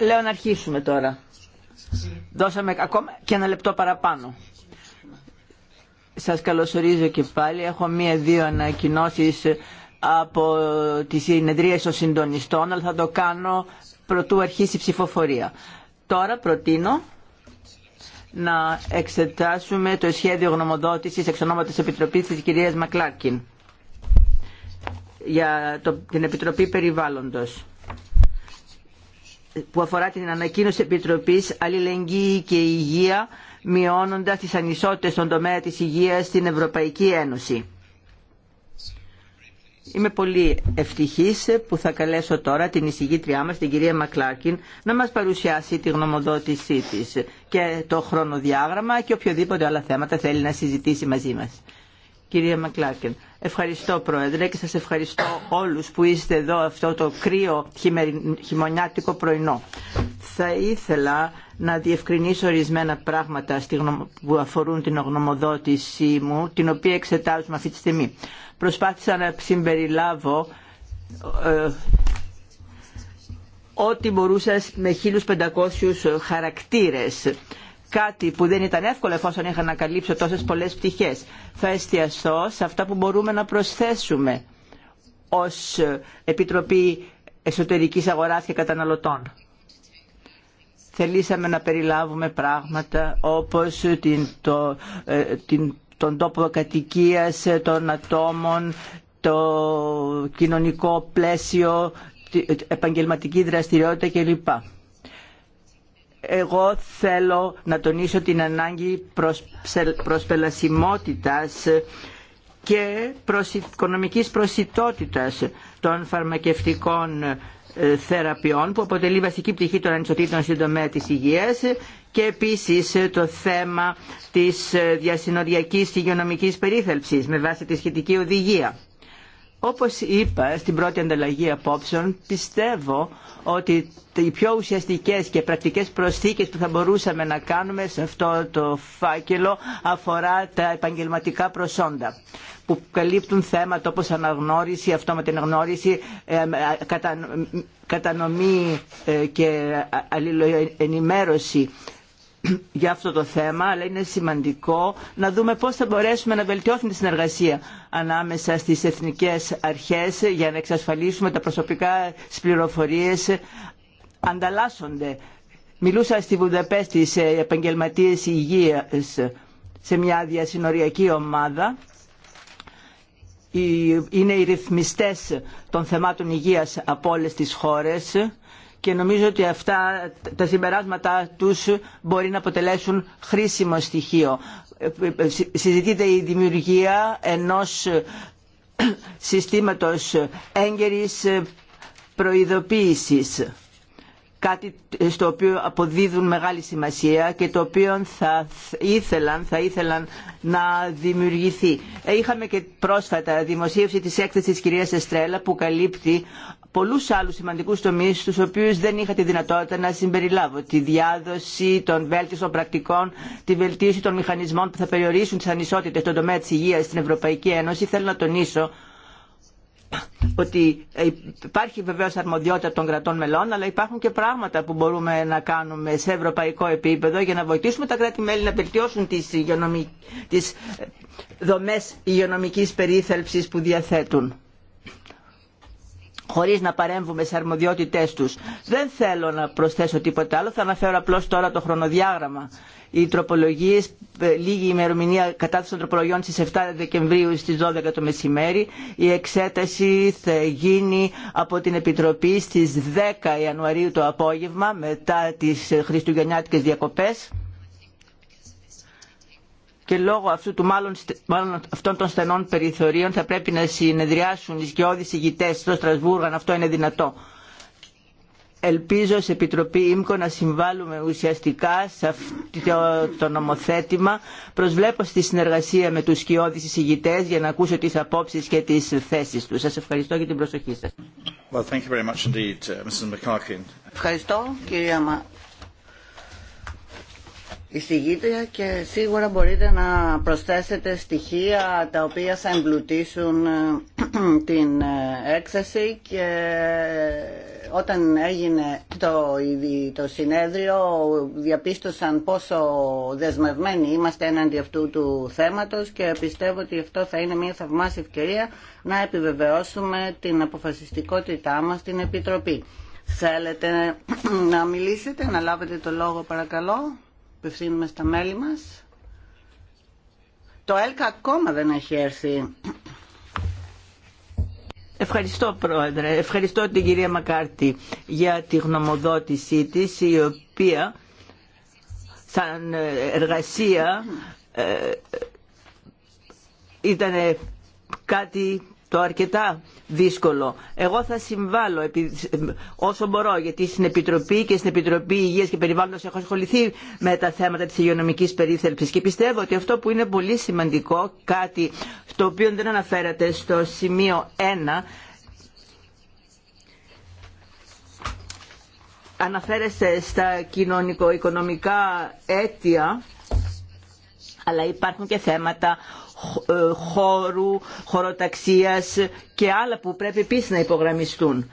Λέω να αρχίσουμε τώρα. Δώσαμε ακόμα και ένα λεπτό παραπάνω. Σας καλωσορίζω και πάλι. Έχω μία-δύο ανακοινώσεις από τη συνεδρία των συντονιστών, αλλά θα το κάνω προτού αρχίσει η ψηφοφορία. Τώρα προτείνω να εξετάσουμε το σχέδιο γνωμοδότησης εξ ονόματος Επιτροπής της κυρίας Μακλάρκιν για το, την Επιτροπή Περιβάλλοντος που αφορά την ανακοίνωση Επιτροπής Αλληλεγγύη και Υγεία μειώνοντας τις ανισότητες στον τομέα της υγείας στην Ευρωπαϊκή Ένωση. Είμαι πολύ ευτυχής που θα καλέσω τώρα την εισηγήτριά μας, την κυρία Μακλάρκιν, να μας παρουσιάσει τη γνωμοδότησή της και το χρονοδιάγραμμα και οποιοδήποτε άλλα θέματα θέλει να συζητήσει μαζί μας. Κυρία Μακλάρκιν, Ευχαριστώ Πρόεδρε και σας ευχαριστώ όλους που είστε εδώ αυτό το κρύο χειμωνιάτικο πρωινό. Θα ήθελα να διευκρινίσω ορισμένα πράγματα που αφορούν την ογνωμοδότησή μου, την οποία εξετάζουμε αυτή τη στιγμή. Προσπάθησα να συμπεριλάβω ε, ό,τι μπορούσα με 1500 χαρακτήρες κάτι που δεν ήταν εύκολο εφόσον είχα να καλύψω τόσες πολλές πτυχές. Θα εστιαστώ σε αυτά που μπορούμε να προσθέσουμε ως Επιτροπή Εσωτερικής Αγοράς και Καταναλωτών. Θελήσαμε να περιλάβουμε πράγματα όπως την, το, ε, τον τόπο κατοικίας των ατόμων, το κοινωνικό πλαίσιο, ε, επαγγελματική δραστηριότητα κλπ εγώ θέλω να τονίσω την ανάγκη προσπελασιμότητας και οικονομικής προσιτότητας των φαρμακευτικών ε, θεραπείων που αποτελεί βασική πτυχή των ανισοτήτων στην τομέα της υγείας και επίσης ε, το θέμα της ε, διασυνοριακής υγειονομικής περίθαλψης με βάση τη σχετική οδηγία. Όπως είπα στην πρώτη ανταλλαγή απόψεων, πιστεύω ότι οι πιο ουσιαστικές και πρακτικές προσθήκες που θα μπορούσαμε να κάνουμε σε αυτό το φάκελο αφορά τα επαγγελματικά προσόντα που καλύπτουν θέματα όπως αναγνώριση, αυτόματη αναγνώριση, κατανομή ε, και αλληλοενημέρωση για αυτό το θέμα, αλλά είναι σημαντικό να δούμε πώς θα μπορέσουμε να βελτιώσουμε τη συνεργασία ανάμεσα στις εθνικές αρχές για να εξασφαλίσουμε τα προσωπικά πληροφορίες ανταλλάσσονται. Μιλούσα στη Βουδαπέστη σε επαγγελματίες υγείας σε μια διασυνοριακή ομάδα. Είναι οι ρυθμιστές των θεμάτων υγείας από όλες τις χώρες και νομίζω ότι αυτά τα συμπεράσματα τους μπορεί να αποτελέσουν χρήσιμο στοιχείο. Συζητείται η δημιουργία ενός συστήματος έγκαιρης προειδοποίησης κάτι στο οποίο αποδίδουν μεγάλη σημασία και το οποίο θα ήθελαν, θα ήθελαν να δημιουργηθεί. Ε, είχαμε και πρόσφατα δημοσίευση της έκθεσης κυρίας Εστρέλα που καλύπτει πολλούς άλλους σημαντικούς τομείς στους οποίους δεν είχα τη δυνατότητα να συμπεριλάβω. Τη διάδοση των βέλτιστων πρακτικών, τη βελτίωση των μηχανισμών που θα περιορίσουν τις ανισότητες στον τομέα της υγείας στην Ευρωπαϊκή Ένωση. Θέλω να τονίσω ότι υπάρχει βεβαίως αρμοδιότητα των κρατών μελών, αλλά υπάρχουν και πράγματα που μπορούμε να κάνουμε σε ευρωπαϊκό επίπεδο για να βοηθήσουμε τα κράτη-μέλη να βελτιώσουν τις, υγειονομικ... τις δομές υγειονομικής που διαθέτουν χωρίς να παρέμβουμε σε αρμοδιότητές τους. Δεν θέλω να προσθέσω τίποτα άλλο, θα αναφέρω απλώς τώρα το χρονοδιάγραμμα. Οι τροπολογίες, ε, λίγη ημερομηνία κατάθεση των τροπολογιών στις 7 Δεκεμβρίου στις 12 το μεσημέρι. Η εξέταση θα γίνει από την Επιτροπή στις 10 Ιανουαρίου το απόγευμα μετά τις Χριστουγεννιάτικες διακοπές και λόγω αυτού αυτών των στενών περιθωρίων θα πρέπει να συνεδριάσουν οι σκιώδεις ηγητές στο Στρασβούργο αν αυτό είναι δυνατό. Ελπίζω σε Επιτροπή ΙΜΚΟ να συμβάλλουμε ουσιαστικά σε αυτό το νομοθέτημα. Προσβλέπω στη συνεργασία με τους σκιώδεις εισηγητές για να ακούσω τις απόψεις και τις θέσεις τους. Σας ευχαριστώ για την προσοχή σας. Uh, ευχαριστώ κυρία εισηγήτρια και σίγουρα μπορείτε να προσθέσετε στοιχεία τα οποία θα εμπλουτίσουν ε, την ε, έκθεση και όταν έγινε το, το συνέδριο διαπίστωσαν πόσο δεσμευμένοι είμαστε έναντι αυτού του θέματος και πιστεύω ότι αυτό θα είναι μια θαυμάσια ευκαιρία να επιβεβαιώσουμε την αποφασιστικότητά μας στην Επιτροπή. Θέλετε να μιλήσετε, να λάβετε το λόγο παρακαλώ απευθύνουμε στα μέλη μας. Το ΕΛΚΑ ακόμα δεν έχει έρθει. Ευχαριστώ Πρόεδρε, ευχαριστώ την κυρία Μακάρτη για τη γνωμοδότησή της η οποία σαν εργασία ε, ήταν κάτι το αρκετά δύσκολο. Εγώ θα συμβάλλω όσο μπορώ, γιατί στην Επιτροπή και στην Επιτροπή Υγεία και Περιβάλλοντος έχω ασχοληθεί με τα θέματα της υγειονομική περίθαλψη. και πιστεύω ότι αυτό που είναι πολύ σημαντικό, κάτι το οποίο δεν αναφέρατε στο σημείο 1, Αναφέρεστε στα κοινωνικο-οικονομικά αίτια αλλά υπάρχουν και θέματα ε, χώρου, χωροταξίας και άλλα που πρέπει επίσης να υπογραμμιστούν.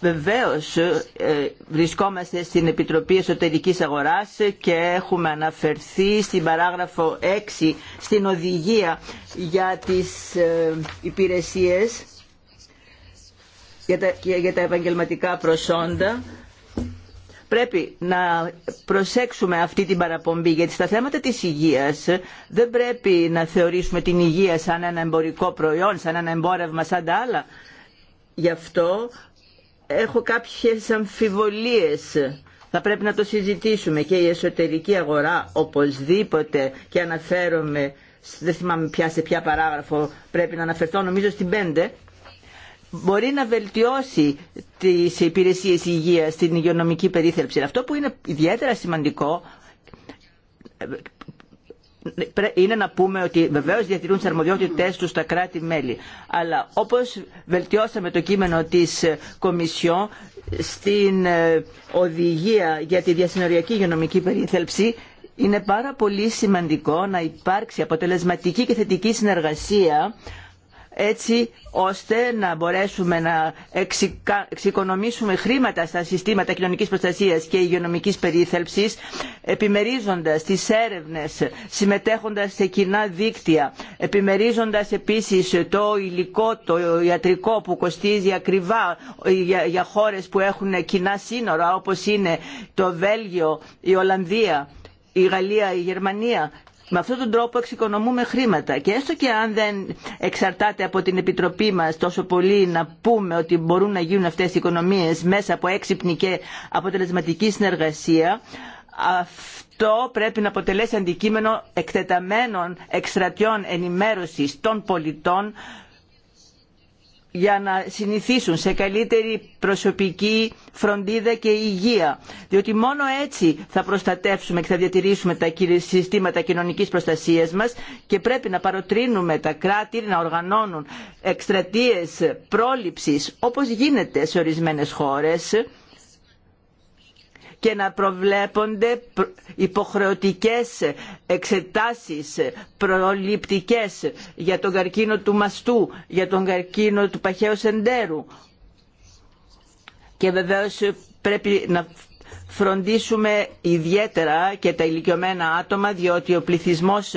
Βεβαίως ε, βρισκόμαστε στην Επιτροπή Εσωτερικής Αγοράς και έχουμε αναφερθεί στην παράγραφο 6 στην οδηγία για τις ε, υπηρεσίες για τα, για τα επαγγελματικά προσόντα πρέπει να προσέξουμε αυτή την παραπομπή γιατί στα θέματα της υγείας δεν πρέπει να θεωρήσουμε την υγεία σαν ένα εμπορικό προϊόν, σαν ένα εμπόρευμα, σαν τα άλλα. Γι' αυτό έχω κάποιες αμφιβολίες. Θα πρέπει να το συζητήσουμε και η εσωτερική αγορά οπωσδήποτε και αναφέρομαι, δεν θυμάμαι πια σε ποια παράγραφο πρέπει να αναφερθώ, νομίζω στην 5 μπορεί να βελτιώσει τις υπηρεσίες υγείας στην υγειονομική περίθαλψη. Αυτό που είναι ιδιαίτερα σημαντικό είναι να πούμε ότι βεβαίω διατηρούν τι αρμοδιότητέ του τα κράτη-μέλη. Αλλά όπω βελτιώσαμε το κείμενο τη Κομισιόν στην ε, οδηγία για τη διασυνοριακή υγειονομική περίθαλψη, είναι πάρα πολύ σημαντικό να υπάρξει αποτελεσματική και θετική συνεργασία έτσι ώστε να μπορέσουμε να εξοικονομήσουμε χρήματα στα συστήματα κοινωνικής προστασίας και υγειονομικής περίθαλψης επιμερίζοντας τις έρευνες, συμμετέχοντας σε κοινά δίκτυα, επιμερίζοντας επίσης το υλικό, το ιατρικό που κοστίζει ακριβά για χώρες που έχουν κοινά σύνορα όπως είναι το Βέλγιο, η Ολλανδία, η Γαλλία, η Γερμανία με αυτόν τον τρόπο εξοικονομούμε χρήματα και έστω και αν δεν εξαρτάται από την Επιτροπή μας τόσο πολύ να πούμε ότι μπορούν να γίνουν αυτές οι οικονομίες μέσα από έξυπνη και αποτελεσματική συνεργασία, αυτό πρέπει να αποτελέσει αντικείμενο εκτεταμένων εκστρατιών ενημέρωσης των πολιτών για να συνηθίσουν σε καλύτερη προσωπική φροντίδα και υγεία. Διότι μόνο έτσι θα προστατεύσουμε και θα διατηρήσουμε τα συστήματα κοινωνικής προστασίας μας και πρέπει να παροτρύνουμε τα κράτη να οργανώνουν εκστρατείες πρόληψης όπως γίνεται σε ορισμένες χώρες και να προβλέπονται υποχρεωτικές εξετάσεις προληπτικές για τον καρκίνο του μαστού, για τον καρκίνο του παχαίου σεντέρου. Και βεβαίως πρέπει να φροντίσουμε ιδιαίτερα και τα ηλικιωμένα άτομα διότι ο πληθυσμός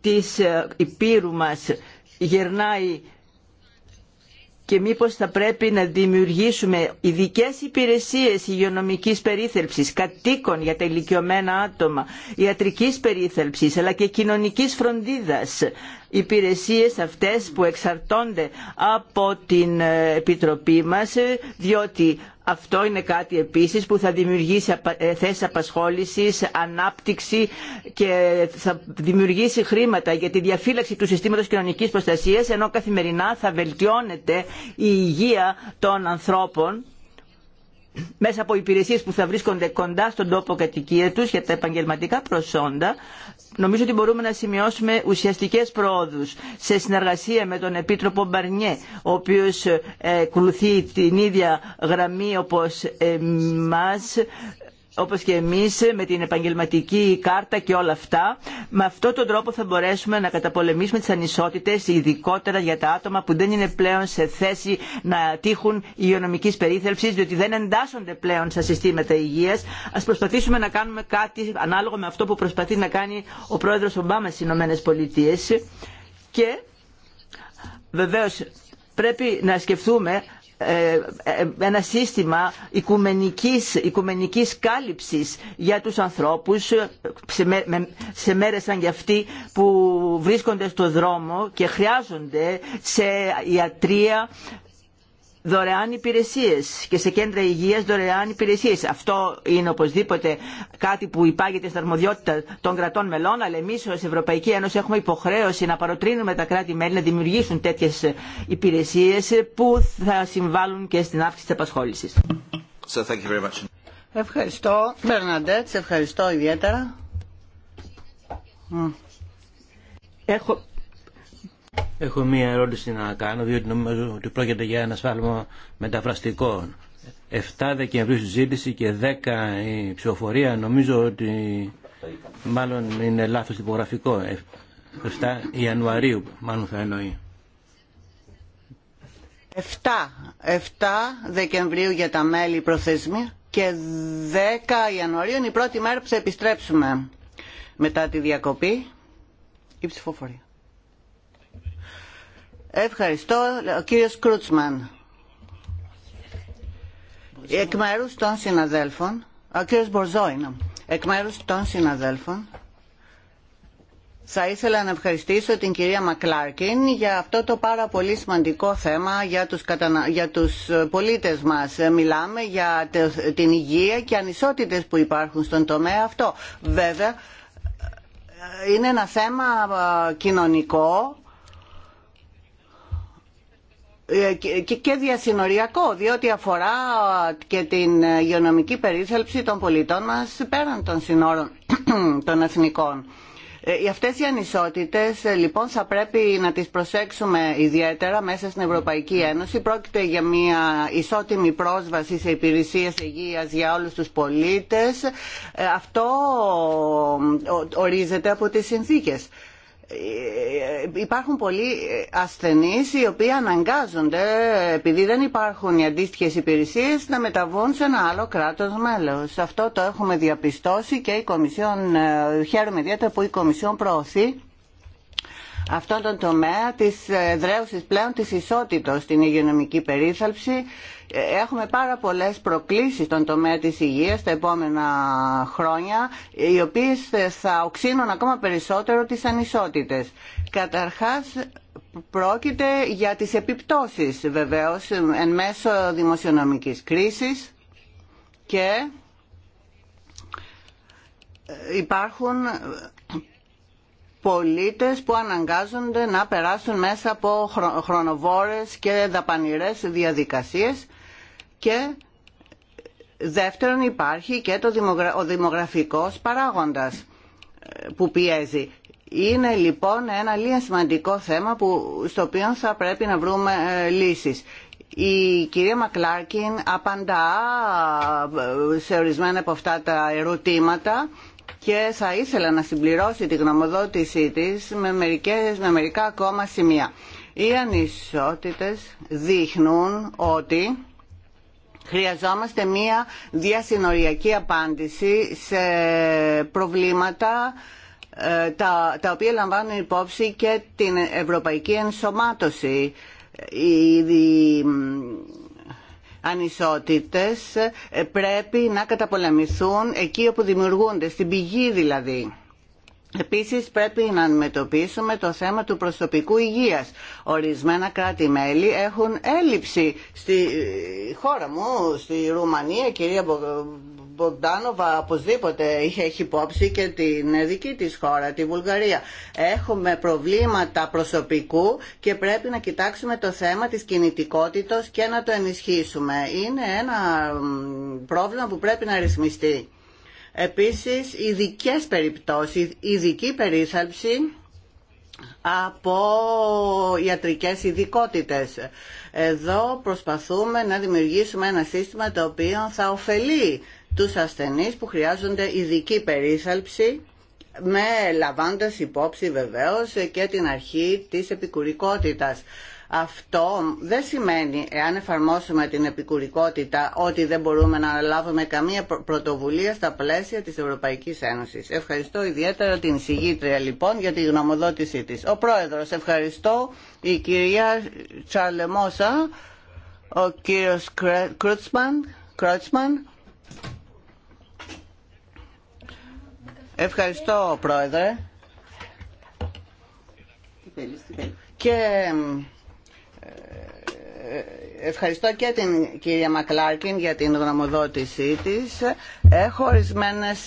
της υπήρου μας γυρνάει και μήπως θα πρέπει να δημιουργήσουμε ειδικέ υπηρεσίες υγειονομικής περίθελψης, κατοίκων για τα ηλικιωμένα άτομα, ιατρικής περίθελψης αλλά και κοινωνικής φροντίδας υπηρεσίες αυτές που εξαρτώνται από την ε, Επιτροπή μας, ε, διότι αυτό είναι κάτι επίσης που θα δημιουργήσει ε, θέσεις απασχόλησης, ανάπτυξη και θα δημιουργήσει χρήματα για τη διαφύλαξη του συστήματος κοινωνικής προστασίας, ενώ καθημερινά θα βελτιώνεται η υγεία των ανθρώπων μέσα από υπηρεσίες που θα βρίσκονται κοντά στον τόπο κατοικία τους για τα επαγγελματικά προσόντα νομίζω ότι μπορούμε να σημειώσουμε ουσιαστικέ προόδου σε συνεργασία με τον Επίτροπο Μπαρνιέ, ο οποίος ε, ακολουθεί την ίδια γραμμή όπω εμά όπως και εμείς ε, με την επαγγελματική κάρτα και όλα αυτά. Με αυτόν τον τρόπο θα μπορέσουμε να καταπολεμήσουμε τις ανισότητες, ειδικότερα για τα άτομα που δεν είναι πλέον σε θέση να τύχουν υγειονομική περίθαλψη, διότι δεν εντάσσονται πλέον στα συστήματα υγείας. Ας προσπαθήσουμε να κάνουμε κάτι ανάλογο με αυτό που προσπαθεί να κάνει ο πρόεδρος Ομπάμα στις Ηνωμένες Πολιτείες. Και βεβαίως πρέπει να σκεφτούμε ε, ε, ένα σύστημα οικουμενικής, οικουμενικής κάλυψης για τους ανθρώπους σε μέρες σαν και αυτοί που βρίσκονται στο δρόμο και χρειάζονται σε ιατρία, δωρεάν υπηρεσίες και σε κέντρα υγείας δωρεάν υπηρεσίες. Αυτό είναι οπωσδήποτε κάτι που υπάγεται στην αρμοδιότητα των κρατών μελών, αλλά εμεί ω Ευρωπαϊκή Ένωση έχουμε υποχρέωση να παροτρύνουμε τα κράτη-μέλη να δημιουργήσουν τέτοιες υπηρεσίες που θα συμβάλλουν και στην αύξηση της απασχόληση. So, Ευχαριστώ. Μπερναντέτ, ευχαριστώ ιδιαίτερα. Έχω Έχω μία ερώτηση να κάνω, διότι νομίζω ότι πρόκειται για ένα σφάλμα μεταφραστικό. 7 Δεκεμβρίου συζήτηση και 10 η ψηφοφορία, νομίζω ότι μάλλον είναι λάθος τυπογραφικό. 7 ε, Ιανουαρίου μάλλον θα εννοεί. 7, 7 Δεκεμβρίου για τα μέλη προθεσμία και 10 Ιανουαρίου είναι η πρώτη μέρα που θα επιστρέψουμε μετά τη διακοπή η ψηφοφορία. Ευχαριστώ. Ο κύριος Κρούτσμαν. Εκ μέρου των συναδέλφων, ο κύριος Μπορζόινα, εκ μέρου των συναδέλφων, θα ήθελα να ευχαριστήσω την κυρία Μακλάρκιν για αυτό το πάρα πολύ σημαντικό θέμα για τους, κατανα... για τους πολίτες μας. Μιλάμε για την υγεία και ανισότητες που υπάρχουν στον τομέα αυτό. Βέβαια, είναι ένα θέμα κοινωνικό ε, και διασυνοριακό, διότι αφορά ε, και την υγειονομική περίθαλψη των πολιτών μας πέραν των συνόρων των εθνικών. Ε, αυτές οι ανισότητες λοιπόν θα πρέπει να τις προσέξουμε ιδιαίτερα μέσα στην Ευρωπαϊκή Ένωση. Πρόκειται για μια ισότιμη πρόσβαση σε υπηρεσίες υγείας για όλους τους πολίτες. Αυτό ορίζεται από τις συνθήκες υπάρχουν πολλοί ασθενείς οι οποίοι αναγκάζονται επειδή δεν υπάρχουν οι αντίστοιχε υπηρεσίες να μεταβούν σε ένα άλλο κράτος μέλος. Αυτό το έχουμε διαπιστώσει και η Κομισιόν, ε, χαίρομαι ιδιαίτερα που η Κομισιόν προωθεί αυτόν τον τομέα της ε, δρέωσης πλέον της ισότητας στην υγειονομική περίθαλψη. Ε, έχουμε πάρα πολλές προκλήσεις στον τομέα της υγείας τα επόμενα χρόνια, οι οποίες ε, θα οξύνουν ακόμα περισσότερο τις ανισότητες. Καταρχάς, πρόκειται για τις επιπτώσεις βεβαίως εν μέσω δημοσιονομικής κρίσης και υπάρχουν πολίτες που αναγκάζονται να περάσουν μέσα από χρονοβόρες και δαπανηρές διαδικασίες και δεύτερον υπάρχει και το ο δημογραφικός παράγοντας ε, που πιέζει. Είναι λοιπόν ένα λίγο σημαντικό θέμα που, στο οποίο θα πρέπει να βρούμε ε, λύσεις. Η κυρία Μακλάρκιν απαντά ε, σε ορισμένα από αυτά τα ερωτήματα και θα ήθελα να συμπληρώσει τη γνωμοδότησή της με, μερικές, με μερικά ακόμα σημεία. Οι ανισότητες δείχνουν ότι χρειαζόμαστε μία διασυνοριακή απάντηση σε προβλήματα ε, τα, τα οποία λαμβάνουν υπόψη και την ευρωπαϊκή ενσωμάτωση. Η, ανισότητες ε, πρέπει να καταπολεμηθούν εκεί όπου δημιουργούνται, στην πηγή δηλαδή. Επίσης πρέπει να αντιμετωπίσουμε το θέμα του προσωπικού υγείας. Ορισμένα κράτη-μέλη έχουν έλλειψη στη χώρα μου, στη Ρουμανία, κυρία Μποντάνοβα οπωσδήποτε έχει υπόψη και την δική της χώρα, τη Βουλγαρία. Έχουμε προβλήματα προσωπικού και πρέπει να κοιτάξουμε το θέμα της κινητικότητας και να το ενισχύσουμε. Είναι ένα πρόβλημα που πρέπει να ρυθμιστεί. Επίσης, ειδικέ περιπτώσεις, ειδική περίθαλψη από ιατρικές ειδικότητε. Εδώ προσπαθούμε να δημιουργήσουμε ένα σύστημα το οποίο θα ωφελεί τους ασθενείς που χρειάζονται ειδική περίθαλψη με λαμβάνοντας υπόψη βεβαίως και την αρχή της επικουρικότητας. Αυτό δεν σημαίνει, εάν εφαρμόσουμε την επικουρικότητα, ότι δεν μπορούμε να λάβουμε καμία πρωτοβουλία στα πλαίσια της Ευρωπαϊκής Ένωσης. Ευχαριστώ ιδιαίτερα την συγγήτρια λοιπόν για τη γνωμοδότησή της. Ο Πρόεδρος, ευχαριστώ. Η κυρία Τσαλεμόσα, ο κύριος Κρούτσμαν, Κρούτσμαν. Ευχαριστώ, Πρόεδρε. Και ευχαριστώ και την κυρία Μακλάρκιν για την γνωμοδότησή της. Έχω ορισμένες,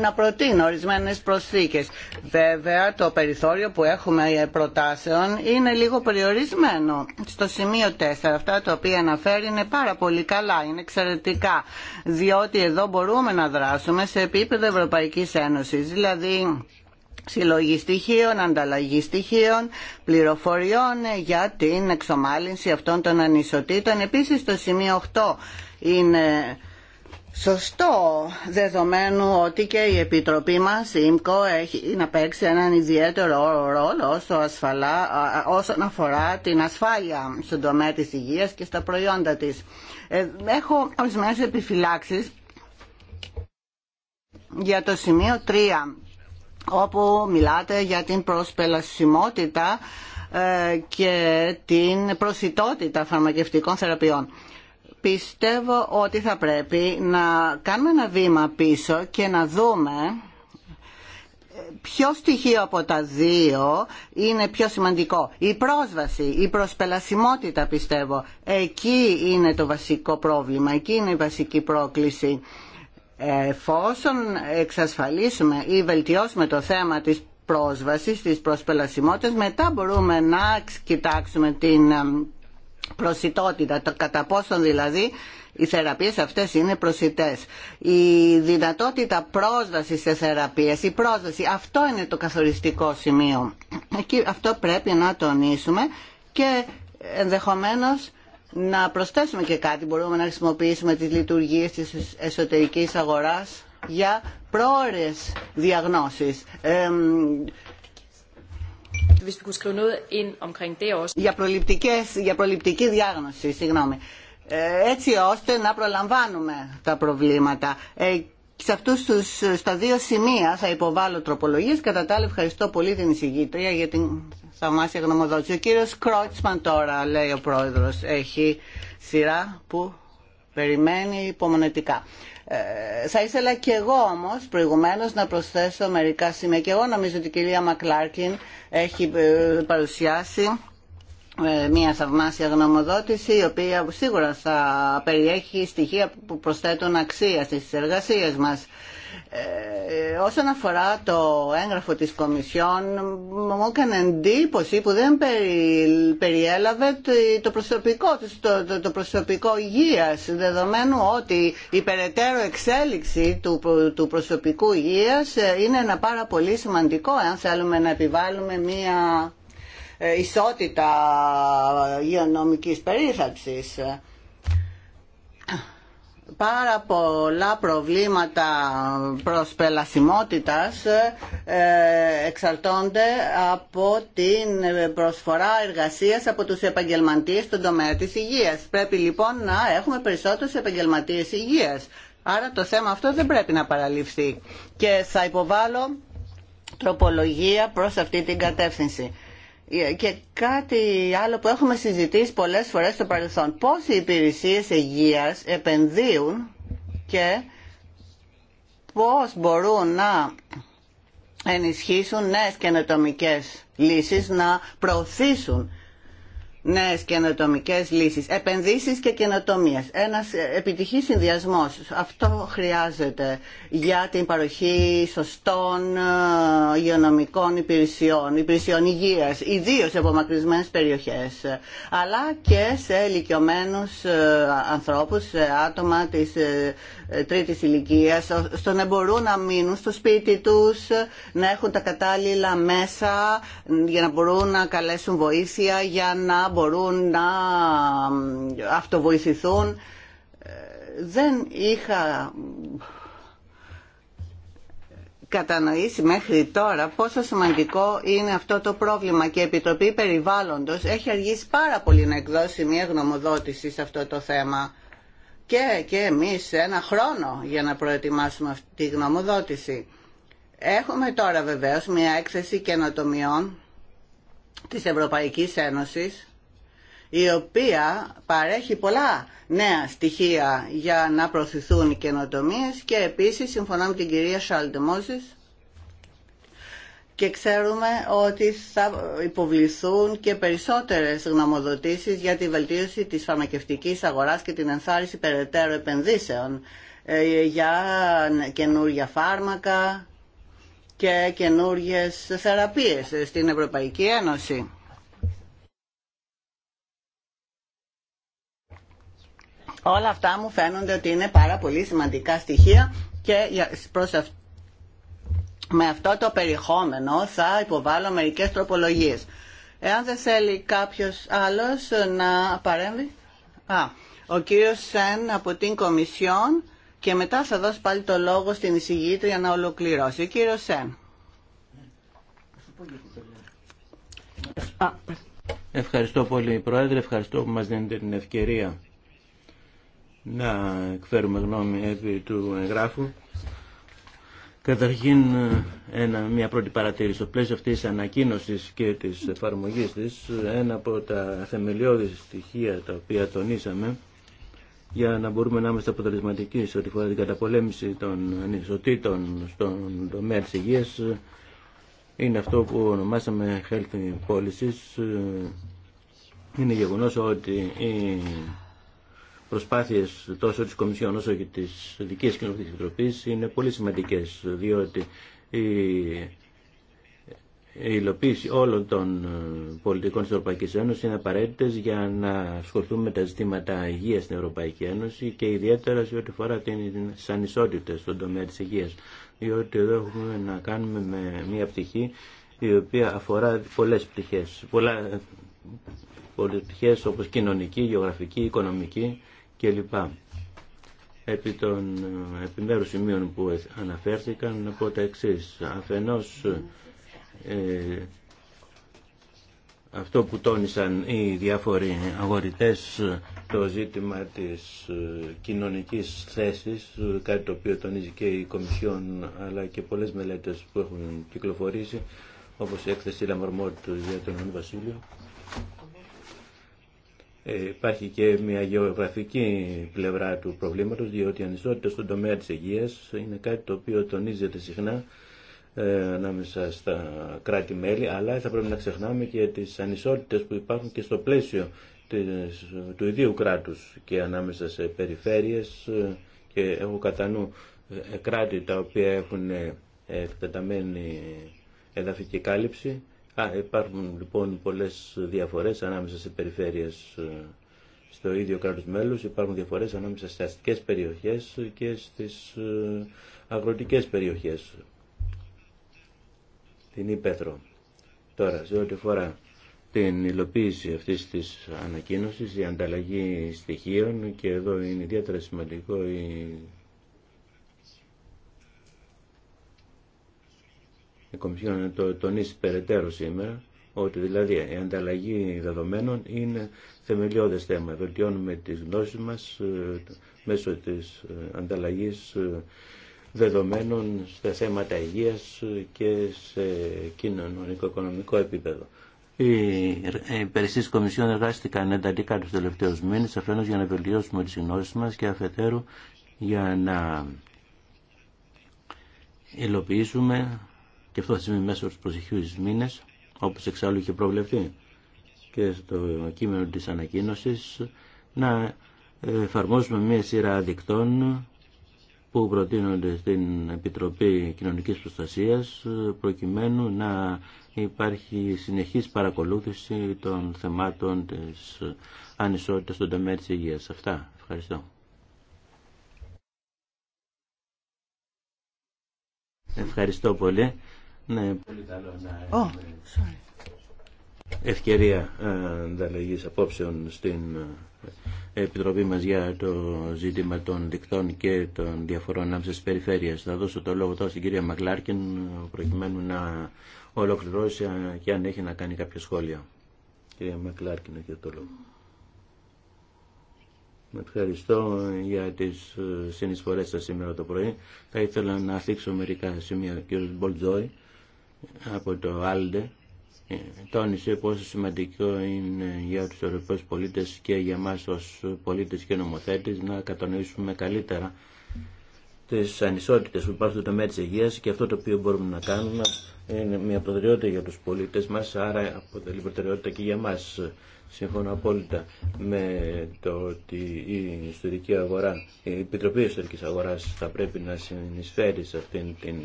να προτείνω ορισμένες προσθήκες. Βέβαια το περιθώριο που έχουμε προτάσεων είναι λίγο περιορισμένο. Στο σημείο 4 αυτά τα οποία αναφέρει είναι πάρα πολύ καλά, είναι εξαιρετικά. Διότι εδώ μπορούμε να δράσουμε σε επίπεδο Ευρωπαϊκής Ένωσης. Δηλαδή συλλογή στοιχείων, ανταλλαγή στοιχείων, πληροφοριών ε, για την εξομάλυνση αυτών των ανισοτήτων. Επίσης το σημείο 8 είναι σωστό δεδομένου ότι και η Επιτροπή μας, η ΙΜΚΟ, έχει να παίξει έναν ιδιαίτερο ρόλο όσο ασφαλά, όσον αφορά την ασφάλεια στον τομέα της υγείας και στα προϊόντα της. Ε, έχω ορισμένες επιφυλάξεις για το σημείο 3 όπου μιλάτε για την προσπελασιμότητα ε, και την προσιτότητα φαρμακευτικών θεραπείων. Πιστεύω ότι θα πρέπει να κάνουμε ένα βήμα πίσω και να δούμε ε, ποιο στοιχείο από τα δύο είναι πιο σημαντικό. Η πρόσβαση, η προσπελασιμότητα πιστεύω. Εκεί είναι το βασικό πρόβλημα, εκεί είναι η βασική πρόκληση εφόσον εξασφαλίσουμε ή βελτιώσουμε το θέμα της πρόσβασης, της προσπελασιμότητας, μετά μπορούμε να κοιτάξουμε την ε, προσιτότητα, το κατά πόσον δηλαδή οι θεραπείες αυτές είναι προσιτές. Η δυνατότητα πρόσβασης σε θεραπείες, η πρόσβαση, αυτό είναι το καθοριστικό σημείο. Εκεί αυτό πρέπει να τονίσουμε και ενδεχομένως να προσθέσουμε και κάτι. Μπορούμε να χρησιμοποιήσουμε τις λειτουργίες της εσωτερικής αγοράς για πρόορες διαγνώσεις. για, προληπτικές, για προληπτική διάγνωση, συγγνώμη. Ε, έτσι ώστε να προλαμβάνουμε τα προβλήματα. Ε, σε αυτούς τους, στα δύο σημεία θα υποβάλω τροπολογίες. Κατά τα άλλα ευχαριστώ πολύ την εισηγήτρια για την θαυμάσια γνωμοδότηση. Ο κύριος Κρότσμαν τώρα, λέει ο πρόεδρος, έχει σειρά που περιμένει υπομονετικά. Ε, θα ήθελα και εγώ όμως προηγουμένως να προσθέσω μερικά σημεία. Και εγώ νομίζω ότι η κυρία Μακλάρκιν έχει ε, παρουσιάσει ε, μια θαυμάσια γνωμοδότηση η οποία σίγουρα θα περιέχει στοιχεία που προσθέτουν αξία στις εργασίες μας. Ε, όσον αφορά το έγγραφο της Κομισιόν, μου έκανε εντύπωση που δεν περιέλαβε το προσωπικό, το, το, προσωπικό υγείας, δεδομένου ότι η περαιτέρω εξέλιξη του, του προσωπικού υγείας ε, είναι ένα πάρα πολύ σημαντικό, αν θέλουμε να επιβάλλουμε μία ε, ισότητα υγειονομικής περίθαλψης. Πάρα πολλά προβλήματα προσπελασιμότητας ε, εξαρτώνται από την προσφορά εργασίας από τους επαγγελματίες στον τομέα της υγείας. Πρέπει λοιπόν να έχουμε περισσότερους επαγγελματίες υγείας. Άρα το θέμα αυτό δεν πρέπει να παραλυφθεί. Και θα υποβάλω τροπολογία προς αυτή την κατεύθυνση και κάτι άλλο που έχουμε συζητήσει πολλές φορές στο παρελθόν. Πώς οι υπηρεσίες υγείας επενδύουν και πώς μπορούν να ενισχύσουν νέες καινοτομικές λύσεις, να προωθήσουν νέες καινοτομικές λύσεις, επενδύσεις και καινοτομίες. Ένας ε, επιτυχής συνδυασμός, αυτό χρειάζεται για την παροχή σωστών ε, υγειονομικών υπηρεσιών, υπηρεσιών υγείας, ιδίως σε απομακρυσμένες περιοχές, ε, αλλά και σε ηλικιωμένους ανθρώπους, άτομα της τρίτης ηλικίας, στο να μπορούν να μείνουν στο σπίτι τους, να έχουν τα κατάλληλα μέσα για να μπορούν να καλέσουν βοήθεια, για να μπορούν να αυτοβοηθηθούν. Δεν είχα κατανοήσει μέχρι τώρα πόσο σημαντικό είναι αυτό το πρόβλημα και η Επιτροπή Περιβάλλοντος έχει αργήσει πάρα πολύ να εκδώσει μια γνωμοδότηση σε αυτό το θέμα και, και εμείς ένα χρόνο για να προετοιμάσουμε αυτή τη γνωμοδότηση. Έχουμε τώρα βεβαίως μια έκθεση καινοτομιών της Ευρωπαϊκής Ένωσης η οποία παρέχει πολλά νέα στοιχεία για να προωθηθούν οι καινοτομίες και επίσης συμφωνώ με την κυρία Σάλτε και ξέρουμε ότι θα υποβληθούν και περισσότερες γνωμοδοτήσεις για τη βελτίωση της φαρμακευτικής αγοράς και την ενθάρρυνση περαιτέρω επενδύσεων ε, για καινούργια φάρμακα και καινούργιες θεραπείες στην Ευρωπαϊκή Ένωση. Όλα αυτά μου φαίνονται ότι είναι πάρα πολύ σημαντικά στοιχεία και προς αυτό με αυτό το περιεχόμενο θα υποβάλω μερικές τροπολογίες. Εάν δεν θέλει κάποιος άλλος να παρέμβει. Α, ο κύριος Σεν από την Κομισιόν και μετά θα δώσω πάλι το λόγο στην εισηγήτρια να ολοκληρώσει. Ο κύριος Σεν. Ευχαριστώ πολύ Πρόεδρε, ευχαριστώ που μας δίνετε την ευκαιρία να εκφέρουμε γνώμη επί του εγγράφου Καταρχήν, ένα, μια πρώτη παρατήρηση. Στο πλαίσιο αυτής της ανακοίνωσης και της εφαρμογής της, ένα από τα θεμελιώδη στοιχεία τα οποία τονίσαμε, για να μπορούμε να είμαστε αποτελεσματικοί σε ό,τι φορά την καταπολέμηση των ανισοτήτων στον τομέα της υγείας, είναι αυτό που ονομάσαμε health policies. Είναι γεγονός ότι προσπάθειες τόσο της Κομισιόν όσο και της δικής κοινωνικής επιτροπής είναι πολύ σημαντικές διότι η η υλοποίηση όλων των ε, πολιτικών της Ευρωπαϊκής Ένωσης είναι απαραίτητε για να ασχοληθούμε με τα ζητήματα υγείας στην Ευρωπαϊκή Ένωση και ιδιαίτερα σε ό,τι φορά τις ανισότητες στον τομέα της υγείας. Διότι εδώ έχουμε να κάνουμε με μια πτυχή η οποία αφορά πολλές πτυχές. Πολλά, ε, πολλές πτυχές όπως κοινωνική, γεωγραφική, οικονομική κλπ. Επί των επιμέρους σημείων που αναφέρθηκαν να πω τα εξής. Αφενός ε, αυτό που τόνισαν οι διάφοροι αγορητές το ζήτημα της ε, κοινωνικής θέσης, κάτι το οποίο τονίζει και η Κομισιόν αλλά και πολλές μελέτες που έχουν κυκλοφορήσει, όπως η έκθεση Λαμορμότου για τον Βασίλειο, ε, υπάρχει και μια γεωγραφική πλευρά του προβλήματος, διότι η ανισότητα στον τομέα της υγείας είναι κάτι το οποίο τονίζεται συχνά ε, ανάμεσα στα κράτη-μέλη, αλλά θα πρέπει να ξεχνάμε και τις ανισότητες που υπάρχουν και στο πλαίσιο του ιδίου κράτους και ανάμεσα σε περιφέρειες ε, και έχω κατά νου κράτη τα οποία έχουν εκτεταμένη εδαφική κάλυψη Α, υπάρχουν λοιπόν πολλές διαφορές ανάμεσα σε περιφέρειες ε, στο ίδιο κράτος μέλος, υπάρχουν διαφορές ανάμεσα στις αστικές περιοχές και στις ε, αγροτικές περιοχές. Την Ήπεθρο. Τώρα, σε ό,τι φορά την υλοποίηση αυτής της ανακοίνωσης, η ανταλλαγή στοιχείων και εδώ είναι ιδιαίτερα σημαντικό η η Κομισιόν το τονίσει περαιτέρω σήμερα, ότι δηλαδή η ανταλλαγή δεδομένων είναι θεμελιώδες θέμα. Βελτιώνουμε τις γνώσεις μας ε, μέσω της ε, ανταλλαγής ε, δεδομένων στα θέματα υγείας και σε κοινωνικό-οικονομικό επίπεδο. Οι υπηρεσίε Κομισιόν εργάστηκαν εντατικά του τελευταίου μήνε, αφενό για να βελτιώσουμε τι γνώσει μα και αφετέρου για να υλοποιήσουμε και αυτό θα συμβεί μέσα στους προσεχείους μήνες, όπως εξάλλου είχε προβλεφθεί και στο κείμενο της ανακοίνωσης, να εφαρμόσουμε μια σειρά δικτών που προτείνονται στην Επιτροπή Κοινωνικής Προστασίας προκειμένου να υπάρχει συνεχής παρακολούθηση των θεμάτων της ανισότητας στον τομέα της υγείας. Αυτά. Ευχαριστώ. Ευχαριστώ πολύ. Ναι. Oh, sorry. Ευκαιρία ε, ανταλλαγή απόψεων στην ε, Επιτροπή μας για το ζήτημα των δικτών και των διαφορών ανάμεσα στις Θα δώσω το λόγο τώρα στην κυρία Μακλάρκιν προκειμένου να ολοκληρώσει ε, και αν έχει να κάνει κάποια σχόλια. Κυρία Μακλάρκιν, έχετε το λόγο. Ευχαριστώ για τις συνεισφορές σας σήμερα το πρωί. Θα ήθελα να θίξω μερικά σημεία. Ο Μπολτζόη από το Άλντε ε, τόνισε πόσο σημαντικό είναι για τους Ευρωπαίους πολίτες και για μας ως πολίτες και νομοθέτες να κατανοήσουμε καλύτερα τις ανισότητε που υπάρχουν στο τομέα τη υγεία και αυτό το οποίο μπορούμε να κάνουμε είναι μια προτεραιότητα για τους πολίτες μας, άρα αποτελεί προτεραιότητα και για μας. συμφωνα απόλυτα με το ότι η ιστορική αγορά, η Επιτροπή Ιστορική Αγοράς θα πρέπει να συνεισφέρει σε αυτήν την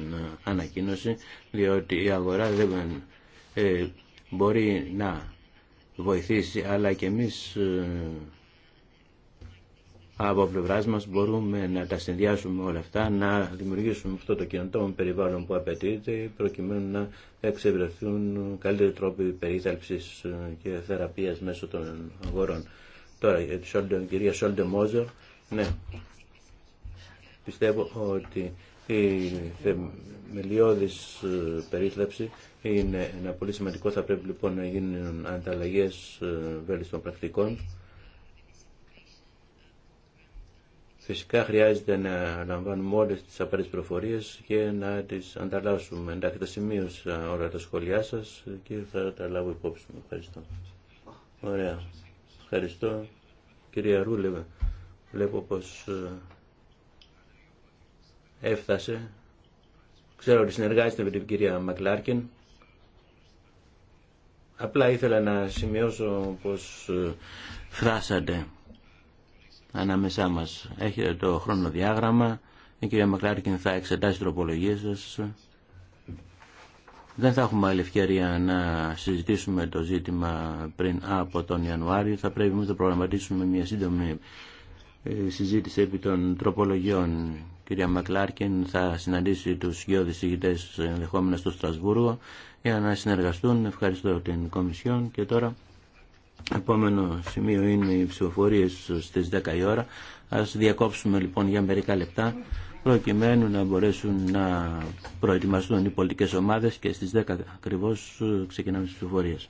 ανακοίνωση, διότι η αγορά δεν ε, μπορεί να βοηθήσει, αλλά και εμείς ε, από πλευρά μα μπορούμε να τα συνδυάσουμε όλα αυτά, να δημιουργήσουμε αυτό το κινητό περιβάλλον που απαιτείται, προκειμένου να εξευρεθούν καλύτεροι τρόποι περίθαλψη και θεραπεία μέσω των αγορών. Τώρα, για κυρία Σόλντε Μόζερ, ναι, πιστεύω ότι η θεμελιώδη ε, περίθαλψη είναι ένα πολύ σημαντικό, θα πρέπει λοιπόν να γίνουν ανταλλαγέ ε, βέλη των πρακτικών Φυσικά χρειάζεται να λαμβάνουμε όλε τι απαραίτητε πληροφορίε και να τι ανταλλάσσουμε. Εντάξει, τα σημείωσα όλα τα σχόλιά σα και θα τα λάβω υπόψη μου. Ευχαριστώ. Ωραία. Ευχαριστώ. Κυρία Ρούλε, βλέπω πω ε, έφτασε. Ξέρω ότι συνεργάζεται με την κυρία Μακλάρκιν. Απλά ήθελα να σημειώσω πως ε, φράσατε ανάμεσά μας. Έχετε το χρονοδιάγραμμα. Η κυρία Μακλάρκιν θα εξετάσει τροπολογίες σας. Δεν θα έχουμε άλλη ευκαιρία να συζητήσουμε το ζήτημα πριν από τον Ιανουάριο. Θα πρέπει να προγραμματίσουμε μια σύντομη ε, συζήτηση επί των τροπολογιών. Η κυρία Μακλάρκιν θα συναντήσει τους γεώδεις συγητές ενδεχόμενα στο Στρασβούργο για να συνεργαστούν. Ευχαριστώ την Κομισιόν και τώρα... Επόμενο σημείο είναι οι ψηφοφορίε στις 10 η ώρα. Ας διακόψουμε λοιπόν για μερικά λεπτά προκειμένου να μπορέσουν να προετοιμαστούν οι πολιτικές ομάδες και στις 10 ακριβώς ε, ξεκινάμε τις ψηφοφορίες.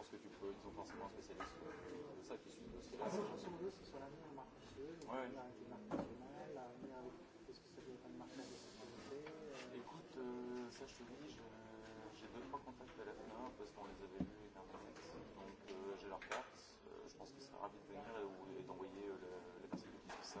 pense que tu peux, ils forcément ça qui c'est que Écoute, ça je te dis, j'ai deux, trois contacts à l'avenir parce qu'on les avait vus internet. Donc j'ai leur carte, je pense qu'ils seraient ravis de venir et d'envoyer les personne qui ça.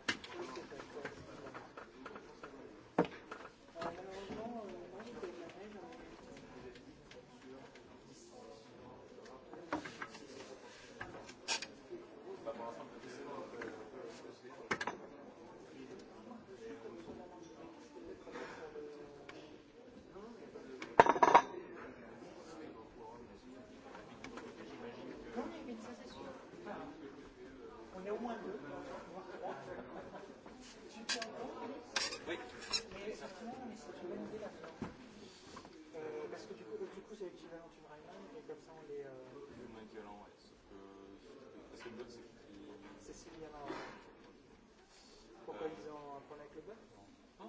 c'est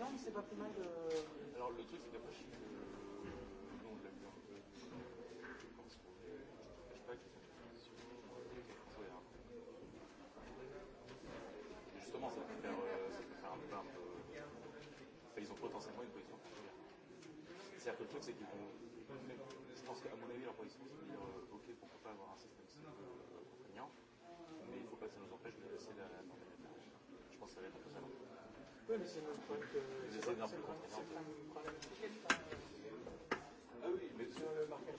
Non, mais c'est pas plus mal de... Alors le truc, c'est d'après, je suis... Non, de la lueur. Je pense qu'on est... Je sais pas, qui sont Justement, ça peut faire, ça peut faire un peu... Un peu... Enfin, ils ont potentiellement une position particulière. C'est-à-dire que le truc, c'est qu'ils vont... Je pense qu'à mon avis, leur position, c'est de dire, ok, pourquoi pas avoir un système contraignant, mais il faut pas que ça nous empêche de laisser la normalité je pense que ça va être Oui, mais c'est notre point que... un problème Ah oui, mais sur le marquage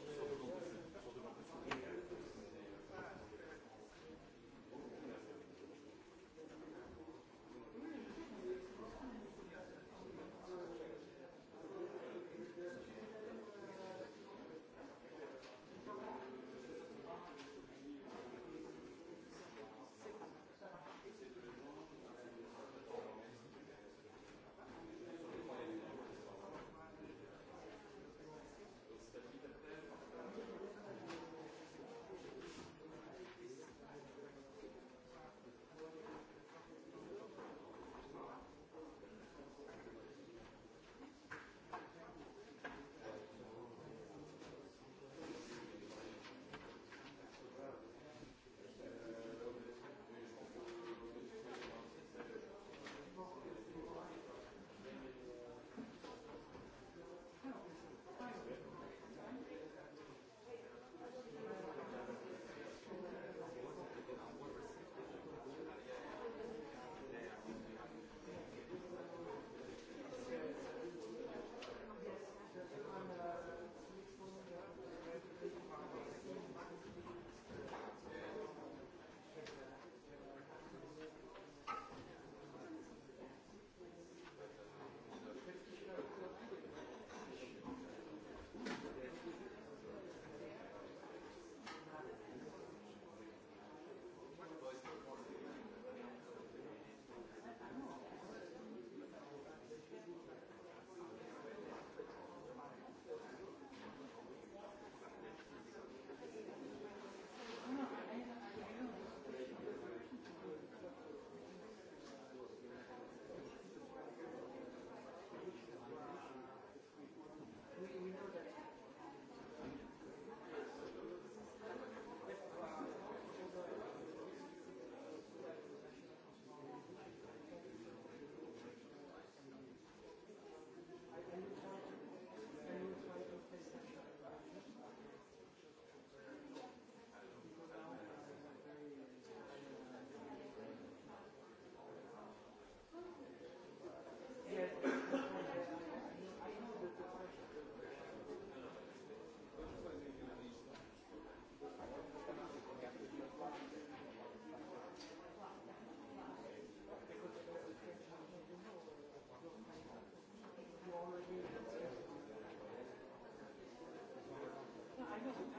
Thank you.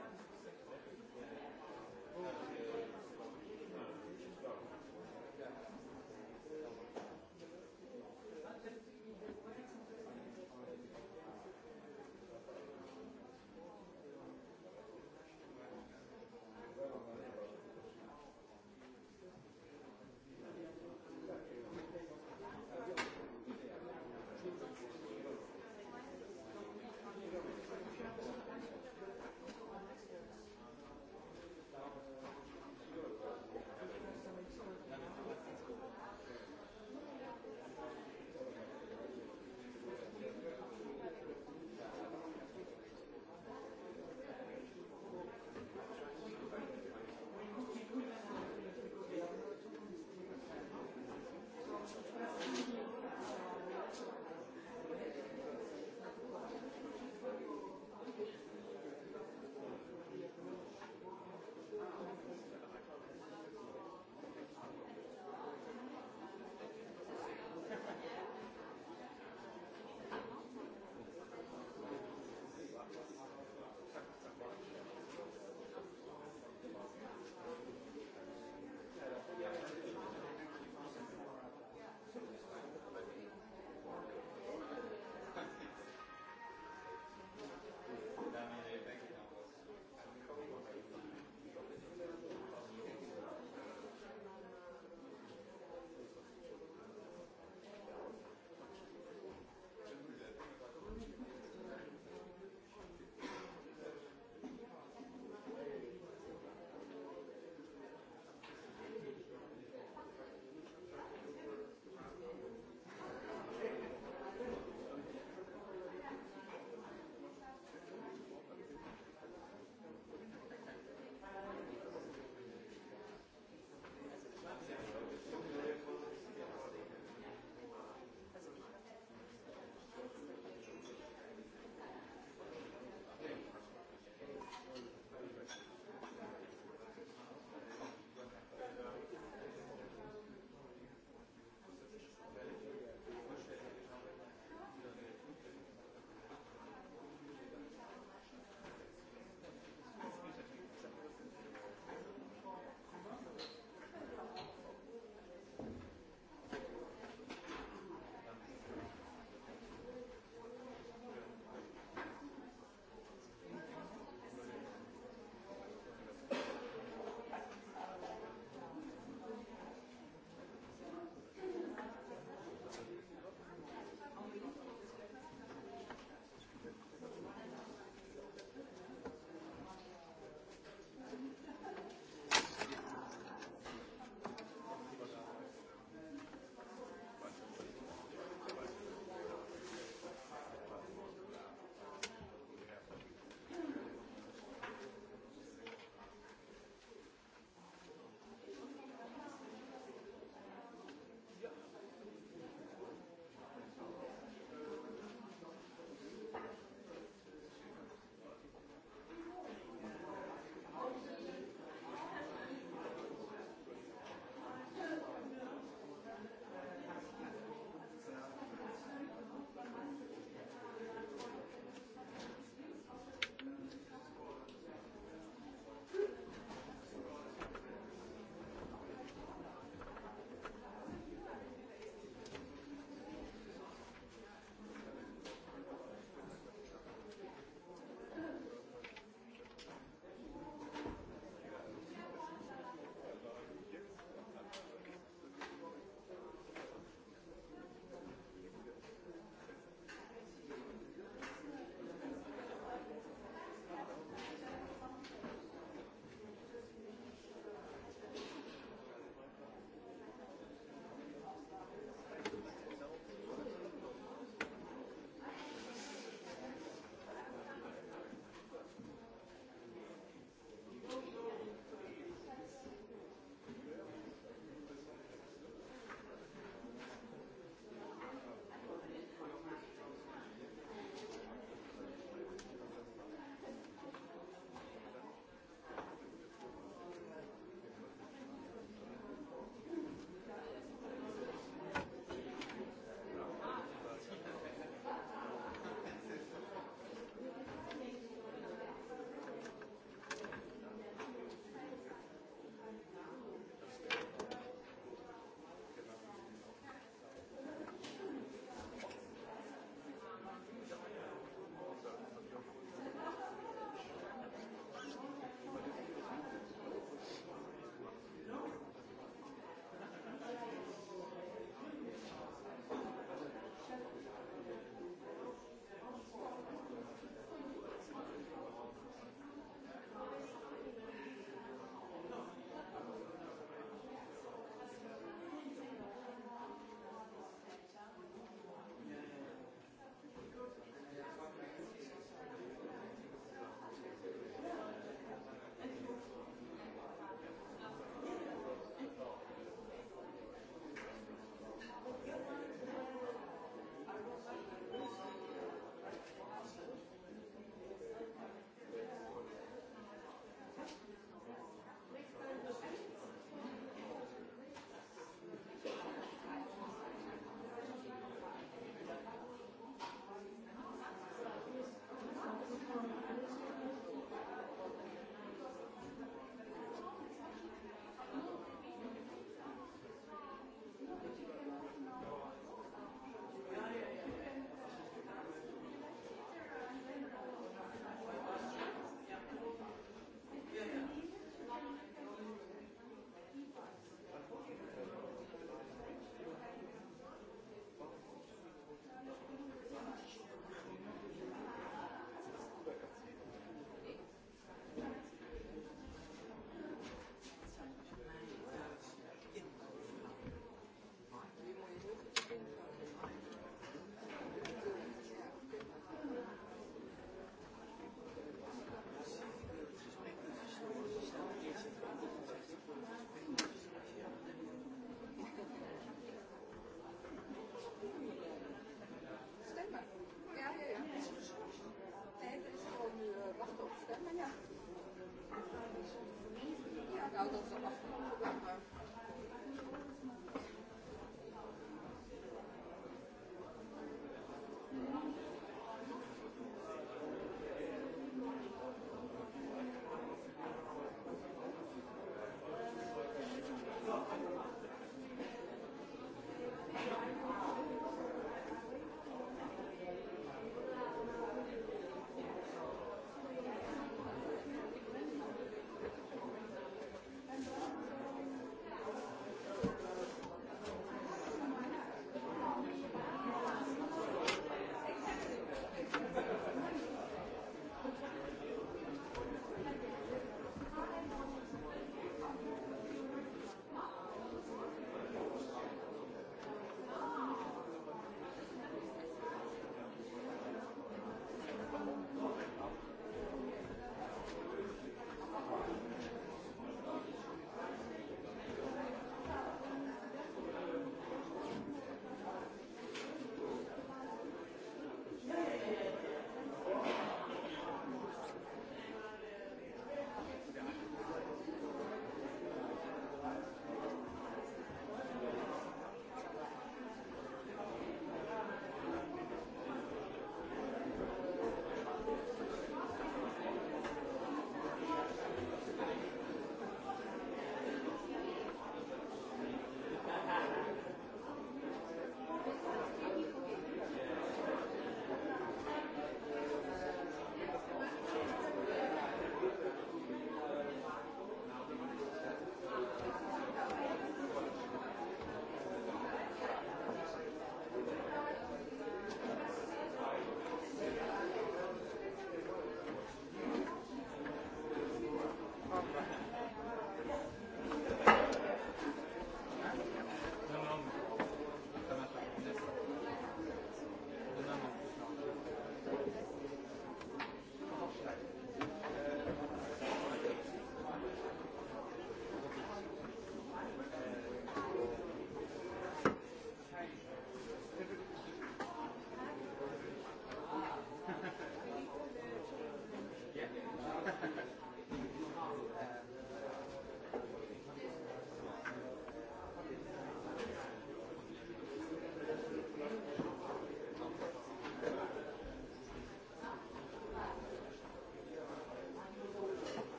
Houd ons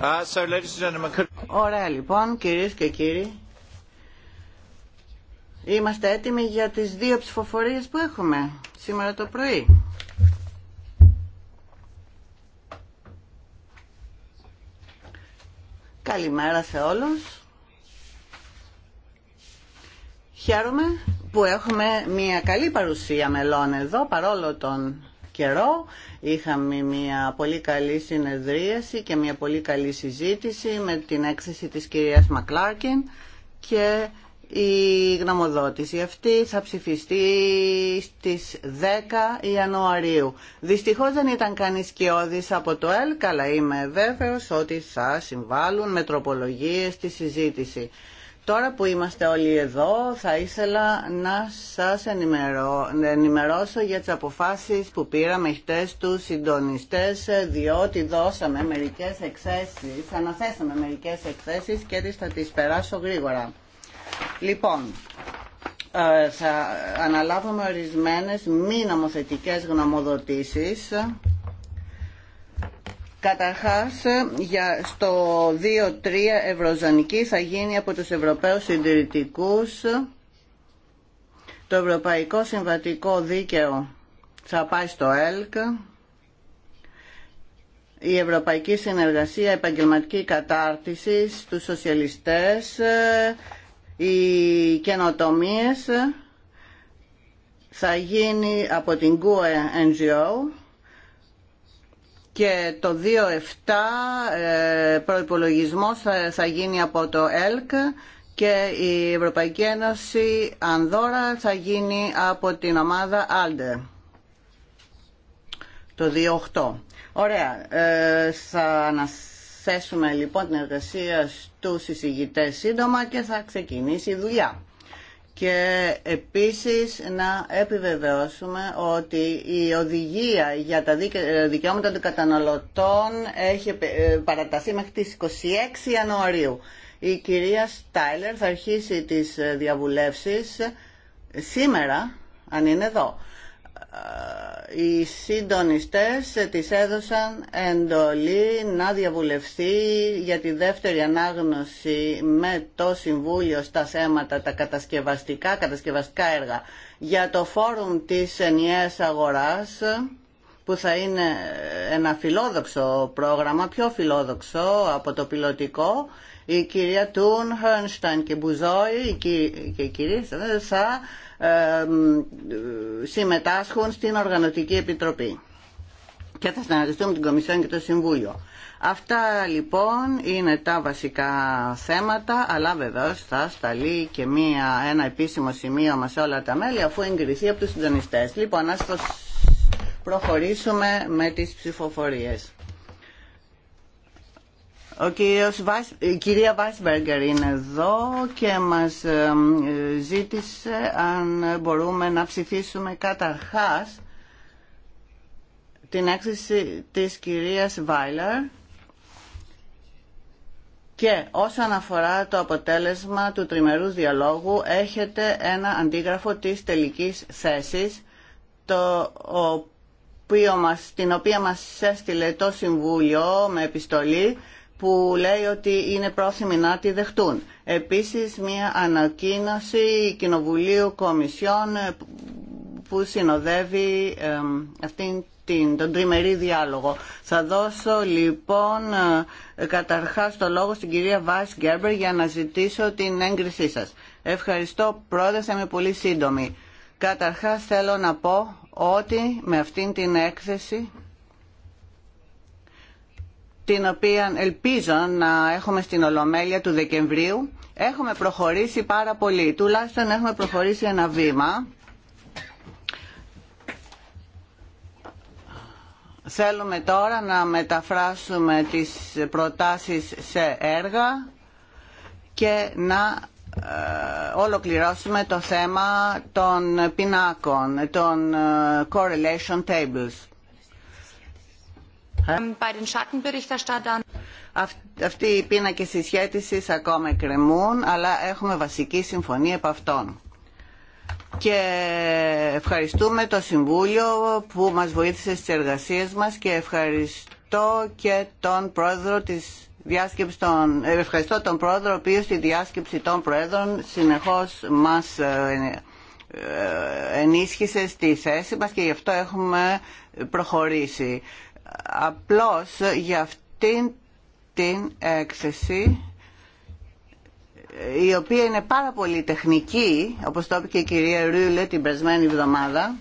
Uh, Ωραία λοιπόν κυρίες και κύριοι Είμαστε έτοιμοι για τις δύο ψηφοφορίες που έχουμε σήμερα το πρωί Καλημέρα σε όλους Χαίρομαι που έχουμε μια καλή παρουσία μελών εδώ παρόλο τον καιρό. Είχαμε μια πολύ καλή συνεδρίαση και μια πολύ καλή συζήτηση με την έκθεση της κυρίας Μακλάρκιν και η γνωμοδότηση αυτή θα ψηφιστεί στις 10 Ιανουαρίου. Δυστυχώς δεν ήταν κανείς κοιόδης από το ΕΛ, αλλά είμαι βέβαιος ότι θα συμβάλλουν με τροπολογίες στη συζήτηση. Τώρα που είμαστε όλοι εδώ θα ήθελα να σας ενημερώ, ενημερώσω για τις αποφάσεις που πήραμε χτες τους συντονιστές διότι δώσαμε μερικές θα αναθέσαμε μερικές εκθέσεις και τις θα τις περάσω γρήγορα. Λοιπόν, ε, θα αναλάβουμε ορισμένες μη νομοθετικές γνωμοδοτήσεις Καταρχάς, για, στο 2-3 ευρωζωνική θα γίνει από τους Ευρωπαίους Συντηρητικούς το Ευρωπαϊκό Συμβατικό Δίκαιο θα πάει στο ΕΛΚ. Η Ευρωπαϊκή Συνεργασία Επαγγελματική Κατάρτιση στους σοσιαλιστές, οι καινοτομίες θα γίνει από την GUE NGO και το 2.7 ε, προϋπολογισμός θα, γίνει από το ΕΛΚ και η Ευρωπαϊκή Ένωση Ανδώρα θα γίνει από την ομάδα ΑΛΤΕ το 2.8. Ωραία, ε, θα αναθέσουμε λοιπόν την εργασία στους εισηγητές σύντομα και θα ξεκινήσει η δουλειά και επίσης να επιβεβαιώσουμε ότι η οδηγία για τα δικαιώματα των καταναλωτών έχει ε, παραταθεί μέχρι τις 26 Ιανουαρίου. Η κυρία Στάιλερ θα αρχίσει τις ε, διαβουλεύσεις σήμερα, αν είναι εδώ οι συντονιστές της έδωσαν εντολή να διαβουλευθεί για τη δεύτερη ανάγνωση με το Συμβούλιο στα θέματα τα κατασκευαστικά, κατασκευαστικά έργα για το φόρουμ της ενιαίας αγοράς που θα είναι ένα φιλόδοξο πρόγραμμα, πιο φιλόδοξο από το πιλωτικό η κυρία Τούν, Χέρνσταν και Μπουζόη και οι κυρίες ε, θα συμμετάσχουν στην Οργανωτική Επιτροπή και θα συναντηθούμε την Κομισιόν και το Συμβούλιο. Αυτά λοιπόν είναι τα βασικά θέματα, αλλά βεβαίω θα σταλεί και μία, ένα επίσημο σημείο σε όλα τα μέλη αφού εγκριθεί από τους συντονιστές. Λοιπόν, ας προχωρήσουμε με τις ψηφοφορίες. Ο κύριος, η κυρία Βάσμπεργκερ είναι εδώ και μας ζήτησε αν μπορούμε να ψηφίσουμε καταρχάς την έκθεση της κυρίας Βάιλερ και όσον αφορά το αποτέλεσμα του τριμερούς διαλόγου έχετε ένα αντίγραφο της τελικής θέσης το οποίο μας, την οποία μας έστειλε το Συμβούλιο με επιστολή που λέει ότι είναι πρόθυμοι να τη δεχτούν. Επίσης μια ανακοίνωση Κοινοβουλίου Κομισιών ε, που συνοδεύει αυτήν την, τον τριμερή διάλογο. Θα δώσω λοιπόν ε, καταρχάς το λόγο στην κυρία Βάις Γκέμπερ για να ζητήσω την έγκρισή σας. Ευχαριστώ πρόεδρε, θα είμαι πολύ σύντομη. Καταρχάς θέλω να πω ότι με αυτήν την έκθεση την οποία ελπίζω να έχουμε στην Ολομέλεια του Δεκεμβρίου, έχουμε προχωρήσει πάρα πολύ. Τουλάχιστον έχουμε προχωρήσει ένα βήμα. Θέλουμε τώρα να μεταφράσουμε τις προτάσεις σε έργα και να ε, ολοκληρώσουμε το θέμα των πινάκων, των ε, correlation tables. Αυτοί οι πίνακε σχέση ακόμα κρεμούν, αλλά έχουμε βασική συμφωνία από αυτών. Και ευχαριστούμε το Συμβούλιο που μας βοήθησε στις εργασίες μας και ευχαριστώ και τον πρόεδρο της διάσκεψη των, ε, ευχαριστώ τον πρόεδρο ο οποίος στη διάσκεψη των πρόεδρων συνεχώς μας ε, ε, ενίσχυσε στη θέση μας και γι' αυτό έχουμε προχωρήσει απλώς για αυτήν την έκθεση η οποία είναι πάρα πολύ τεχνική όπως το είπε και η κυρία Ρούλε την περσμένη εβδομάδα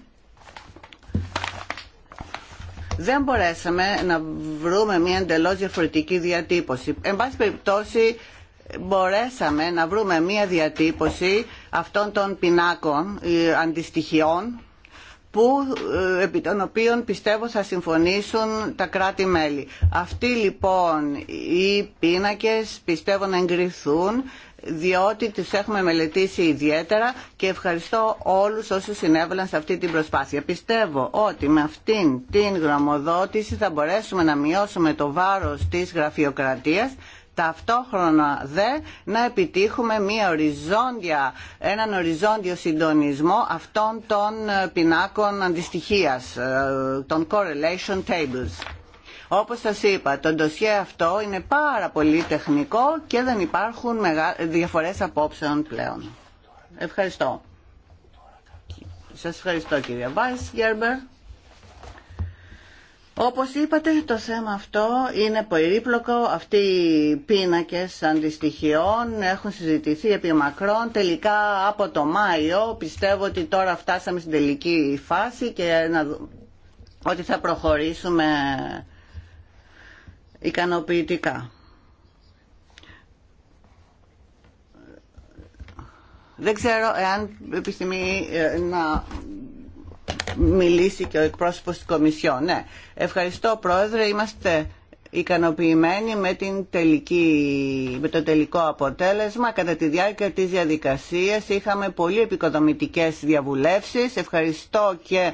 δεν μπορέσαμε να βρούμε μια εντελώ διαφορετική διατύπωση. Εν πάση περιπτώσει μπορέσαμε να βρούμε μια διατύπωση αυτών των πινάκων ε, αντιστοιχειών που, ε, επί των οποίων πιστεύω θα συμφωνήσουν τα κράτη-μέλη. Αυτοί λοιπόν οι πίνακες πιστεύω να εγκριθούν διότι τις έχουμε μελετήσει ιδιαίτερα και ευχαριστώ όλους όσους συνέβαλαν σε αυτή την προσπάθεια. Πιστεύω ότι με αυτήν την γραμμοδότηση θα μπορέσουμε να μειώσουμε το βάρος της γραφειοκρατίας Ταυτόχρονα δε να επιτύχουμε μια οριζόντια, έναν οριζόντιο συντονισμό αυτών των ε, πινάκων αντιστοιχίας, ε, των correlation tables. Όπως σας είπα, το ντοσιέ αυτό είναι πάρα πολύ τεχνικό και δεν υπάρχουν διαφορές απόψεων πλέον. Ευχαριστώ. Σας ευχαριστώ κύριε Βάις Γέρμπερ. Όπως είπατε το θέμα αυτό είναι περίπλοκο, αυτοί οι πίνακες αντιστοιχειών έχουν συζητηθεί επί μακρόν, τελικά από το Μάιο πιστεύω ότι τώρα φτάσαμε στην τελική φάση και να... ότι θα προχωρήσουμε ικανοποιητικά. Δεν ξέρω εάν επιθυμεί να μιλήσει και ο εκπρόσωπο της Κομισιόν. Ναι. Ευχαριστώ Πρόεδρε, είμαστε ικανοποιημένοι με, την τελική, με το τελικό αποτέλεσμα. Κατά τη διάρκεια της διαδικασίας είχαμε πολύ επικοδομητικές διαβουλεύσεις. Ευχαριστώ και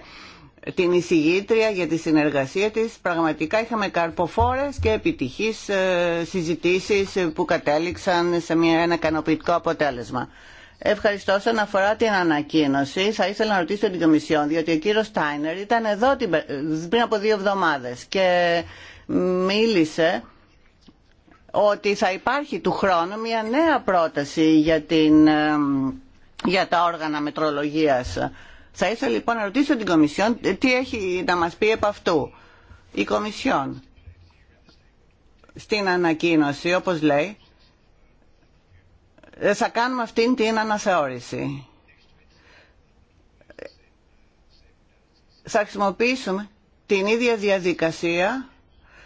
την εισηγήτρια για τη συνεργασία της. Πραγματικά είχαμε καρποφόρες και επιτυχείς ε, συζητήσεις που κατέληξαν σε ένα ικανοποιητικό αποτέλεσμα. Ευχαριστώ. Σε αφορά την ανακοίνωση, θα ήθελα να ρωτήσω την Κομισιόν, διότι ο κύριος Στάινερ ήταν εδώ πριν από δύο εβδομάδες και μίλησε ότι θα υπάρχει του χρόνου μια νέα πρόταση για, την, για τα όργανα μετρολογίας. Θα ήθελα λοιπόν να ρωτήσω την Κομισιόν τι έχει να μας πει επ' αυτού. Η Κομισιόν στην ανακοίνωση, όπως λέει, ε, θα κάνουμε αυτήν την αναθεώρηση. Θα χρησιμοποιήσουμε την ίδια διαδικασία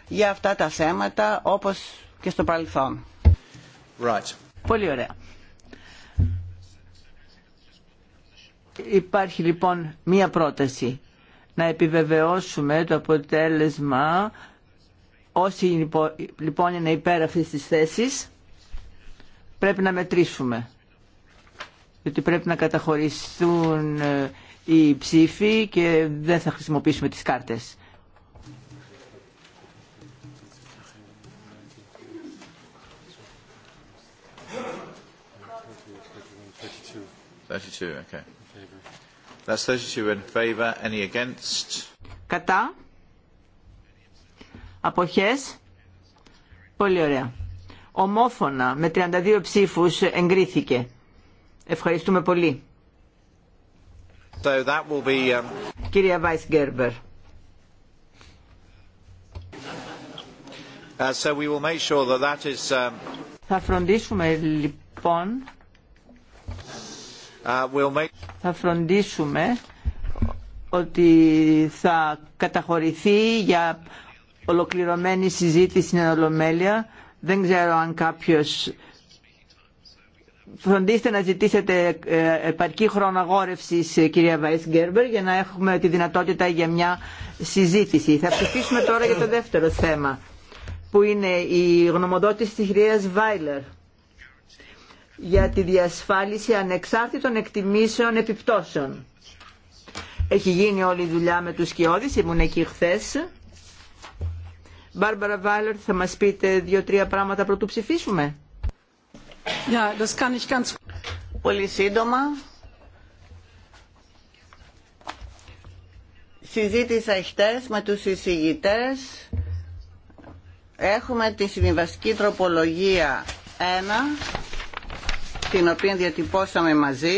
για αυτά τα θέματα όπως και στο παρελθόν. Right. Πολύ ωραία. Υπάρχει λοιπόν μία πρόταση να επιβεβαιώσουμε το αποτέλεσμα όσοι λοιπόν είναι υπέρ αυτής της θέσης πρέπει να μετρήσουμε. διότι πρέπει να καταχωριστούν ε, οι ψήφοι και δεν θα χρησιμοποιήσουμε τις κάρτες. Κατά. Αποχές. Πολύ ωραία ομόφωνα με 32 ψήφους εγκρίθηκε. Ευχαριστούμε πολύ. So um, Βάις Γκέρμπερ. Θα φροντίσουμε λοιπόν uh, make... θα φροντίσουμε ότι θα καταχωρηθεί για ολοκληρωμένη συζήτηση στην Ολομέλεια δεν ξέρω αν κάποιος φροντίστε να ζητήσετε ε, επαρκή χρόνο ε, κυρία Βάις Γκέρμπερ, για να έχουμε τη δυνατότητα για μια συζήτηση. Θα ψηφίσουμε τώρα για το δεύτερο θέμα, που είναι η γνωμοδότηση της κυρία Βάιλερ για τη διασφάλιση ανεξάρτητων εκτιμήσεων επιπτώσεων. Έχει γίνει όλη η δουλειά με τους Σκιώδης, ήμουν εκεί χθες Μπάρμπαρα Βάιλερ, θα μας πείτε δύο-τρία πράγματα πρωτού ψηφίσουμε. das kann ich Πολύ σύντομα. Συζήτησα χτες με τους συζητητές. Έχουμε τη συμβιβαστική τροπολογία 1, την οποία διατυπώσαμε μαζί.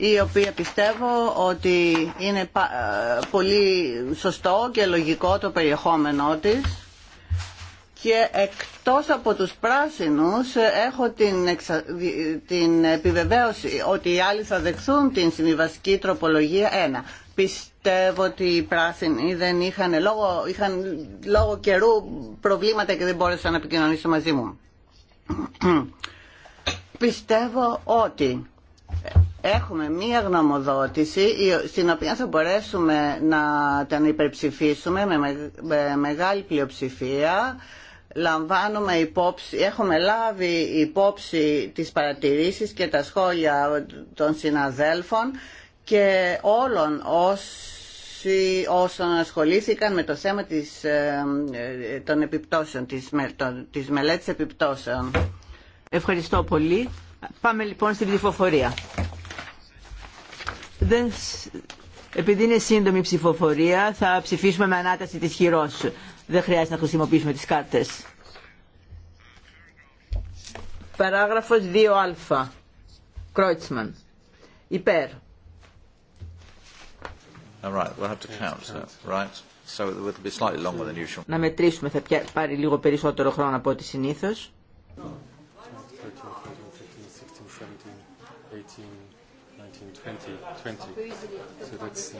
η οποία πιστεύω ότι είναι πολύ σωστό και λογικό το περιεχόμενό της και εκτός από τους πράσινους έχω την, επιβεβαίωση ότι οι άλλοι θα δεχθούν την συμβιβαστική τροπολογία Ένα, Πιστεύω ότι οι πράσινοι δεν είχαν λόγω, είχαν λόγω καιρού προβλήματα και δεν μπόρεσαν να επικοινωνήσουν μαζί μου. Πιστεύω ότι έχουμε μία γνωμοδότηση στην οποία θα μπορέσουμε να την υπερψηφίσουμε με μεγάλη πλειοψηφία. Λαμβάνουμε υπόψη, έχουμε λάβει υπόψη τις παρατηρήσεις και τα σχόλια των συναδέλφων και όλων όσοι, όσων ασχολήθηκαν με το θέμα της, ε, ε, των επιπτώσεων, της, της μελέτης επιπτώσεων. Ευχαριστώ πολύ. Πάμε λοιπόν στην ψηφοφορία. Δεν... Επειδή είναι σύντομη η ψηφοφορία, θα ψηφίσουμε με ανάταση της χειρός. Δεν χρειάζεται να χρησιμοποιήσουμε τις κάρτες. Παράγραφος 2α. Κρόιτσμαν. Υπέρ. Να μετρήσουμε, θα πάρει λίγο περισσότερο χρόνο από ό,τι συνήθως. 20, 20. So that's, uh,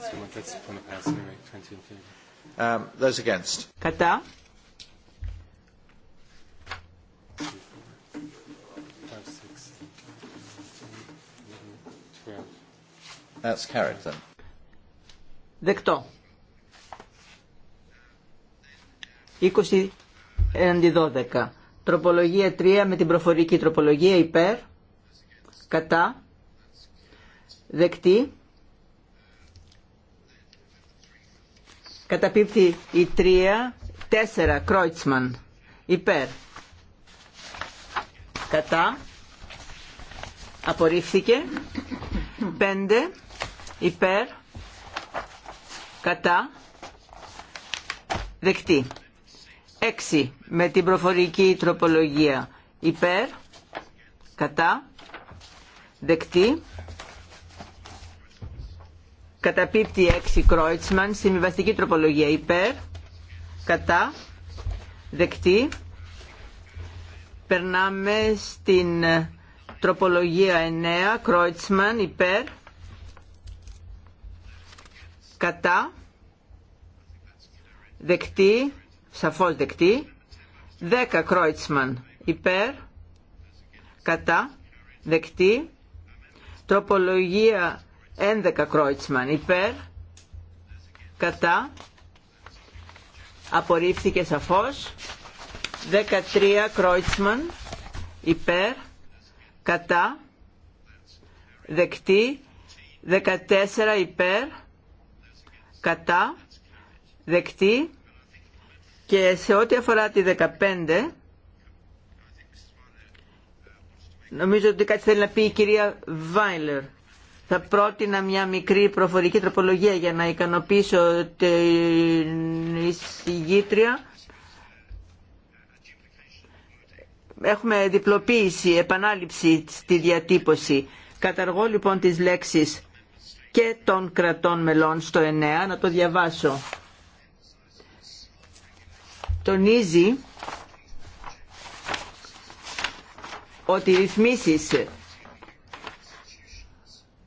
so that's going to pass anyway, 20 in favor. Um, those against. Κατά. That's carried then. Δεκτό. 20 έναντι 12. Τροπολογία 3 με την προφορική τροπολογία υπέρ, κατά, δεκτή. Καταπίπτει η 3, 4 Κρόιτσμαν υπέρ. Κατά. Απορρίφθηκε. 5 υπέρ. Κατά. Δεκτή. 6 με την προφορική τροπολογία υπέρ. Κατά. Δεκτή. Καταπίπτει 6 Κρόιτσμαν, συμβιβαστική τροπολογία υπέρ, κατά, δεκτή. Περνάμε στην τροπολογία 9, Κρόιτσμαν, υπέρ, κατά, δεκτή, σαφώς δεκτή. 10 Κρόιτσμαν, υπέρ, κατά, δεκτή. Τροπολογία 11 Κρόιτσμαν υπέρ, κατά, απορρίφθηκε σαφώς. 13 Κρόιτσμαν υπέρ, κατά, δεκτή. 14 υπέρ, κατά, δεκτή. Και σε ό,τι αφορά τη 15, νομίζω ότι κάτι θέλει να πει η κυρία Βάιλερ. Θα πρότεινα μια μικρή προφορική τροπολογία για να ικανοποιήσω την εισηγήτρια. Έχουμε διπλοποίηση, επανάληψη στη διατύπωση. Καταργώ λοιπόν τις λέξεις και των κρατών μελών στο 9, να το διαβάσω. Τονίζει ότι οι ρυθμίσεις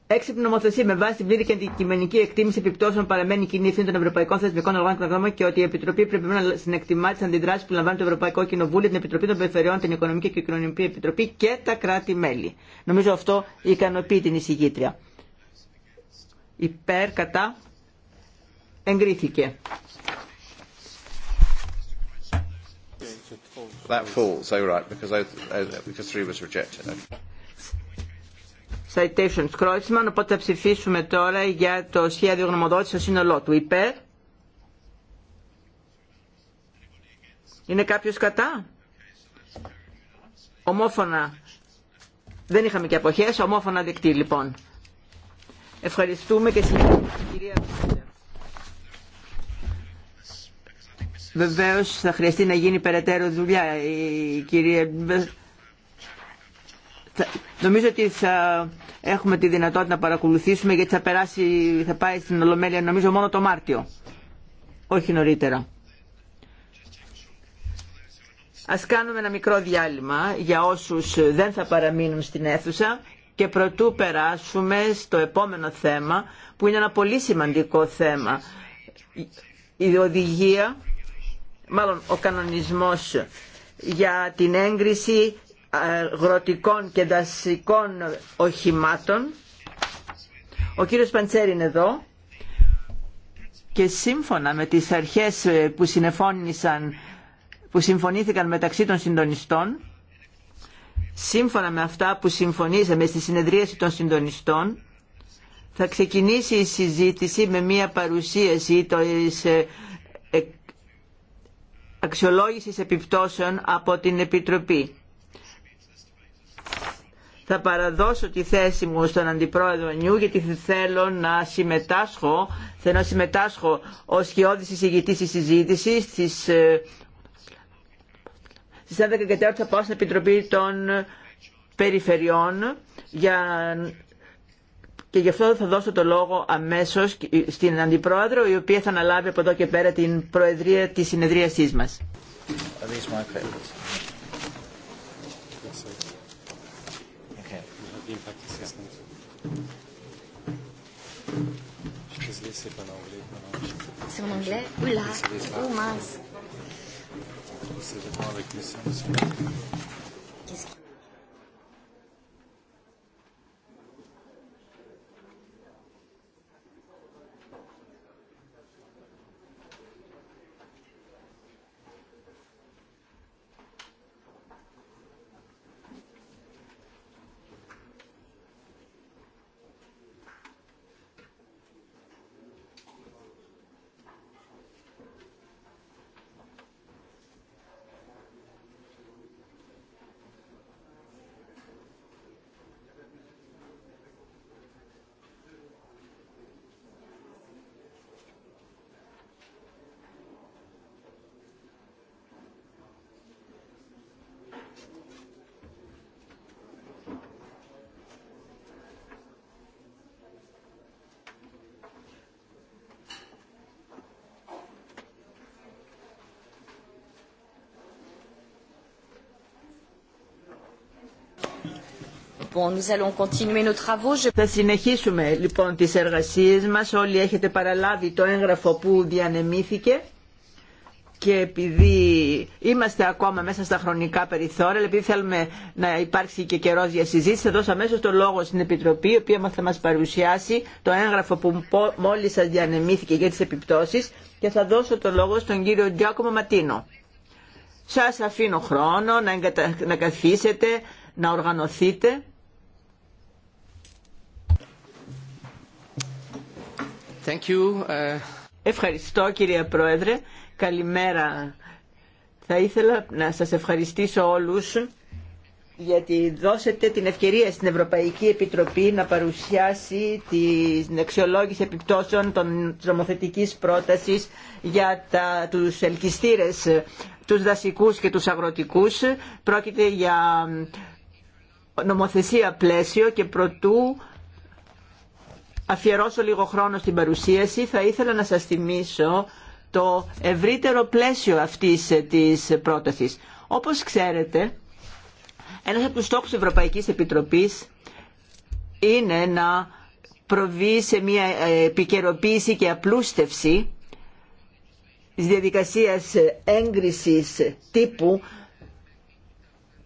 Έξυπνη νομοθεσία με βάση την πλήρη και αντικειμενική εκτίμηση επιπτώσεων παραμένει κοινή ευθύνη των Ευρωπαϊκών Θεσμικών Οργάνων και Οργάνων και ότι η Επιτροπή πρέπει να συνεκτιμά τι αντιδράσει που λαμβάνει το Ευρωπαϊκό Κοινοβούλιο, την Επιτροπή των Περιφερειών, την Οικονομική και Κοινωνική Επιτροπή και τα κράτη-μέλη. Νομίζω αυτό ικανοποιεί την εισηγήτρια. Υπέρ, κατά, εγκρίθηκε. Citations Κρότσμαν, οπότε θα ψηφίσουμε τώρα για το σχέδιο γνωμοδότηση στο σύνολό του. Υπέρ. Είναι κάποιο κατά. Ομόφωνα. Δεν είχαμε και αποχέ, ομόφωνα δεκτή λοιπόν. Ευχαριστούμε και συγχαρητήρια κυρία Βεβαίω θα χρειαστεί να γίνει περαιτέρω δουλειά η κυρία Νομίζω ότι έχουμε τη δυνατότητα να παρακολουθήσουμε γιατί θα περάσει, θα πάει στην Ολομέλεια νομίζω μόνο το Μάρτιο. Όχι νωρίτερα. Ας κάνουμε ένα μικρό διάλειμμα για όσους δεν θα παραμείνουν στην αίθουσα και προτού περάσουμε στο επόμενο θέμα που είναι ένα πολύ σημαντικό θέμα. Η οδηγία, μάλλον ο κανονισμός για την έγκριση αγροτικών και δασικών οχημάτων. Ο κύριος Παντσέρη είναι εδώ και σύμφωνα με τις αρχές που, συνεφώνησαν, που συμφωνήθηκαν μεταξύ των συντονιστών, σύμφωνα με αυτά που συμφωνήσαμε στη συνεδρίαση των συντονιστών, θα ξεκινήσει η συζήτηση με μία παρουσίαση της ε, ε, αξιολόγησης επιπτώσεων από την Επιτροπή θα παραδώσω τη θέση μου στον Αντιπρόεδρο Νιού γιατί θέλω να συμμετάσχω, θέλω να συμμετάσχω ως σχεώδης εισηγητής της συζήτηση στις, ε, στις 11 και 4 θα πάω στην Επιτροπή των Περιφερειών για... και γι' αυτό θα δώσω το λόγο αμέσως στην Αντιπρόεδρο η οποία θα αναλάβει από εδώ και πέρα την Προεδρία της συνεδρίασής μας. c'est pas l'anglais C'est en anglais Oula Oh mince Qu'est-ce Θα συνεχίσουμε λοιπόν τις εργασίες μας. Όλοι έχετε παραλάβει το έγγραφο που διανεμήθηκε και επειδή είμαστε ακόμα μέσα στα χρονικά περιθώρια, επειδή θέλουμε να υπάρξει και καιρό για συζήτηση, θα δώσω αμέσω το λόγο στην Επιτροπή, η οποία θα μα παρουσιάσει το έγγραφο που μόλι σα διανεμήθηκε για τι επιπτώσει και θα δώσω το λόγο στον κύριο Γιάκομο Ματίνο. Σα αφήνω χρόνο να καθίσετε, να οργανωθείτε. Uh, Ευχαριστώ κύριε Πρόεδρε. Καλημέρα. Θα ήθελα να σας ευχαριστήσω όλους γιατί δώσετε την ευκαιρία στην Ευρωπαϊκή Επιτροπή να παρουσιάσει την αξιολόγηση επιπτώσεων των νομοθετικής πρότασης για τα, τους ελκυστήρες, τους δασικούς και τους αγροτικούς. Πρόκειται για νομοθεσία πλαίσιο και προτού αφιερώσω λίγο χρόνο στην παρουσίαση, θα ήθελα να σας θυμίσω το ευρύτερο πλαίσιο αυτής ε, της πρότασης. Όπως ξέρετε, ένας από τους στόχους της Ευρωπαϊκής Επιτροπής είναι να προβεί σε μια ε, επικαιροποίηση και απλούστευση της διαδικασίας έγκρισης τύπου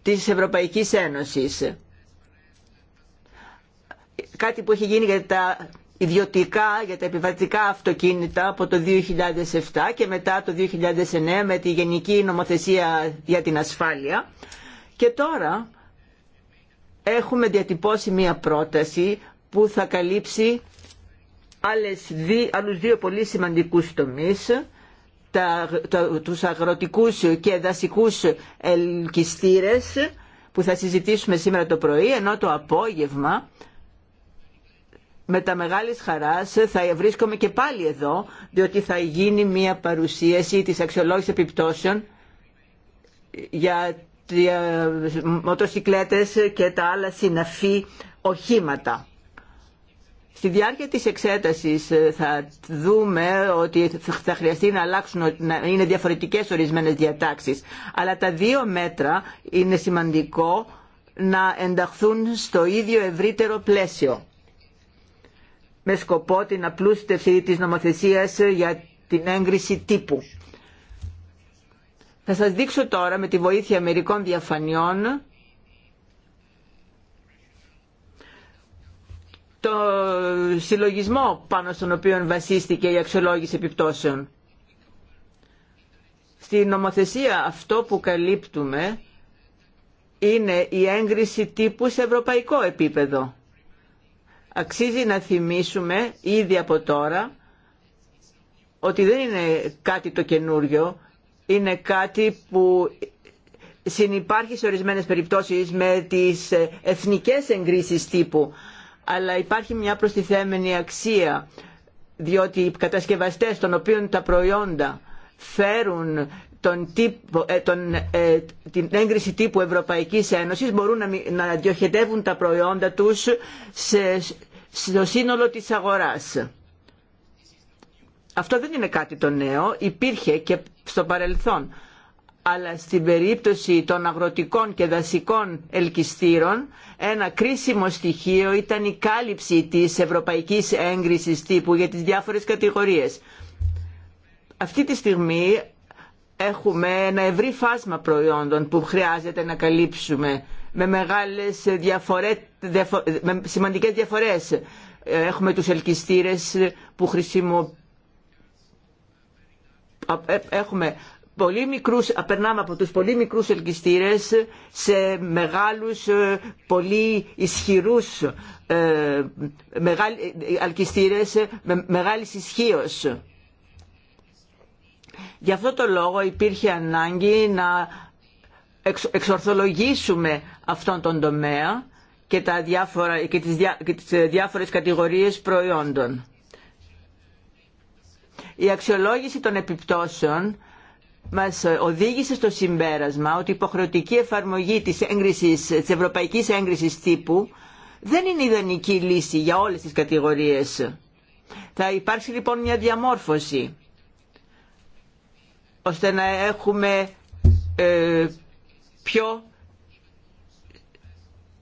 της Ευρωπαϊκής Ένωσης κάτι που έχει γίνει για τα ιδιωτικά, για τα επιβατικά αυτοκίνητα από το 2007 και μετά το 2009 με τη Γενική Νομοθεσία για την Ασφάλεια. Και τώρα έχουμε διατυπώσει μία πρόταση που θα καλύψει άλλες άλλους δύο πολύ σημαντικούς τομείς, τα, τα, τους αγροτικούς και δασικούς ελκυστήρες που θα συζητήσουμε σήμερα το πρωί, ενώ το απόγευμα με τα μεγάλη χαράς θα βρίσκομαι και πάλι εδώ, διότι θα γίνει μια παρουσίαση της αξιολόγησης επιπτώσεων για τις ε, μοτοσυκλέτες και τα άλλα συναφή οχήματα. Στη διάρκεια της εξέτασης ε, θα δούμε ότι θα χρειαστεί να αλλάξουν, να είναι διαφορετικές ορισμένες διατάξεις. Αλλά τα δύο μέτρα είναι σημαντικό να ενταχθούν στο ίδιο ευρύτερο πλαίσιο με σκοπό την απλούστευση της νομοθεσίας για την έγκριση τύπου. Θα σας δείξω τώρα με τη βοήθεια μερικών διαφανειών το συλλογισμό πάνω στον οποίο βασίστηκε η αξιολόγηση επιπτώσεων. Στη νομοθεσία αυτό που καλύπτουμε είναι η έγκριση τύπου σε ευρωπαϊκό επίπεδο αξίζει να θυμίσουμε ήδη από τώρα ότι δεν είναι κάτι το καινούριο, είναι κάτι που συνυπάρχει σε ορισμένες περιπτώσεις με τις εθνικές εγκρίσεις τύπου, αλλά υπάρχει μια προστιθέμενη αξία, διότι οι κατασκευαστές των οποίων τα προϊόντα φέρουν τον τύπο, ε, τον, ε, την έγκριση τύπου Ευρωπαϊκής Ένωσης μπορούν να, να διοχετεύουν τα προϊόντα τους σε, στο σύνολο της αγοράς. Αυτό δεν είναι κάτι το νέο, υπήρχε και στο παρελθόν. Αλλά στην περίπτωση των αγροτικών και δασικών ελκυστήρων, ένα κρίσιμο στοιχείο ήταν η κάλυψη της ευρωπαϊκής έγκρισης τύπου για τις διάφορες κατηγορίες. Αυτή τη στιγμή έχουμε ένα ευρύ φάσμα προϊόντων που χρειάζεται να καλύψουμε με μεγάλες διαφορέ. με σημαντικές διαφορές. Έχουμε τους ελκυστήρες που χρησιμοποιούν ε, έχουμε πολύ μικρούς, περνάμε από τους πολύ μικρούς ελκυστήρες σε μεγάλους, ε, πολύ ισχυρούς ε, μεγάλ, ε, με μεγάλης ισχύος Γι' αυτό το λόγο υπήρχε ανάγκη να εξορθολογήσουμε αυτόν τον τομέα και, τα διάφορα, και, τις, διάφορες κατηγορίες προϊόντων. Η αξιολόγηση των επιπτώσεων μας οδήγησε στο συμπέρασμα ότι η υποχρεωτική εφαρμογή της, έγκρισης, της ευρωπαϊκής έγκρισης τύπου δεν είναι ιδανική λύση για όλες τις κατηγορίες. Θα υπάρξει λοιπόν μια διαμόρφωση ώστε να έχουμε ε, πιο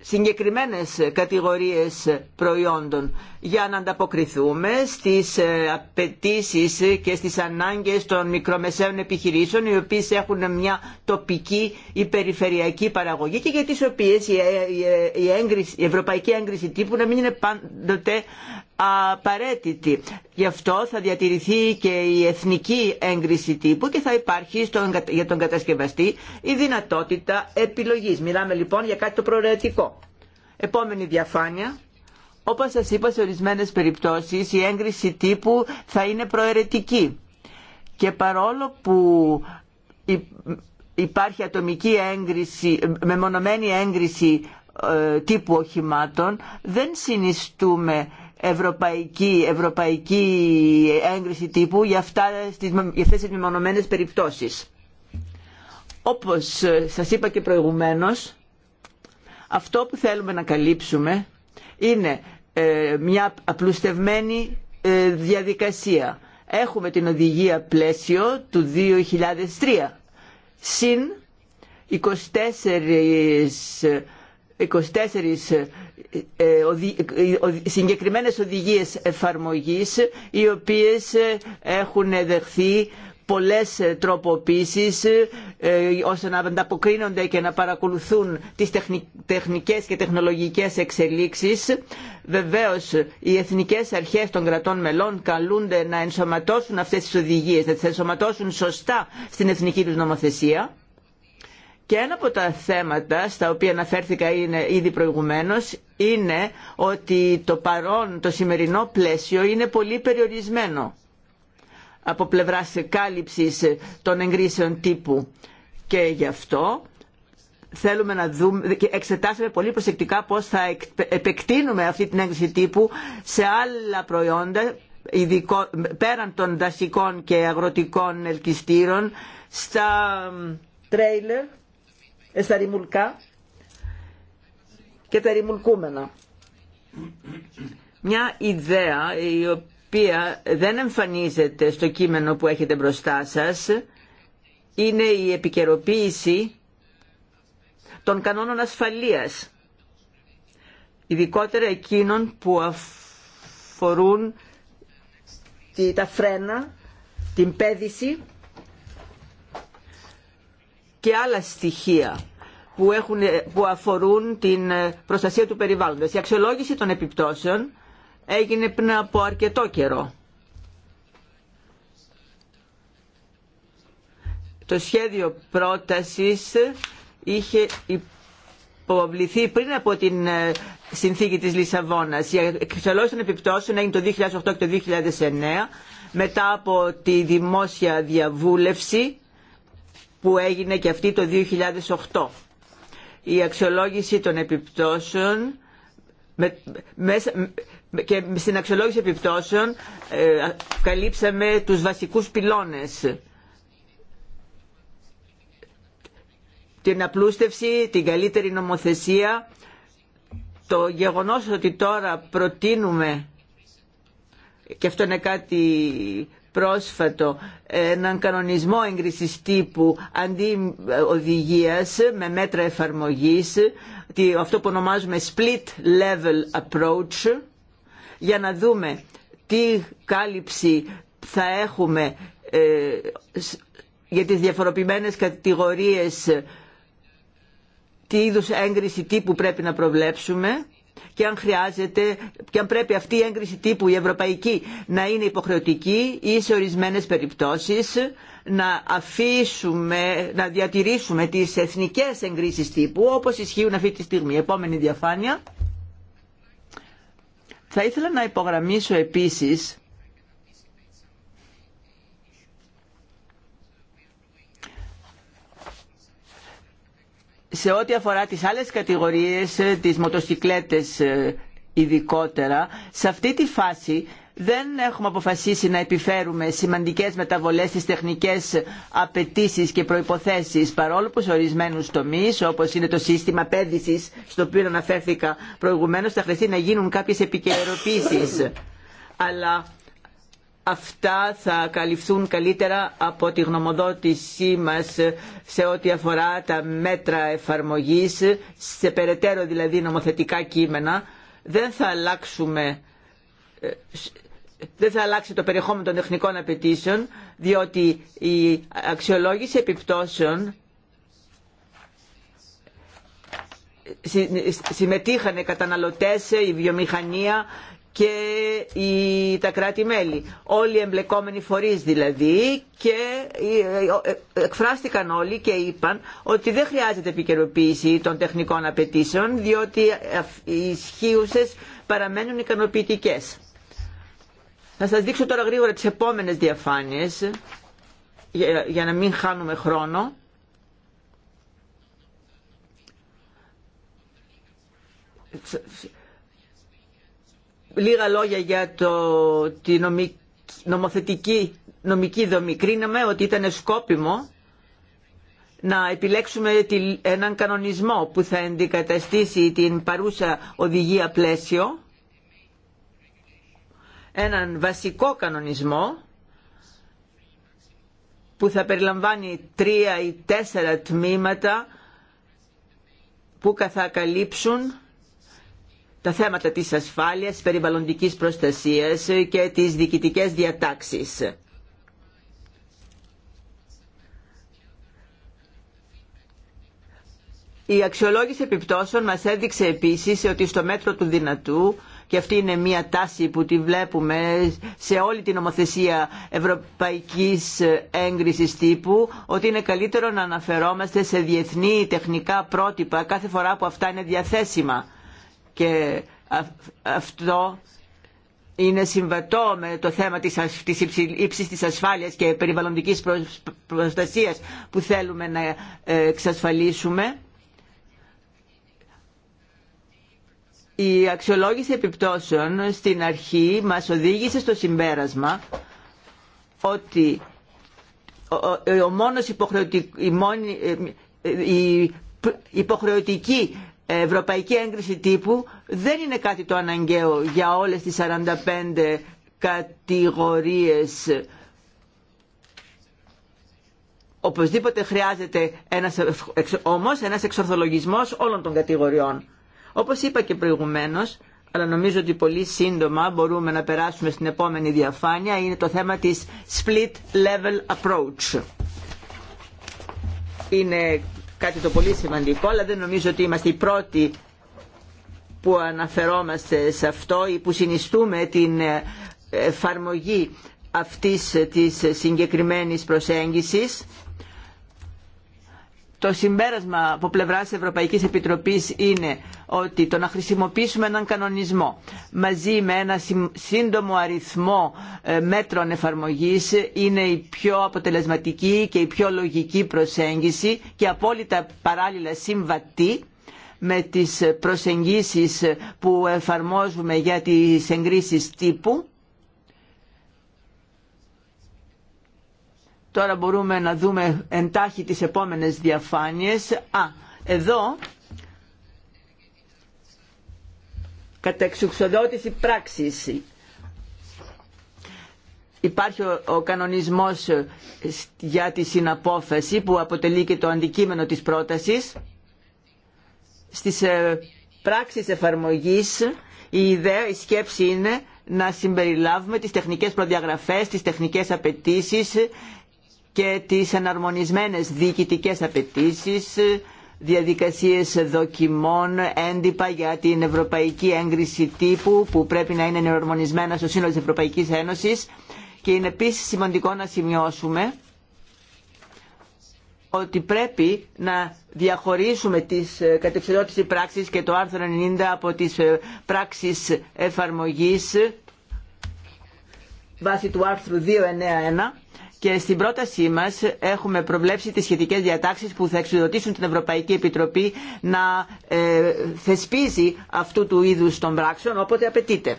συγκεκριμένες κατηγορίες προϊόντων για να ανταποκριθούμε στις ε, απαιτήσει και στις ανάγκες των μικρομεσαίων επιχειρήσεων οι οποίες έχουν μια τοπική ή περιφερειακή παραγωγή και για τις οποίες ε, ε, η, έγκριση, η ευρωπαϊκή έγκριση τύπου να μην είναι πάντοτε απαραίτητη. Γι' αυτό θα διατηρηθεί και η εθνική έγκριση τύπου και θα υπάρχει στον, για τον κατασκευαστή η δυνατότητα επιλογής. Μιλάμε λοιπόν για κάτι το προαιρετικό. Επόμενη διαφάνεια όπως σας είπα σε ορισμένες περιπτώσεις η έγκριση τύπου θα είναι προαιρετική και παρόλο που υπάρχει ατομική έγκριση, μεμονωμένη έγκριση ε, τύπου οχημάτων δεν συνιστούμε ευρωπαϊκή, ευρωπαϊκή έγκριση τύπου για, αυτά, για αυτές τις μεμονωμένες περιπτώσεις. Όπως ε, σας είπα και προηγουμένως, αυτό που θέλουμε να καλύψουμε είναι ε, μια απλουστευμένη ε, διαδικασία. Έχουμε την οδηγία πλαίσιο του 2003 συν 24, 24 ε, συγκεκριμένες οδηγίες εφαρμογής οι οποίες έχουν δεχθεί πολλές ε, τροποποίησεις ε, ε, ώστε να ανταποκρίνονται και να παρακολουθούν τις τεχνικές και τεχνολογικές εξελίξεις. Βεβαίως, οι εθνικές αρχές των κρατών μελών καλούνται να ενσωματώσουν αυτές τις οδηγίες, να τις ενσωματώσουν σωστά στην εθνική τους νομοθεσία. Και ένα από τα θέματα στα οποία αναφέρθηκα είναι ήδη προηγουμένως είναι ότι το παρόν, το σημερινό πλαίσιο είναι πολύ περιορισμένο από πλευράς κάλυψης των εγκρίσεων τύπου. Και γι' αυτό θέλουμε να δούμε και εξετάσουμε πολύ προσεκτικά πώς θα επεκτείνουμε αυτή την έγκριση τύπου σε άλλα προϊόντα ειδικό, πέραν των δασικών και αγροτικών ελκυστήρων στα τρέιλερ, ε, στα ρημουλκά και τα ρημουλκούμενα. Μια ιδέα η οποία δεν εμφανίζεται στο κείμενο που έχετε μπροστά σας είναι η επικαιροποίηση των κανόνων ασφαλείας, ειδικότερα εκείνων που αφορούν τα φρένα, την πέδηση και άλλα στοιχεία που, έχουν, που αφορούν την προστασία του περιβάλλοντος. Η αξιολόγηση των επιπτώσεων έγινε πριν από αρκετό καιρό. Το σχέδιο πρότασης είχε υποβληθεί πριν από την ε, συνθήκη της Λισαβόνας. Η αξιολόγηση των επιπτώσεων έγινε το 2008 και το 2009 μετά από τη δημόσια διαβούλευση που έγινε και αυτή το 2008. Η αξιολόγηση των επιπτώσεων και στην αξιολόγηση επιπτώσεων ε, καλύψαμε τους βασικούς πυλώνες. Την απλούστευση, την καλύτερη νομοθεσία, το γεγονός ότι τώρα προτείνουμε και αυτό είναι κάτι πρόσφατο έναν κανονισμό έγκρισης τύπου αντί ε, οδηγίας με μέτρα εφαρμογής αυτό που ονομάζουμε split level approach για να δούμε τι κάλυψη θα έχουμε ε, για τις διαφοροποιημένες κατηγορίες τι είδους έγκριση τύπου πρέπει να προβλέψουμε και αν χρειάζεται και αν πρέπει αυτή η έγκριση τύπου η ευρωπαϊκή να είναι υποχρεωτική ή σε ορισμένες περιπτώσεις να αφήσουμε, να διατηρήσουμε τις εθνικές εγκρίσεις τύπου όπως ισχύουν αυτή τη στιγμή. Επόμενη διαφάνεια. Θα ήθελα να υπογραμμίσω επίσης σε ό,τι αφορά τις άλλες κατηγορίες, ε, τις μοτοσυκλέτες ε, ειδικότερα, σε αυτή τη φάση δεν έχουμε αποφασίσει να επιφέρουμε σημαντικές μεταβολές στις τεχνικές απαιτήσει και προϋποθέσεις παρόλο που σε ορισμένους τομείς όπως είναι το σύστημα πέδησης στο οποίο αναφέρθηκα προηγουμένως θα χρειαστεί να γίνουν κάποιες επικαιροποίησεις αλλά αυτά θα καλυφθούν καλύτερα από τη γνωμοδότησή μας σε ό,τι αφορά τα μέτρα εφαρμογής σε περαιτέρω δηλαδή νομοθετικά κείμενα δεν θα αλλάξουμε ε, δεν θα αλλάξει το περιεχόμενο των τεχνικών απαιτήσεων, διότι η αξιολόγηση επιπτώσεων συμμετείχαν οι καταναλωτές, η βιομηχανία και οι, τα κράτη-μέλη. Όλοι οι εμπλεκόμενοι φορείς δηλαδή και ε, εκφράστηκαν όλοι και είπαν ότι δεν χρειάζεται επικαιροποίηση των τεχνικών απαιτήσεων διότι οι ισχύουσες παραμένουν ικανοποιητικές. Θα σας δείξω τώρα γρήγορα τις επόμενες διαφάνειες για, να μην χάνουμε χρόνο. Λίγα λόγια για το, τη νομική, νομοθετική νομική δομή. Κρίναμε ότι ήταν σκόπιμο να επιλέξουμε έναν κανονισμό που θα αντικαταστήσει την παρούσα οδηγία πλαίσιο έναν βασικό κανονισμό που θα περιλαμβάνει τρία ή τέσσερα τμήματα που θα καλύψουν τα θέματα της ασφάλειας, περιβαλλοντικής προστασίας και τις διοικητικές διατάξεις. Η αξιολόγηση επιπτώσεων μας έδειξε επίσης ότι στο μέτρο του δυνατού και αυτή είναι μια τάση που τη βλέπουμε σε όλη την νομοθεσία ευρωπαϊκής έγκρισης τύπου ότι είναι καλύτερο να αναφερόμαστε σε διεθνή τεχνικά πρότυπα κάθε φορά που αυτά είναι διαθέσιμα και αυτό είναι συμβατό με το θέμα της, της ύψης της ασφάλειας και περιβαλλοντικής προστασίας που θέλουμε να ε, εξασφαλίσουμε Η αξιολόγηση επιπτώσεων στην αρχή μας οδήγησε στο συμπέρασμα ότι ο μόνος η, μόνη, ε, η υποχρεωτική ευρωπαϊκή έγκριση τύπου δεν είναι κάτι το αναγκαίο για όλες τις 45 κατηγορίες Οπωσδήποτε χρειάζεται ένας, όμως ένας εξορθολογισμός όλων των κατηγοριών. Όπως είπα και προηγουμένως, αλλά νομίζω ότι πολύ σύντομα μπορούμε να περάσουμε στην επόμενη διαφάνεια, είναι το θέμα της split level approach. Είναι κάτι το πολύ σημαντικό, αλλά δεν νομίζω ότι είμαστε οι πρώτοι που αναφερόμαστε σε αυτό ή που συνιστούμε την ε, εφαρμογή αυτής της συγκεκριμένης προσέγγισης το συμπέρασμα από πλευρά τη Ευρωπαϊκή Επιτροπή είναι ότι το να χρησιμοποιήσουμε έναν κανονισμό μαζί με ένα σύντομο αριθμό ε, μέτρων εφαρμογή είναι η πιο αποτελεσματική και η πιο λογική προσέγγιση και απόλυτα παράλληλα συμβατή με τις προσεγγίσεις που εφαρμόζουμε για τις εγκρίσεις τύπου Τώρα μπορούμε να δούμε εντάχει τις επόμενες διαφάνειες. Α, εδώ κατά εξουξοδότηση πράξης. Υπάρχει ο κανονισμός για τη συναπόφαση που αποτελεί και το αντικείμενο της πρότασης. Στις ε, πράξεις εφαρμογής η ιδέα, η σκέψη είναι να συμπεριλάβουμε τις τεχνικές προδιαγραφές, τις τεχνικές απαιτήσεις, και τις εναρμονισμένες διοικητικές απαιτήσει, διαδικασίες δοκιμών έντυπα για την ευρωπαϊκή έγκριση τύπου που πρέπει να είναι εναρμονισμένα στο σύνολο της Ευρωπαϊκής Ένωσης και είναι επίσης σημαντικό να σημειώσουμε ότι πρέπει να διαχωρίσουμε τις κατευθυνότητες πράξεις και το άρθρο 90 από τις πράξεις εφαρμογής βάσει του άρθρου 291 και στην πρότασή μας έχουμε προβλέψει τις σχετικές διατάξεις που θα εξουδοτήσουν την Ευρωπαϊκή Επιτροπή να ε, θεσπίζει αυτού του είδους των πράξεων όποτε απαιτείται.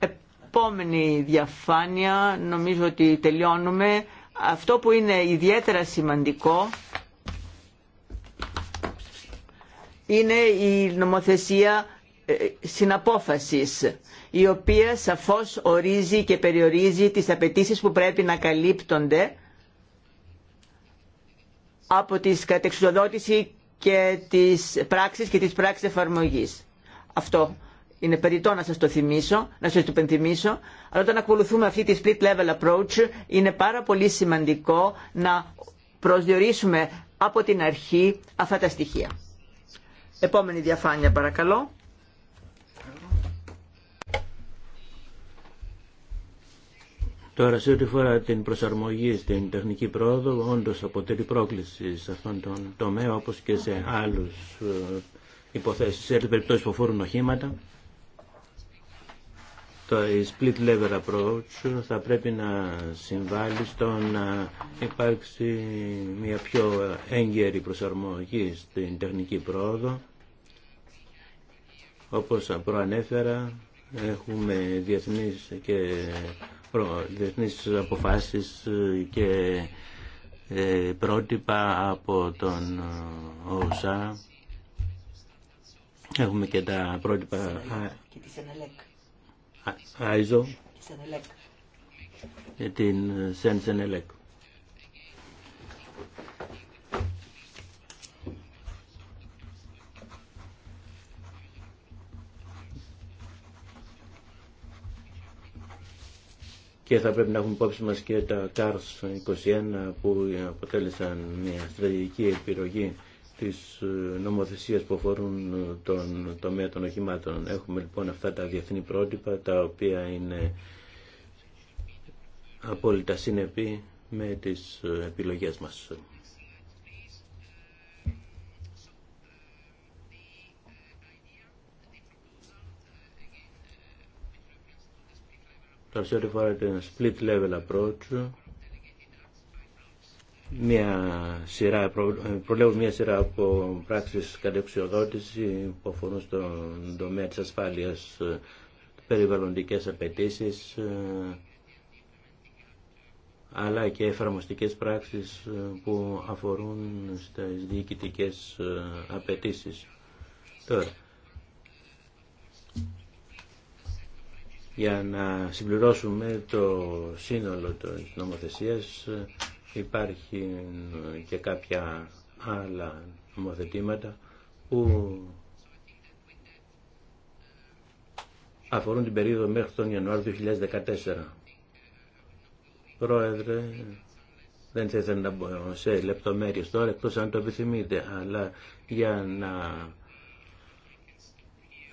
Επόμενη διαφάνεια, νομίζω ότι τελειώνουμε. Αυτό που είναι ιδιαίτερα σημαντικό είναι η νομοθεσία συναπόφασης η οποία σαφώς ορίζει και περιορίζει τις απαιτήσεις που πρέπει να καλύπτονται από τις κατεξουδότηση και τις πράξεις και τις πράξεις εφαρμογής. Αυτό είναι περιττό να σας το θυμίσω, να σας το πενθυμίσω, αλλά όταν ακολουθούμε αυτή τη split level approach είναι πάρα πολύ σημαντικό να προσδιορίσουμε από την αρχή αυτά τα στοιχεία. Επόμενη διαφάνεια παρακαλώ. Τώρα σε ό,τι φορά την προσαρμογή στην τεχνική πρόοδο, όντως αποτελεί πρόκληση σε αυτόν τον τομέα όπως και σε άλλους ε, υποθέσεις, σε περιπτώσεις που αφορούν οχήματα. Το split level approach θα πρέπει να συμβάλλει στο να υπάρξει μια πιο έγκαιρη προσαρμογή στην τεχνική πρόοδο. Όπως προανέφερα, έχουμε διεθνείς και προ, διεθνείς αποφάσεις ε, και ε, πρότυπα από τον ε, ΟΣΑ. Έχουμε και τα πρότυπα και ΣΕΝΕΛΕΚ. ΑΙΖΟ και την ΣΕΝΣΕΝΕΛΕΚ. και θα πρέπει να έχουμε υπόψη μας και τα CARS 21 που αποτέλεσαν μια στρατηγική επιρροή της ε, νομοθεσίας που αφορούν τον τομέα των οχημάτων. Έχουμε λοιπόν αυτά τα διεθνή πρότυπα τα οποία είναι απόλυτα συνεπή με τις ε, επιλογές μας. τα σε ό,τι split level approach, μια σειρά, προλέγουν μια σειρά από πράξεις κατεξιοδότηση που αφορούν στον τομέα της ασφάλειας περιβαλλοντικές απαιτήσεις αλλά και εφαρμοστικές πράξεις που αφορούν στις διοικητικές ε, απαιτήσεις Τώρα, για να συμπληρώσουμε το σύνολο της νομοθεσίας υπάρχει και κάποια άλλα νομοθετήματα που αφορούν την περίοδο μέχρι τον Ιανουάριο 2014. Πρόεδρε, δεν θα ήθελα να μπω σε λεπτομέρειες τώρα, εκτός αν το επιθυμείτε, αλλά για να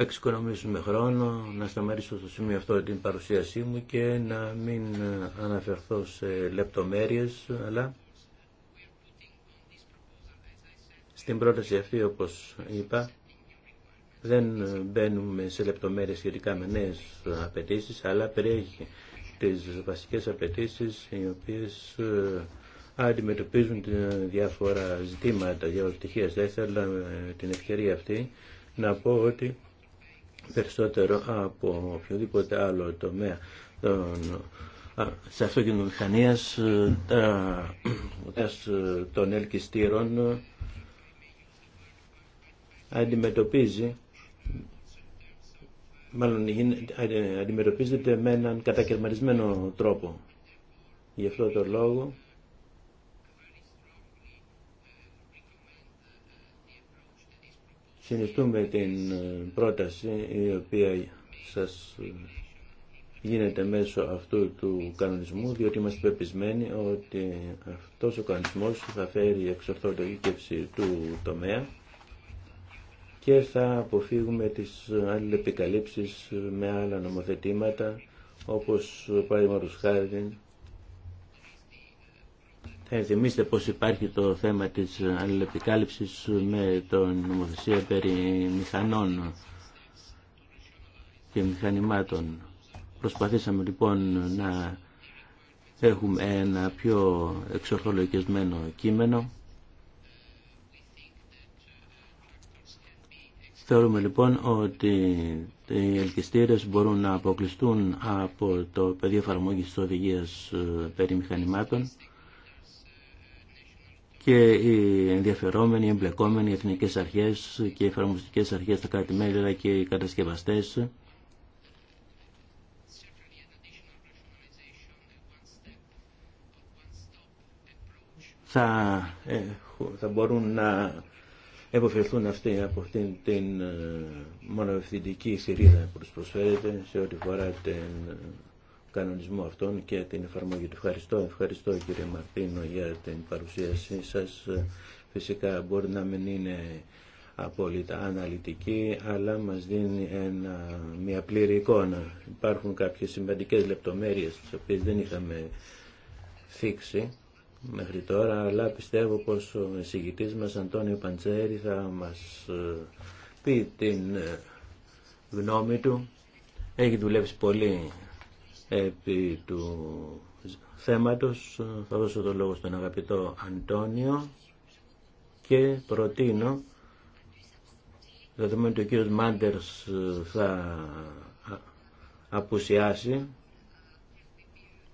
εξοικονομήσουμε χρόνο, να σταματήσω στο σημείο αυτό την παρουσίασή μου και να μην αναφερθώ σε λεπτομέρειες, αλλά στην πρόταση αυτή, όπως είπα, δεν μπαίνουμε σε λεπτομέρειες σχετικά με νέες απαιτήσει, αλλά περιέχει τις βασικές απαιτήσει οι οποίες ε, αντιμετωπίζουν διάφορα ζητήματα, διάφορα στοιχεία. Θα ήθελα ε, την ευκαιρία αυτή να πω ότι περισσότερο από οποιοδήποτε άλλο τομέα των σε αυτοκινητομηχανίας ε, ε, των ελκυστήρων ε, αντιμετωπίζει μάλλον αντιμετωπίζεται με έναν κατακαιρματισμένο τρόπο. Γι' αυτό το λόγο συνιστούμε την ε, πρόταση η οποία σας ε, γίνεται μέσω αυτού του κανονισμού, διότι είμαστε πεπισμένοι ότι αυτός ο κανονισμός θα φέρει εξορθολογήκευση του τομέα και θα αποφύγουμε τις αλληλεπικαλύψεις με άλλα νομοθετήματα, όπως παραδείγματος χάρη ε, θυμίστε πως υπάρχει το θέμα της αλληλεπικάλυψης με τον νομοθεσία περί μηχανών και μηχανημάτων. Προσπαθήσαμε λοιπόν να έχουμε ένα πιο εξορθολογισμένο κείμενο. Θεωρούμε λοιπόν ότι οι ελκυστήρες μπορούν να αποκλειστούν από το πεδίο εφαρμόγης οδηγίας ε, περί μηχανημάτων και οι ενδιαφερόμενοι, οι εμπλεκόμενοι, οι εθνικές αρχές και οι εφαρμοστικές αρχές τα κράτη-μέλη και οι κατασκευαστές θα, ε, θα μπορούν να εποφελθούν αυτοί από αυτήν την ε, μονοευθυντική σειρίδα που τους προσφέρεται σε ό,τι φορά την κανονισμό αυτών και την εφαρμογή του. Ευχαριστώ, ευχαριστώ κύριε Μαρτίνο για την παρουσίασή σας. Φυσικά μπορεί να μην είναι απόλυτα αναλυτική, αλλά μας δίνει μια πλήρη εικόνα. Υπάρχουν κάποιες σημαντικές λεπτομέρειες, τις οποίες δεν είχαμε θίξει μέχρι τώρα, αλλά πιστεύω πως ο εισηγητής μας Αντώνιο Παντσέρη θα μας ε, πει την ε, γνώμη του. Έχει δουλέψει πολύ επί του θέματος. Ε, θα δώσω το λόγο στον αγαπητό Αντώνιο και προτείνω δεδομένου ότι ο κύριος Μάντερς ε, θα απουσιάσει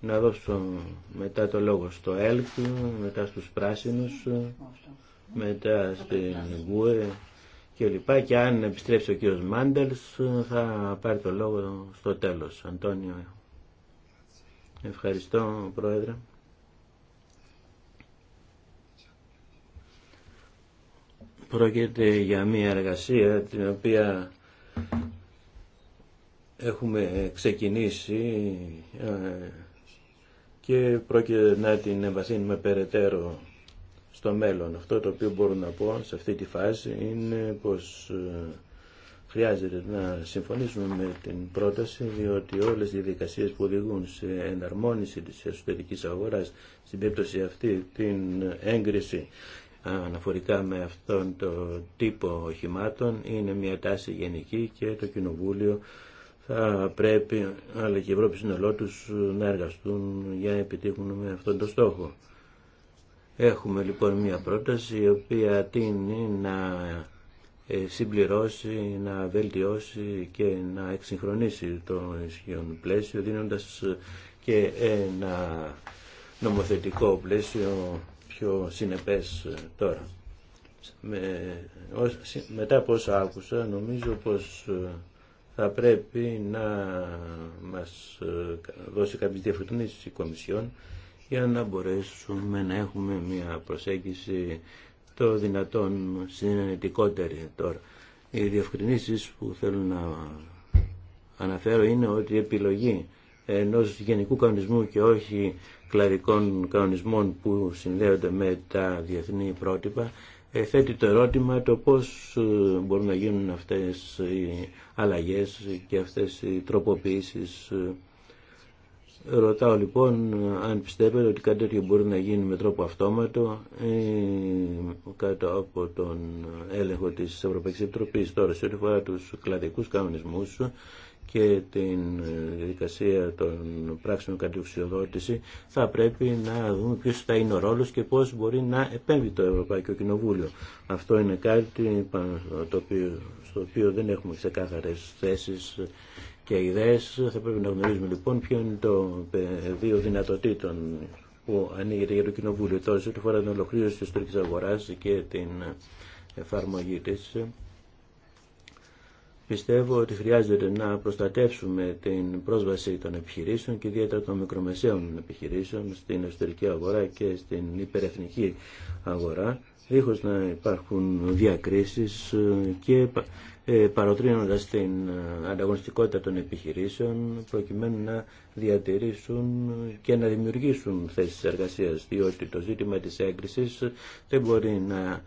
να δώσω μετά το λόγο στο ΕΛΚ, μετά στους πράσινους, ε, μετά στην ΓΟΕ και λοιπά και αν επιστρέψει ο κύριος Μάντερς θα πάρει το λόγο στο τέλος. Αντώνιο, Ευχαριστώ, Πρόεδρε. Πρόκειται για μια εργασία την οποία έχουμε ξεκινήσει ε, και πρόκειται να την εμβαθύνουμε περαιτέρω στο μέλλον. Αυτό το οποίο μπορώ να πω σε αυτή τη φάση είναι πως ε, χρειάζεται να συμφωνήσουμε με την πρόταση διότι όλες οι διαδικασίες που οδηγούν σε εναρμόνιση της εσωτερικής αγοράς στην περίπτωση αυτή την έγκριση αναφορικά με αυτόν τον τύπο οχημάτων είναι μια τάση γενική και το Κοινοβούλιο θα πρέπει αλλά και η Ευρώπη συνολό τους να εργαστούν για να επιτύχουν με αυτόν τον στόχο. Έχουμε λοιπόν μια πρόταση η οποία τίνει να ε, συμπληρώσει, να βελτιώσει και να εξυγχρονίσει το ισχύον πλαίσιο δίνοντας ε, και ένα νομοθετικό πλαίσιο πιο συνεπές ε, τώρα. μετά από όσα άκουσα νομίζω πως θα πρέπει να μας δώσει κάποιες διαφορετικές η Κομισιόν για να μπορέσουμε να έχουμε μια προσέγγιση το δυνατόν συνενετικότερη τώρα. Οι διευκρινήσεις που θέλω να αναφέρω είναι ότι η επιλογή ενός γενικού κανονισμού και όχι κλαρικών κανονισμών που συνδέονται με τα διεθνή πρότυπα ε, θέτει το ερώτημα το πώς ε, μπορούν να γίνουν αυτές οι αλλαγές και αυτές οι τροποποιήσεις ε, Ρωτάω λοιπόν αν πιστεύετε ότι κάτι τέτοιο μπορεί να γίνει με τρόπο αυτόματο ή κάτω από τον έλεγχο της Ευρωπαϊκής Επιτροπής. Τώρα σε ό,τι φορά τους κλαδικούς κανονισμούς και την διαδικασία των πράξεων κατευθυνσιοδότηση θα πρέπει να δούμε ποιο θα είναι ο ρόλος και πώς μπορεί να επέμβει το Ευρωπαϊκό Κοινοβούλιο. Αυτό είναι κάτι στο οποίο δεν έχουμε ξεκάθαρες θέσεις και ιδέες. Θα πρέπει να γνωρίζουμε λοιπόν ποιο είναι το πεδίο δυνατοτήτων που ανοίγεται για το Κοινοβούλιο τόσο σε ό,τι φορά την ολοκλήρωση της τουρκικής αγοράς και την εφαρμογή της. Πιστεύω ότι χρειάζεται να προστατεύσουμε την πρόσβαση των επιχειρήσεων και ιδιαίτερα των μικρομεσαίων επιχειρήσεων στην εσωτερική αγορά και στην υπερεθνική αγορά δίχως να υπάρχουν διακρίσεις και ε, παροτρύνοντας την ε, ανταγωνιστικότητα των επιχειρήσεων προκειμένου να διατηρήσουν και να δημιουργήσουν θέσεις εργασίας διότι το ζήτημα της έγκρισης δεν μπορεί να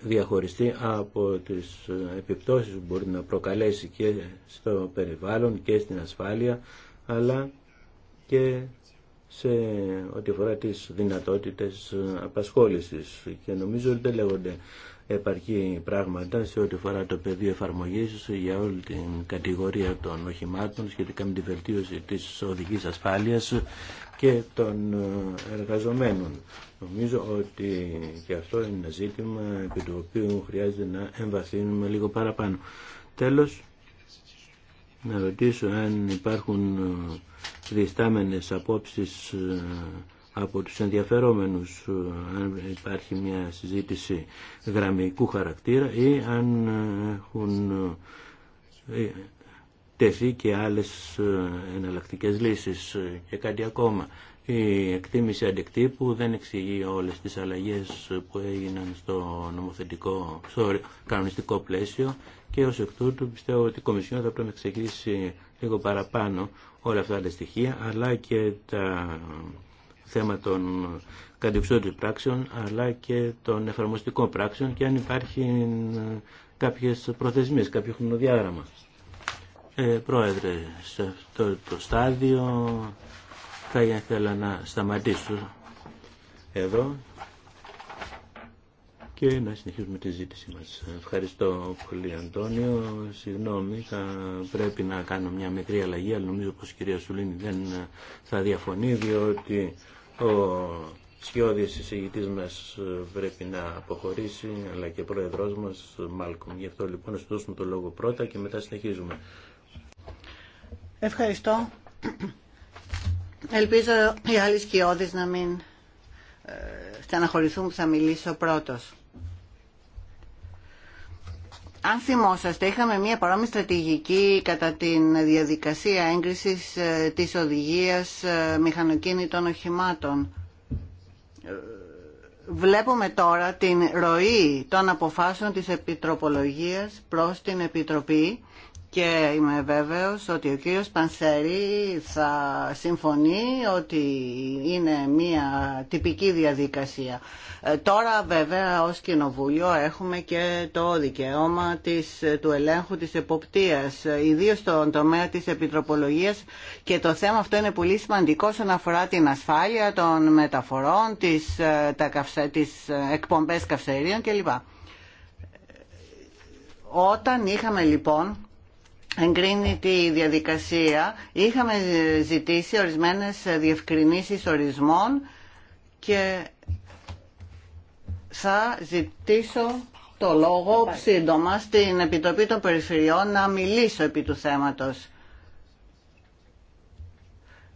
διαχωριστεί από τις ε, επιπτώσεις που μπορεί να προκαλέσει και στο περιβάλλον και στην ασφάλεια αλλά και σε ό,τι αφορά τις δυνατότητες ε, απασχόλησης και νομίζω ότι δεν λέγονται επαρκή πράγματα σε ό,τι αφορά το πεδίο εφαρμογής για όλη την κατηγορία των οχημάτων σχετικά με τη βελτίωση της οδικής ασφάλειας και των ε, εργαζομένων. Νομίζω ότι και αυτό είναι ένα ζήτημα επί του οποίου χρειάζεται να εμβαθύνουμε λίγο παραπάνω. Τέλος, να ρωτήσω αν υπάρχουν ε, διστάμενες απόψεις ε, από τους ενδιαφερόμενους ε, αν υπάρχει μια συζήτηση γραμμικού χαρακτήρα ή αν έχουν τεθεί και άλλες εναλλακτικές λύσεις και κάτι ακόμα. Η εκτίμηση αντικτύπου δεν εξηγεί όλες τις αλλαγές που έγιναν στο νομοθετικό, στο κανονιστικό πλαίσιο και ως εκ τούτου πιστεύω ότι η Κομισιόν θα πρέπει να ξεκινήσει λίγο παραπάνω όλα αυτά τα στοιχεία αλλά και τα θέμα των κατευθύντων πράξεων αλλά και των εφαρμοστικών πράξεων και αν υπάρχει κάποιες προθεσμίες, κάποιο χρονοδιάγραμμα. Ε, πρόεδρε, σε αυτό το στάδιο θα ήθελα να σταματήσω εδώ και να συνεχίσουμε τη ζήτηση μας. Ευχαριστώ πολύ Αντώνιο. Συγγνώμη, θα πρέπει να κάνω μια μικρή αλλαγή, αλλά νομίζω πως η κυρία Σουλίνη δεν θα διαφωνεί, διότι ο σκιώδης εισηγητής μας πρέπει να αποχωρήσει, αλλά και ο πρόεδρός μας, Μάλκομ. Γι' αυτό λοιπόν να σου δώσουμε το λόγο πρώτα και μετά συνεχίζουμε. Ευχαριστώ. Ελπίζω οι άλλοι σκιώδεις να μην ε, στεναχωρηθούν που θα μιλήσω πρώτος αν θυμόσαστε, είχαμε μία παρόμοια στρατηγική κατά την διαδικασία έγκρισης ε, της οδηγίας ε, μηχανοκίνητων οχημάτων. Ε, βλέπουμε τώρα την ροή των αποφάσεων της Επιτροπολογίας προς την Επιτροπή και είμαι βέβαιος ότι ο κύριος Πανσέρη θα συμφωνεί ότι είναι μια τυπική διαδικασία. Ε, τώρα βέβαια ως Κοινοβούλιο έχουμε και το δικαίωμα της, του ελέγχου της εποπτείας, ιδίως στον τομέα της επιτροπολογίας και το θέμα αυτό είναι πολύ σημαντικό όσον αφορά την ασφάλεια των μεταφορών, τις, ε, τα, τις ε, εκπομπές καυσερίων κλπ. Όταν είχαμε λοιπόν εγκρίνει τη διαδικασία είχαμε ζητήσει ορισμένες διευκρινήσεις ορισμών και θα ζητήσω το λόγο σύντομα στην Επιτροπή των Περιφερειών να μιλήσω επί του θέματος.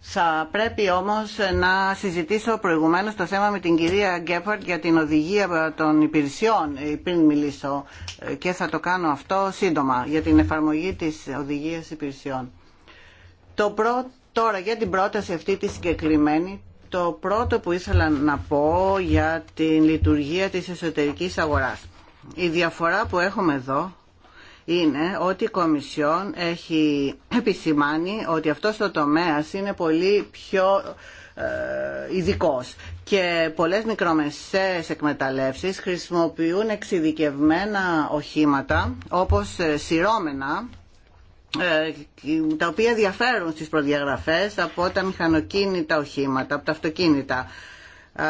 Θα πρέπει όμως να συζητήσω προηγουμένως το θέμα με την κυρία Γκέφαρτ για την οδηγία των υπηρεσιών ε, πριν μιλήσω ε, και θα το κάνω αυτό σύντομα για την εφαρμογή της οδηγίας υπηρεσιών. Το πρώτο, τώρα για την πρόταση αυτή τη συγκεκριμένη, το πρώτο που ήθελα να πω για την λειτουργία της εσωτερικής αγοράς. Η διαφορά που έχουμε εδώ είναι ότι η Κομισιόν έχει επισημάνει ότι αυτός ο τομέας είναι πολύ πιο ε, ειδικό. Και πολλές μικρομεσαίες εκμεταλλεύσεις χρησιμοποιούν εξειδικευμένα οχήματα όπως ε, σειρώμενα ε, τα οποία διαφέρουν στις προδιαγραφές από τα μηχανοκίνητα οχήματα, από τα αυτοκίνητα.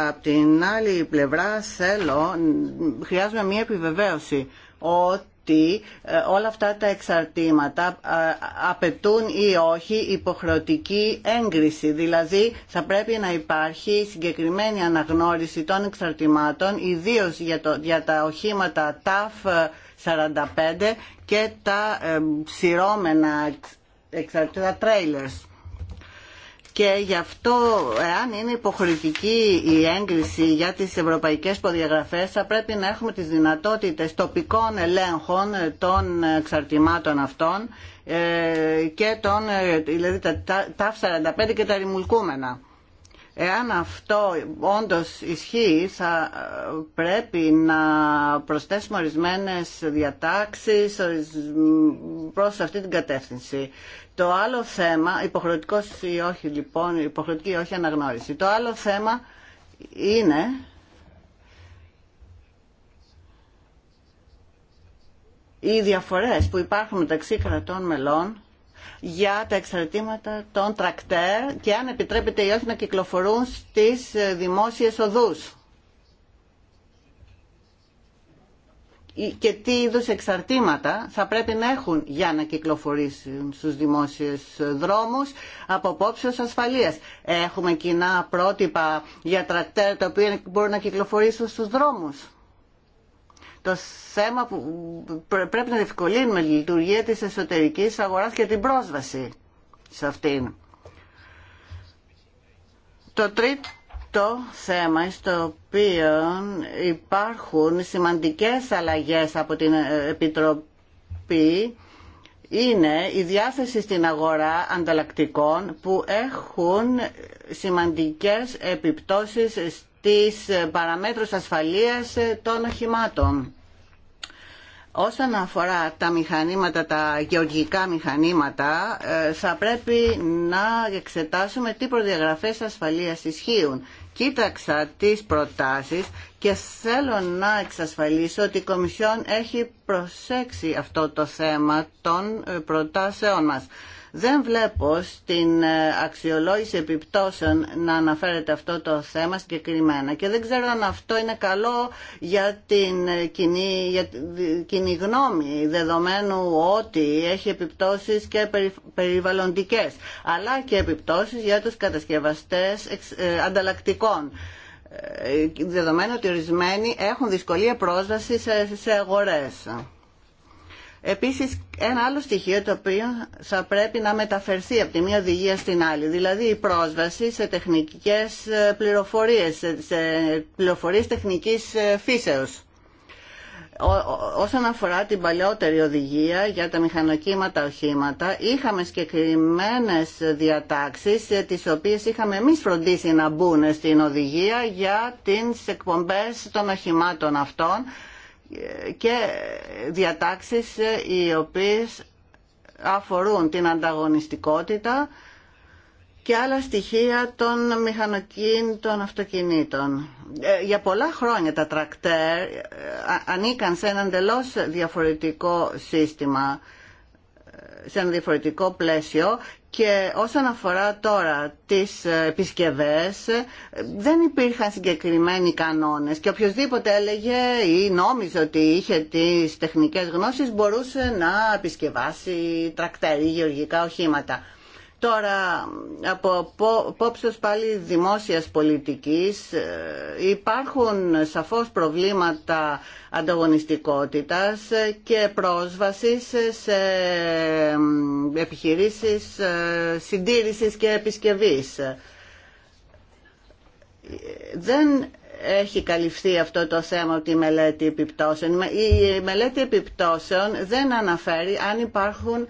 Από την άλλη πλευρά θέλω, χρειάζομαι μια επιβεβαίωση ότι ότι ε, όλα αυτά τα εξαρτήματα ε, απαιτούν ή όχι υποχρεωτική έγκριση. Δηλαδή θα πρέπει να υπάρχει συγκεκριμένη αναγνώριση των εξαρτημάτων, ιδίως για, το, για τα οχήματα TAF 45 και τα ε, ψηρώμενα εξαρτήματα trailers και γι' αυτό εάν είναι υποχρεωτική η έγκριση για τις ευρωπαϊκές προδιαγραφές θα πρέπει να έχουμε τις δυνατότητες τοπικών ελέγχων των εξαρτημάτων αυτών ε, και των, ε, δηλαδή τα 45 και τα ρημουλκούμενα. Εάν αυτό όντως ισχύει θα ε, πρέπει να προσθέσουμε ορισμένες διατάξεις προς αυτή την κατεύθυνση. Το άλλο θέμα, υποχρεωτικό ή όχι λοιπόν, υποχρεωτική ή όχι αναγνώριση. Το άλλο θέμα είναι οι διαφορές που υπάρχουν μεταξύ κρατών μελών για τα εξαρτήματα των τρακτέρ και αν επιτρέπεται ή όχι να κυκλοφορούν στις δημόσιες οδούς. και τι είδου εξαρτήματα θα πρέπει να έχουν για να κυκλοφορήσουν στους δημόσιους δρόμους από απόψεως ασφαλείας. Έχουμε κοινά πρότυπα για τρακτέρ τα οποία μπορούν να κυκλοφορήσουν στους δρόμους. Το θέμα που πρέπει να διευκολύνουμε η λειτουργία της εσωτερικής αγοράς και την πρόσβαση σε αυτήν. Το τρίτο το θέμα στο οποίο υπάρχουν σημαντικές αλλαγές από την Επιτροπή είναι η διάθεση στην αγορά ανταλλακτικών που έχουν σημαντικές επιπτώσεις στις παραμέτρους ασφαλείας των οχημάτων. Όσον αφορά τα μηχανήματα, τα γεωργικά μηχανήματα, ε, θα πρέπει να εξετάσουμε τι προδιαγραφές ασφαλείας ισχύουν κοίταξα τις προτάσεις και θέλω να εξασφαλίσω ότι η Κομισιόν έχει προσέξει αυτό το θέμα των ε, προτάσεών μας. Δεν βλέπω στην ε, αξιολόγηση επιπτώσεων να αναφέρεται αυτό το θέμα συγκεκριμένα και δεν ξέρω αν αυτό είναι καλό για την ε, κοινή, για την κοινή γνώμη δεδομένου ότι έχει επιπτώσεις και περιβαλλοντικές αλλά και επιπτώσεις για τους κατασκευαστές ε, ανταλλακτικών δεδομένου ότι ορισμένοι έχουν δυσκολία πρόσβαση σε αγορές. Επίσης ένα άλλο στοιχείο το οποίο θα πρέπει να μεταφερθεί από τη μία οδηγία στην άλλη, δηλαδή η πρόσβαση σε τεχνικές ε, πληροφορίες, σε πληροφορίες τεχνικής ε, φύσεως. Όσον αφορά την παλαιότερη οδηγία για τα μηχανοκύματα οχήματα, είχαμε συγκεκριμένε διατάξεις ε, τις οποίες είχαμε εμείς φροντίσει να μπουν στην οδηγία για τις εκπομπές των οχημάτων αυτών και διατάξεις ε, οι οποίες αφορούν την ανταγωνιστικότητα και άλλα στοιχεία των μηχανοκίνητων αυτοκινήτων. Ε, για πολλά χρόνια τα τρακτέρ ε, ανήκαν σε ένα εντελώ διαφορετικό σύστημα, σε ένα διαφορετικό πλαίσιο και όσον αφορά τώρα τις ε, επισκευές, ε, δεν υπήρχαν συγκεκριμένοι κανόνες και οποιοδήποτε έλεγε ή νόμιζε ότι είχε τις τεχνικές γνώσεις μπορούσε να επισκευάσει τρακτέρ ή γεωργικά οχήματα. Τώρα, από απόψεως πάλι δημόσιας πολιτικής ε, υπάρχουν σαφώς προβλήματα ανταγωνιστικότητας και πρόσβασης σε ε, επιχειρήσεις ε, συντήρησης και επισκευής. Δεν έχει καλυφθεί αυτό το θέμα ότι τη μελέτη επιπτώσεων. Η μελέτη επιπτώσεων δεν αναφέρει αν υπάρχουν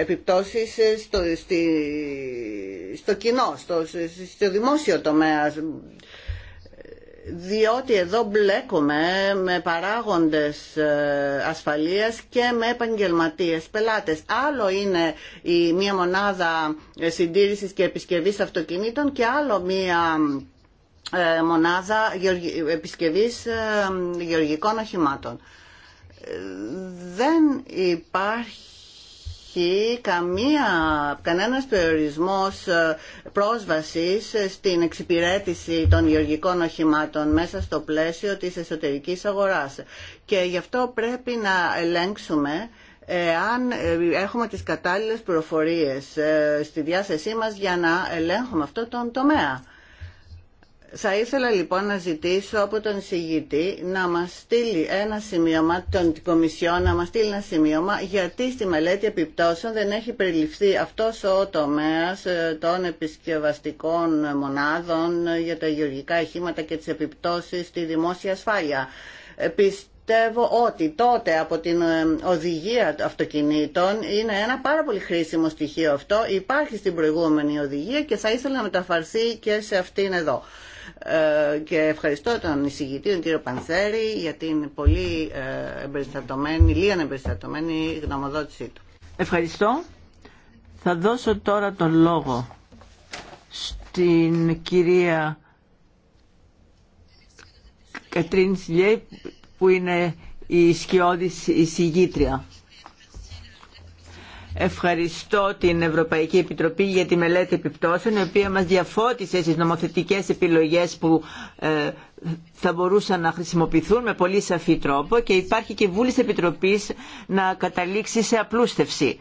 επιπτώσεις στο, στη, στο κοινό, στο, στο δημόσιο τομέα διότι εδώ μπλέκουμε με παράγοντες ε, ασφαλείας και με επαγγελματίες, πελάτες. Άλλο είναι η μία μονάδα ε, συντήρησης και επισκευής αυτοκινήτων και άλλο μία ε, μονάδα επισκευής ε, γεωργικών οχημάτων. Δεν υπάρχει καμία, κανένας περιορισμός ε, πρόσβασης στην εξυπηρέτηση των γεωργικών οχημάτων μέσα στο πλαίσιο της εσωτερικής αγοράς. Και γι' αυτό πρέπει να ελέγξουμε αν έχουμε τις κατάλληλες προφορίες στη διάθεσή μας για να ελέγχουμε αυτό τον τομέα. Θα ήθελα λοιπόν να ζητήσω από τον συγητή να μας στείλει ένα σημείωμα, τον κομισιό να μας στείλει ένα σημείωμα γιατί στη μελέτη επιπτώσεων δεν έχει περιληφθεί αυτό ο τομέας ε, των επισκευαστικών μονάδων ε, για τα γεωργικά αιχήματα και τις επιπτώσεις στη δημόσια ασφάλεια. Ε, πιστεύω ότι τότε από την οδηγία αυτοκινήτων είναι ένα πάρα πολύ χρήσιμο στοιχείο αυτό. Υπάρχει στην προηγούμενη οδηγία και θα ήθελα να μεταφαρθεί και σε αυτήν εδώ. Ε, και ευχαριστώ τον εισηγητή, τον κύριο Πανσέρη, για την πολύ ε, εμπεριστατωμένη, λίγαν εμπεριστατωμένη γνωμοδότησή του. Ευχαριστώ. Θα δώσω τώρα τον λόγο στην κυρία Κατρίνη Σιλιέ που είναι η σκιώδης εισηγήτρια. Ευχαριστώ την Ευρωπαϊκή Επιτροπή για τη μελέτη επιπτώσεων, η οποία μας διαφώτισε στις νομοθετικές επιλογές που ε, θα μπορούσαν να χρησιμοποιηθούν με πολύ σαφή τρόπο και υπάρχει και βούληση Επιτροπής να καταλήξει σε απλούστευση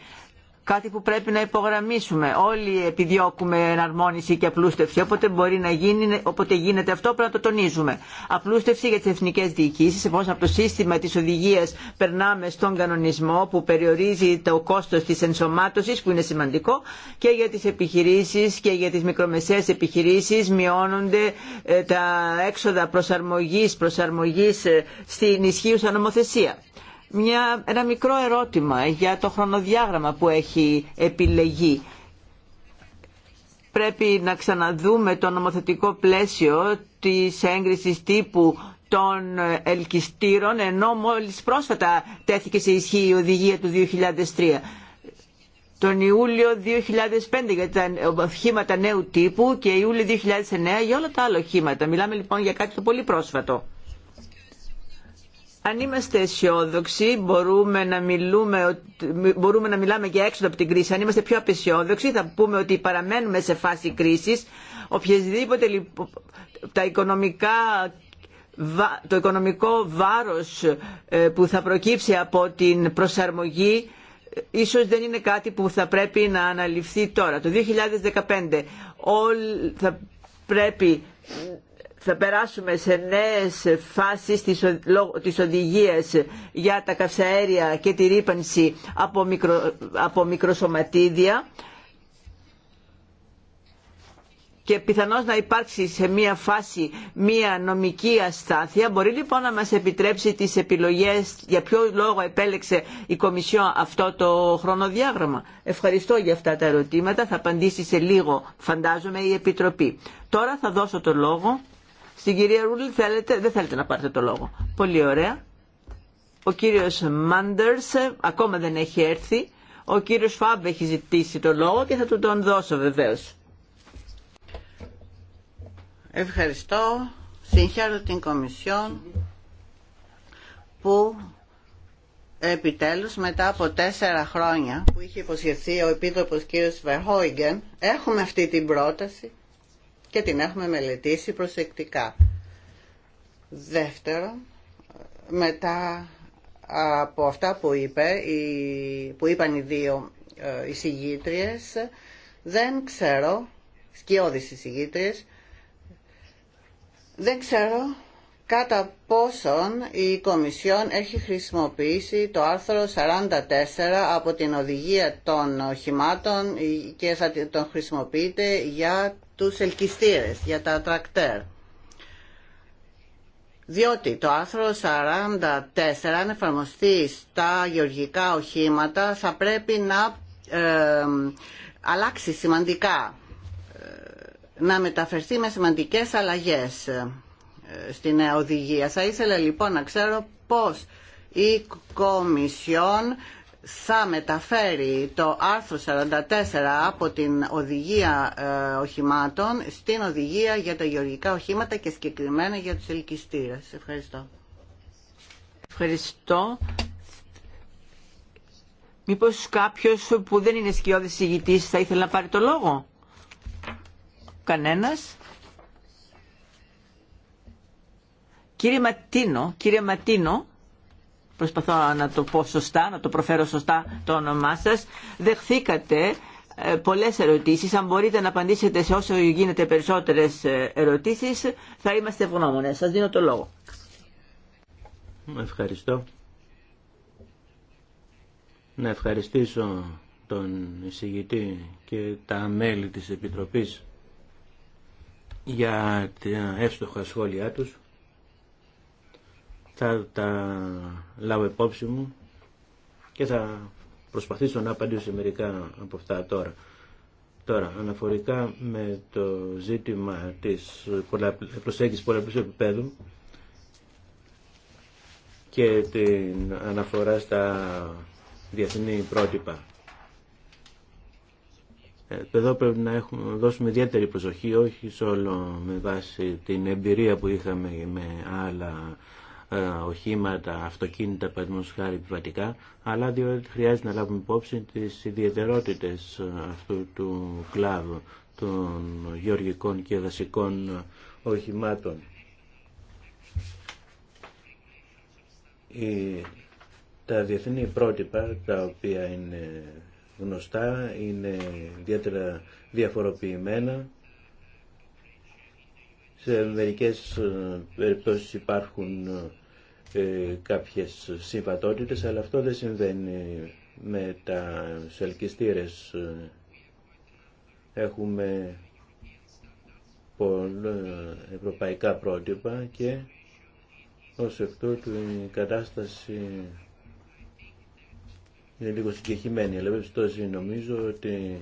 κάτι που πρέπει να υπογραμμίσουμε. Όλοι επιδιώκουμε εναρμόνιση και απλούστευση. Όποτε μπορεί να γίνει, όποτε γίνεται αυτό, πρέπει να το τονίζουμε. Απλούστευση για τι εθνικέ διοικήσει. Εφόσον από το σύστημα τη οδηγία περνάμε στον κανονισμό που περιορίζει το κόστο τη ενσωμάτωση, που είναι σημαντικό, και για τι επιχειρήσει και για τι μικρομεσαίε επιχειρήσει μειώνονται ε, τα έξοδα προσαρμογή προσαρμογής ε, στην ισχύουσα νομοθεσία μια, ένα μικρό ερώτημα για το χρονοδιάγραμμα που έχει επιλεγεί. Πρέπει να ξαναδούμε το νομοθετικό πλαίσιο της έγκρισης τύπου των ελκυστήρων, ενώ μόλις πρόσφατα τέθηκε σε ισχύ η οδηγία του 2003 τον Ιούλιο 2005 για τα οχήματα νέου τύπου και Ιούλιο 2009 για όλα τα άλλα οχήματα. Μιλάμε λοιπόν για κάτι το πολύ πρόσφατο αν είμαστε αισιόδοξοι μπορούμε να, μιλούμε, μπορούμε να μιλάμε για έξοδο από την κρίση. Αν είμαστε πιο απεσιόδοξοι θα πούμε ότι παραμένουμε σε φάση κρίσης. Οποιασδήποτε τα οικονομικά το οικονομικό βάρος ε, που θα προκύψει από την προσαρμογή ε, ίσως δεν είναι κάτι που θα πρέπει να αναλυφθεί τώρα. Το 2015 όλ, θα πρέπει θα περάσουμε σε νέες φάσεις της οδηγίας για τα καυσαέρια και τη ρήπανση από, μικρο, μικροσωματίδια και πιθανώς να υπάρξει σε μία φάση μία νομική αστάθεια μπορεί λοιπόν να μας επιτρέψει τις επιλογές για ποιο λόγο επέλεξε η Κομισιόν αυτό το χρονοδιάγραμμα. Ευχαριστώ για αυτά τα ερωτήματα. Θα απαντήσει σε λίγο φαντάζομαι η Επιτροπή. Τώρα θα δώσω το λόγο στην κυρία Ρούλη θέλετε, δεν θέλετε να πάρετε το λόγο. Πολύ ωραία. Ο κύριος Μάντερς ε, ακόμα δεν έχει έρθει. Ο κύριος Φάμπ έχει ζητήσει το λόγο και θα του τον δώσω βεβαίως. Ευχαριστώ. Συγχαίρω την Κομισιόν που επιτέλους μετά από τέσσερα χρόνια που είχε υποσχεθεί ο επίτροπος κύριος Βερχόιγκεν έχουμε αυτή την πρόταση και την έχουμε μελετήσει προσεκτικά. Δεύτερον, μετά από αυτά που, είπε, που είπαν οι δύο ε, εισηγήτριες, δεν ξέρω, σκιώδεις εισηγήτριες, δεν ξέρω κατά πόσον η Κομισιόν έχει χρησιμοποιήσει το άρθρο 44 από την οδηγία των οχημάτων και θα τον χρησιμοποιείται για τους ελκυστήρες για τα τρακτέρ. Διότι το άρθρο 44, αν εφαρμοστεί στα γεωργικά οχήματα, θα πρέπει να ε, αλλάξει σημαντικά, ε, να μεταφερθεί με σημαντικές αλλαγές ε, στη νέα οδηγία. Θα ήθελα λοιπόν να ξέρω πώς η Κομισιόν θα μεταφέρει το άρθρο 44 από την οδηγία ε, οχημάτων στην οδηγία για τα γεωργικά οχήματα και συγκεκριμένα για τους ελκυστήρες. Ευχαριστώ. Ευχαριστώ. Μήπως κάποιος που δεν είναι σκιώδης ηγητής θα ήθελε να πάρει το λόγο. Κανένας. Κύριε Ματίνο, κύριε Ματίνο, προσπαθώ να το πω σωστά, να το προφέρω σωστά το όνομά σας, δεχθήκατε ε, πολλές ερωτήσεις. Αν μπορείτε να απαντήσετε σε όσο γίνεται περισσότερες ε, ερωτήσεις, θα είμαστε ευγνώμονες. Σας δίνω το λόγο. Ευχαριστώ. Να ευχαριστήσω τον εισηγητή και τα μέλη της Επιτροπής για τα εύστοχα σχόλιά τους θα τα λάβω υπόψη μου και θα προσπαθήσω να απαντήσω σε μερικά από αυτά τώρα. Τώρα, αναφορικά με το ζήτημα της προσέγγισης πολλαπλούς επίπεδου και την αναφορά στα διεθνή πρότυπα. Ε, εδώ πρέπει να έχουμε, δώσουμε ιδιαίτερη προσοχή, όχι όλο με βάση την εμπειρία που είχαμε με άλλα ε, οχήματα, αυτοκίνητα, παραδείγματο χάρη πιβατικά αλλά διότι χρειάζεται να λάβουμε υπόψη τι ιδιαίτερότητε ε, αυτού του κλάδου των γεωργικών και δασικών οχημάτων. Η, τα διεθνή πρότυπα, τα οποία είναι γνωστά, είναι ιδιαίτερα διαφοροποιημένα. Σε μερικές ε, περιπτώσεις υπάρχουν ε, κάποιες συμβατότητες, αλλά αυτό δεν συμβαίνει με τα σελκυστήρες. Έχουμε πολλά ευρωπαϊκά πρότυπα και ως εκ τούτου η κατάσταση είναι λίγο συγκεχημένη. Αλλά βέβαια νομίζω ότι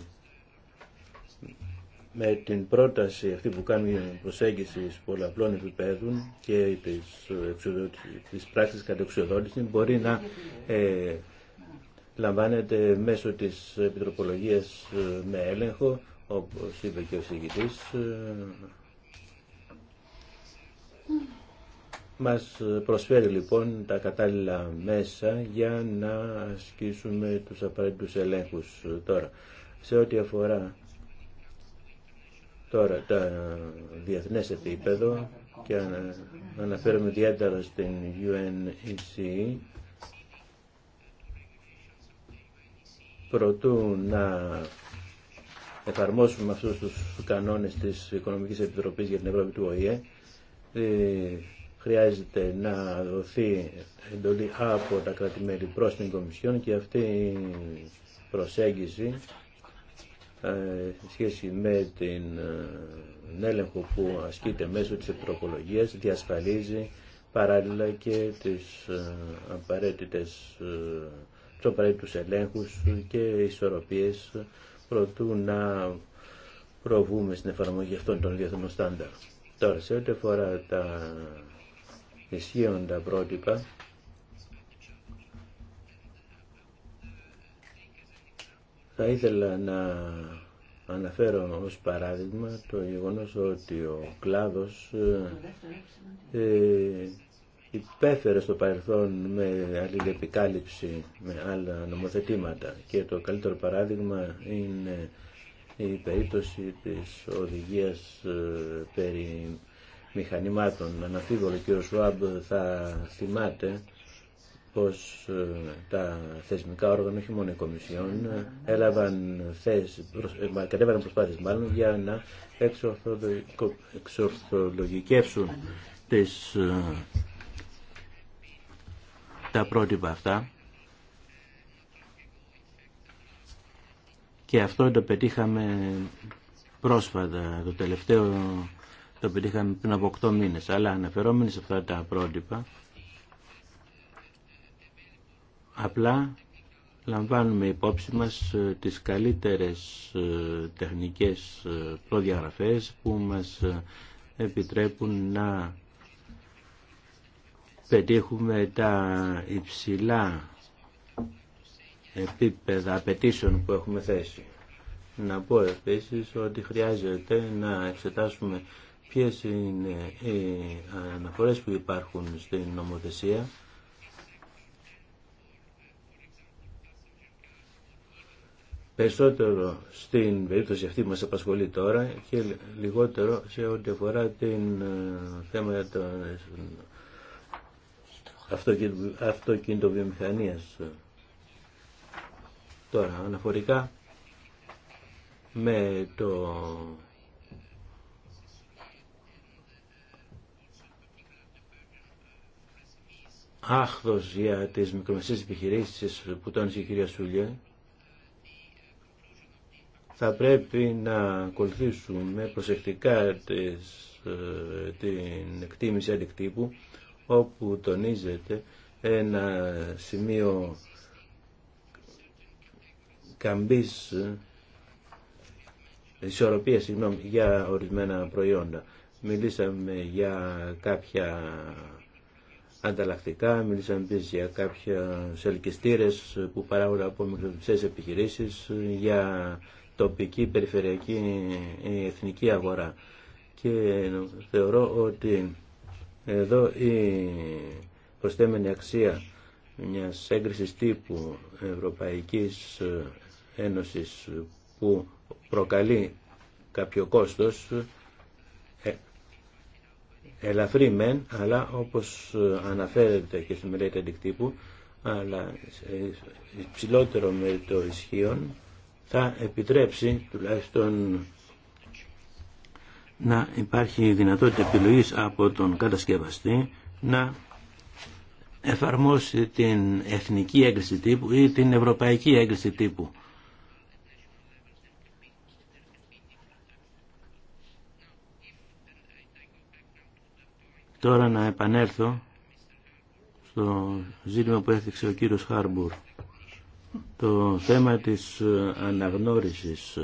με την πρόταση αυτή που κάνει προσέγγιση πολλαπλών επιπέδων και της, της πράξης κατεξοδότηση μπορεί να ε, λαμβάνεται μέσω της επιτροπολογίας ε, με έλεγχο, όπως είπε και ο συγκητής. Μας προσφέρει λοιπόν τα κατάλληλα μέσα για να ασκήσουμε τους απαραίτητους ελέγχους τώρα. Σε ό,τι αφορά Τώρα τα διεθνέ επίπεδο και αναφέρομαι ιδιαίτερα στην UNEC προτού να εφαρμόσουμε αυτούς τους κανόνες της Οικονομικής Επιτροπής για την Ευρώπη του ΟΗΕ ε, χρειάζεται να δοθεί εντολή από τα κρατημέλη προς την Κομισιόν και αυτή η προσέγγιση ε, σχέση με ε, την έλεγχο που ασκείται μέσω της επιτροπολογίας διασφαλίζει παράλληλα και τις ε, απαραίτητες τους απαραίτητους ελέγχους και ισορροπίες προτού να προβούμε στην εφαρμογή αυτών των διεθνών στάνταρ. Τώρα, σε ό,τι αφορά τα ισχύοντα πρότυπα, Θα ήθελα να αναφέρω ως παράδειγμα το γεγονός ότι ο κλάδος ε, υπέφερε στο παρελθόν με αλληλεπικάλυψη με άλλα νομοθετήματα και το καλύτερο παράδειγμα είναι η περίπτωση της οδηγίας ε, περί μηχανημάτων. Αναφίβολο ο Σουάμπ θα θυμάται πως ε, τα θεσμικά όργανα, όχι μόνο οι Κομισιόν, ε, έλαβαν θέσεις, κατέβαλαν προσπάθειες μάλλον για να εξορθολογικεύσουν τις, ε, τα πρότυπα αυτά. Και αυτό το πετύχαμε πρόσφατα, το τελευταίο το πετύχαμε πριν από 8 μήνες. Αλλά αναφερόμενοι σε αυτά τα πρότυπα, Απλά λαμβάνουμε υπόψη μας ε, τις καλύτερες ε, τεχνικές ε, προδιαγραφές που μας επιτρέπουν να πετύχουμε τα υψηλά επίπεδα απαιτήσεων που έχουμε θέσει. Να πω επίσης ότι χρειάζεται να εξετάσουμε ποιες είναι οι αναφορές που υπάρχουν στην νομοθεσία περισσότερο στην περίπτωση αυτή που μας απασχολεί τώρα και λιγότερο σε ό,τι αφορά την ε, θέμα αυτοκίνητο αυτοκινητοβιομηχανίας. Τώρα, αναφορικά με το άχθος για τις μικρομεσαίες επιχειρήσεις που τόνισε η κυρία Σούλια θα πρέπει να ακολουθήσουμε προσεκτικά ε, την εκτίμηση αντικτύπου όπου τονίζεται ένα σημείο καμπής ισορροπίας συγγνώμη, για ορισμένα προϊόντα. Μιλήσαμε για κάποια ανταλλακτικά, μιλήσαμε επίσης για κάποια ελκυστήρε που παράγονται από μικρομεσαίες επιχειρήσεις, για τοπική, περιφερειακή ή εθνική αγορά. Και θεωρώ ότι εδώ προστέμενη εδω η προσθεμενη αξια μιας έγκρισης τύπου Ευρωπαϊκής Ένωσης που προκαλεί κάποιο κόστος ελαφρύ μεν, αλλά όπως αναφέρεται και στη μελέτη αντικτύπου, αλλά υψηλότερο με το ισχύον θα επιτρέψει τουλάχιστον να υπάρχει δυνατότητα επιλογής από τον κατασκευαστή να εφαρμόσει την εθνική έγκριση τύπου ή την ευρωπαϊκή έγκριση τύπου. Τώρα να επανέλθω στο ζήτημα που έθιξε ο κύριος Χάρμπουρ το θέμα της ε, αναγνώρισης.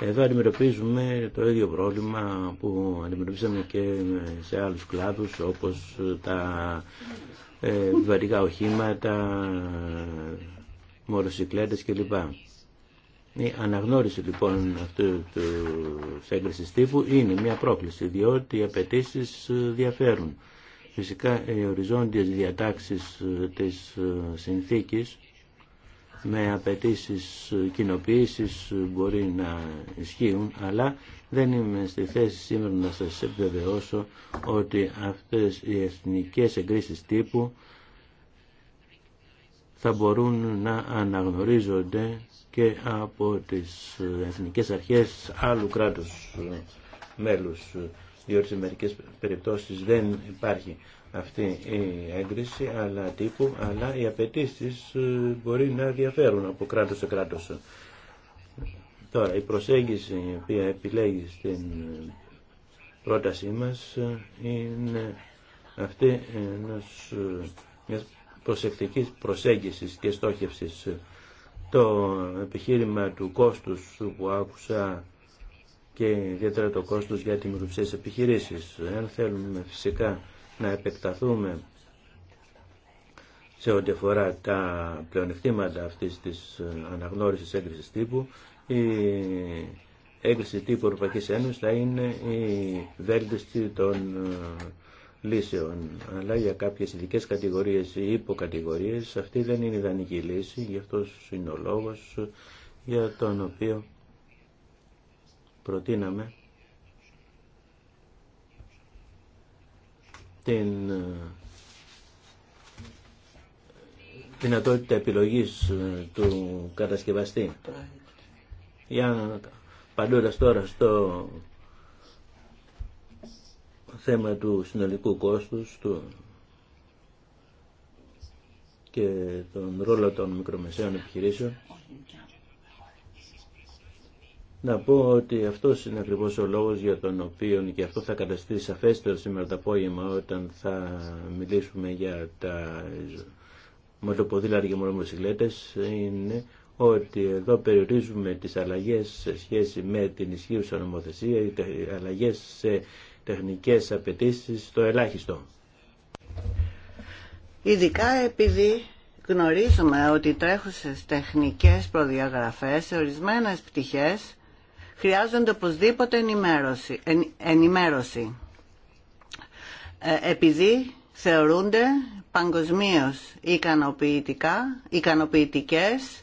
Εδώ αντιμετωπίζουμε το ίδιο πρόβλημα που αντιμετωπίσαμε και σε άλλους κλάδους όπως ε, τα ε, βαρικά οχήματα, μοροσυκλέτες κλπ. Η αναγνώριση λοιπόν αυτού του έγκρισης τύπου είναι μια πρόκληση διότι οι απαιτήσει διαφέρουν. Φυσικά οι οριζόντιες διατάξεις ε, της ε, συνθήκης με απαιτήσει ε, κοινοποίηση μπορεί να ισχύουν, αλλά δεν είμαι στη θέση σήμερα να σας επιβεβαιώσω ότι αυτές οι εθνικές εγκρίσεις τύπου θα μπορούν να αναγνωρίζονται και από τις εθνικές αρχές άλλου κράτους μέλους διότι σε μερικέ περιπτώσεις δεν υπάρχει αυτή η έγκριση αλλά τύπου, αλλά οι απαιτήσει ε, μπορεί να διαφέρουν από κράτος σε κράτος. Τώρα, η προσέγγιση η οποία επιλέγει στην πρότασή μας ε, είναι αυτή ενός, ε, μιας προσεκτικής προσέγγισης και στόχευσης. Το επιχείρημα του κόστους που άκουσα και ιδιαίτερα το κόστος για τι της επιχειρήσεις. Εάν θέλουμε φυσικά να επεκταθούμε σε ό,τι αφορά τα πλεονεκτήματα αυτής της αναγνώρισης έγκρισης τύπου, η έγκριση τύπου Ευρωπαϊκής Ένωσης θα είναι η βέλτιστη των ε, λύσεων. Αλλά για κάποιες ειδικέ κατηγορίες ή υποκατηγορίες αυτή δεν είναι ιδανική λύση, γι' αυτό είναι ο λόγος για τον οποίο προτείναμε την ε, δυνατότητα επιλογής ε, του κατασκευαστή. Για παντούρα τώρα στο θέμα του συνολικού κόστους του και τον ρόλο των μικρομεσαίων επιχειρήσεων να πω ότι αυτό είναι ακριβώ ο λόγο για τον οποίο και αυτό θα καταστεί σαφέστερο σήμερα το απόγευμα όταν θα μιλήσουμε για τα μοτοποδήλατα και μονομοσυκλέτε είναι ότι εδώ περιορίζουμε τις αλλαγέ σε σχέση με την ισχύουσα νομοθεσία, οι αλλαγέ σε τεχνικές απαιτήσει το ελάχιστο. Ειδικά επειδή γνωρίζουμε ότι τρέχουσες τεχνικές προδιαγραφές σε ορισμένες πτυχές χρειάζονται οπωσδήποτε ενημέρωση. ενημέρωση ε, επειδή θεωρούνται παγκοσμίω ικανοποιητικά, ικανοποιητικές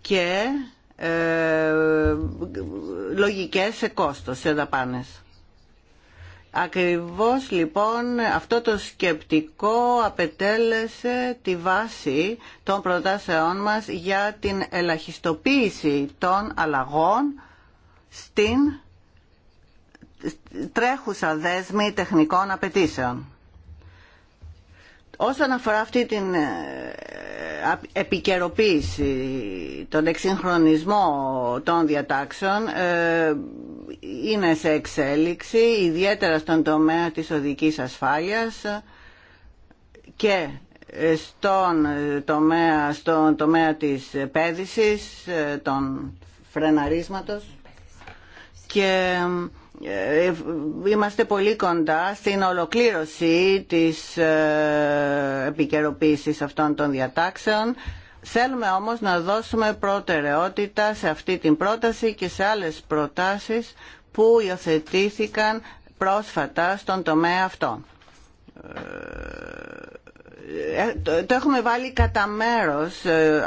και ε, λογικές σε κόστος, σε δαπάνες. Ακριβώς λοιπόν αυτό το σκεπτικό απετέλεσε τη βάση των προτάσεών μας για την ελαχιστοποίηση των αλλαγών στην τρέχουσα δέσμη τεχνικών απαιτήσεων. Όσον αφορά αυτή την ε, ε, επικαιροποίηση, τον εξυγχρονισμό των διατάξεων, ε, είναι σε εξέλιξη, ιδιαίτερα στον τομέα της οδικής ασφάλειας και στον τομέα, στον τομέα της πέδησης, των φρεναρίσματος και ε, είμαστε πολύ κοντά στην ολοκλήρωση της ε, επικαιροποίησης αυτών των διατάξεων Θέλουμε όμως να δώσουμε προτεραιότητα σε αυτή την πρόταση και σε άλλες προτάσεις που υιοθετήθηκαν πρόσφατα στον τομέα αυτό. Ε, το έχουμε βάλει κατά μέρο ε,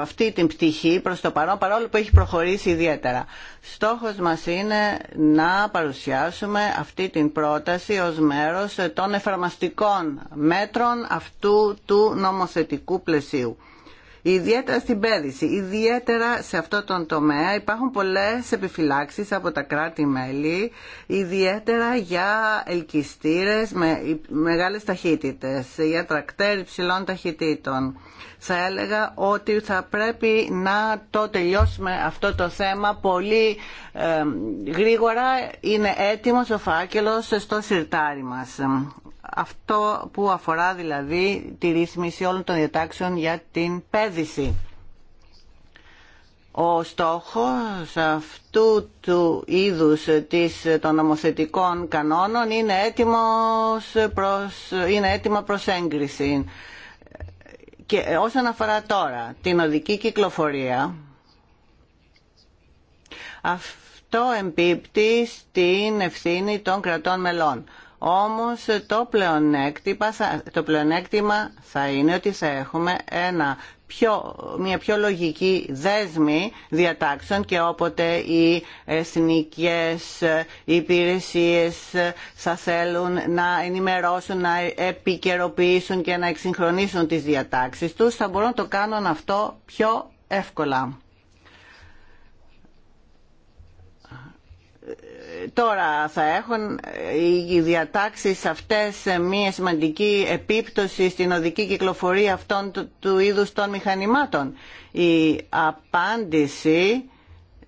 αυτή την πτυχή προς το παρόν, παρόλο που έχει προχωρήσει ιδιαίτερα. Στόχος μας είναι να παρουσιάσουμε αυτή την πρόταση ως μέρος των εφαρμαστικών μέτρων αυτού του νομοθετικού πλαισίου. Ιδιαίτερα στην πέδηση, ιδιαίτερα σε αυτό τον τομέα υπάρχουν πολλές επιφυλάξεις από τα κράτη-μέλη, ιδιαίτερα για ελκυστήρες με μεγάλες ταχύτητες, για τρακτέρ υψηλών ταχυτήτων. Θα έλεγα ότι θα πρέπει να το τελειώσουμε αυτό το θέμα πολύ ε, γρήγορα. Είναι έτοιμος ο φάκελος στο σιρτάρι μας αυτό που αφορά δηλαδή τη ρύθμιση όλων των διατάξεων για την πέδηση. Ο στόχος αυτού του είδους της, των νομοθετικών κανόνων είναι, έτοιμος προς, είναι έτοιμα προς έγκριση. Και όσον αφορά τώρα την οδική κυκλοφορία, αυτό εμπίπτει στην ευθύνη των κρατών μελών. Όμως το πλεονέκτημα, το θα είναι ότι θα έχουμε ένα πιο, μια πιο λογική δέσμη διατάξεων και όποτε οι εθνικές υπηρεσίες θα θέλουν να ενημερώσουν, να επικαιροποιήσουν και να εξυγχρονίσουν τις διατάξεις τους, θα μπορούν να το κάνουν αυτό πιο εύκολα. Τώρα θα έχουν ε, οι διατάξεις αυτές μία σημαντική επίπτωση στην οδική κυκλοφορία αυτών του, είδους των μηχανημάτων. Η απάντηση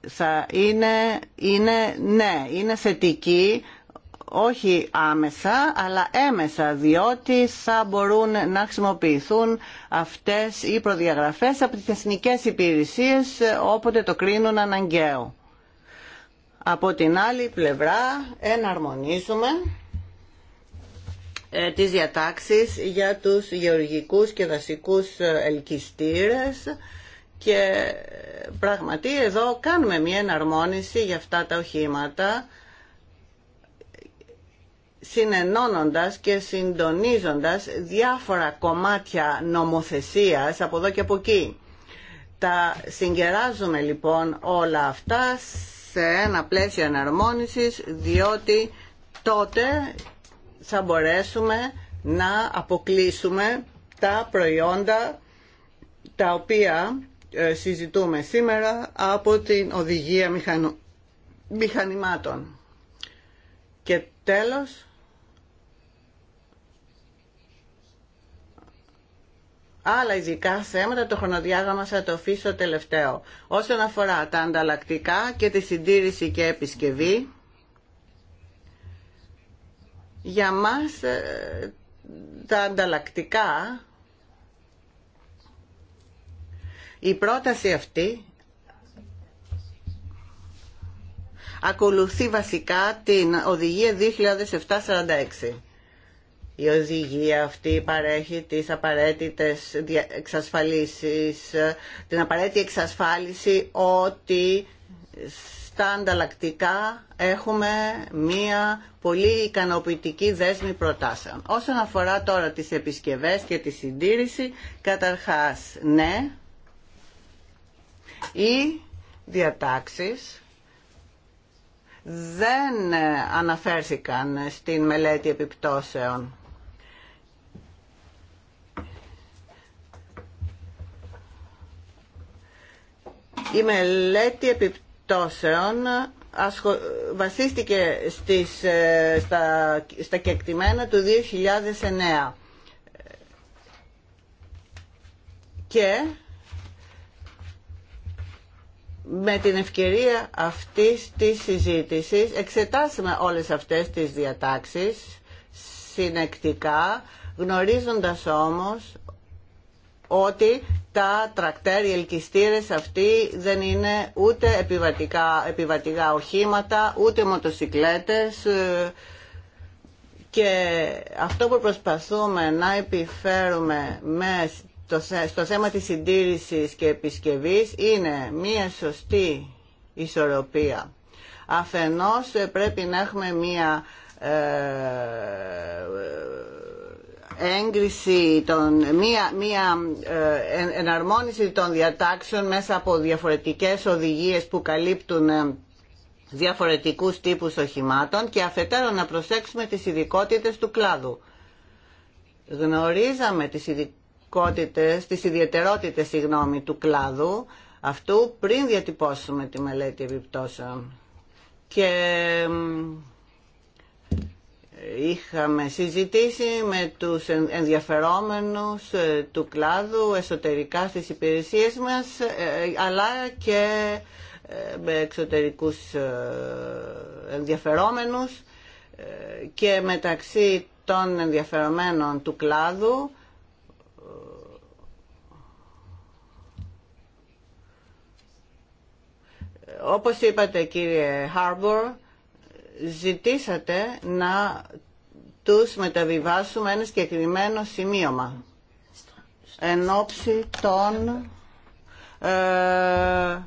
θα είναι, είναι ναι, είναι θετική, όχι άμεσα αλλά έμεσα διότι θα μπορούν να χρησιμοποιηθούν αυτές οι προδιαγραφές από τις εθνικές υπηρεσίες όποτε το κρίνουν αναγκαίο από την άλλη πλευρά εναρμονίζουμε ε, τις διατάξεις για τους γεωργικούς και δασικούς ε, ελκυστήρες και ε, πραγματικά εδώ κάνουμε μια εναρμόνιση για αυτά τα οχήματα συνενώνοντας και συντονίζοντας διάφορα κομμάτια νομοθεσίας από εδώ και από εκεί. Τα συγκεράζουμε λοιπόν όλα αυτά σε ένα πλαίσιο εναρμόνισης διότι τότε θα μπορέσουμε να αποκλείσουμε τα προϊόντα τα οποία ε, συζητούμε σήμερα από την οδηγία μηχανημάτων. Και τέλος, άλλα ειδικά θέματα, το χρονοδιάγραμμα θα το αφήσω τελευταίο. Όσον αφορά τα ανταλλακτικά και τη συντήρηση και επισκευή, για μας ε, τα ανταλλακτικά, η πρόταση αυτή ακολουθεί βασικά την οδηγια 2746. 2007-46 η οδηγία αυτή παρέχει τις απαραίτητες εξασφαλίσεις, την απαραίτητη εξασφάλιση ότι στα ανταλλακτικά έχουμε μία πολύ ικανοποιητική δέσμη προτάσεων. Όσον αφορά τώρα τις επισκευές και τη συντήρηση, καταρχάς ναι, οι διατάξεις δεν αναφέρθηκαν στην μελέτη επιπτώσεων Η μελέτη επιπτώσεων βασίστηκε στις, ε, στα, στα κεκτημένα του 2009 και με την ευκαιρία αυτής της συζήτησης εξετάσαμε όλες αυτές τις διατάξεις συνεκτικά γνωρίζοντας όμως ότι τα τρακτέρ, οι ελκυστήρες αυτοί δεν είναι ούτε επιβατικά, επιβατικά οχήματα, ούτε μοτοσικλέτες ε, και αυτό που προσπαθούμε να επιφέρουμε με στο θέμα της συντήρησης και επισκευής είναι μία σωστή ισορροπία. Αφενός ε, πρέπει να έχουμε μία ε, έγκριση μία, μία ε, εναρμόνιση των διατάξεων μέσα από διαφορετικές οδηγίες που καλύπτουν ε, διαφορετικούς τύπους οχημάτων και αφετέρου να προσέξουμε τις ειδικότητε του κλάδου. Γνωρίζαμε τις ειδικότητες, τις ιδιαιτερότητες συγγνώμη, του κλάδου αυτού πριν διατυπώσουμε τη μελέτη επιπτώσεων. Και είχαμε συζητήσει με τους ενδιαφερόμενους ε, του κλάδου εσωτερικά στις υπηρεσίες μας ε, αλλά και ε, με εξωτερικούς ενδιαφερόμενους και μεταξύ των ενδιαφερομένων του κλάδου όπως είπατε κύριε Χάρμπορ ζητήσατε να τους μεταβιβάσουμε ένα συγκεκριμένο σημείωμα εν ώψη των ε,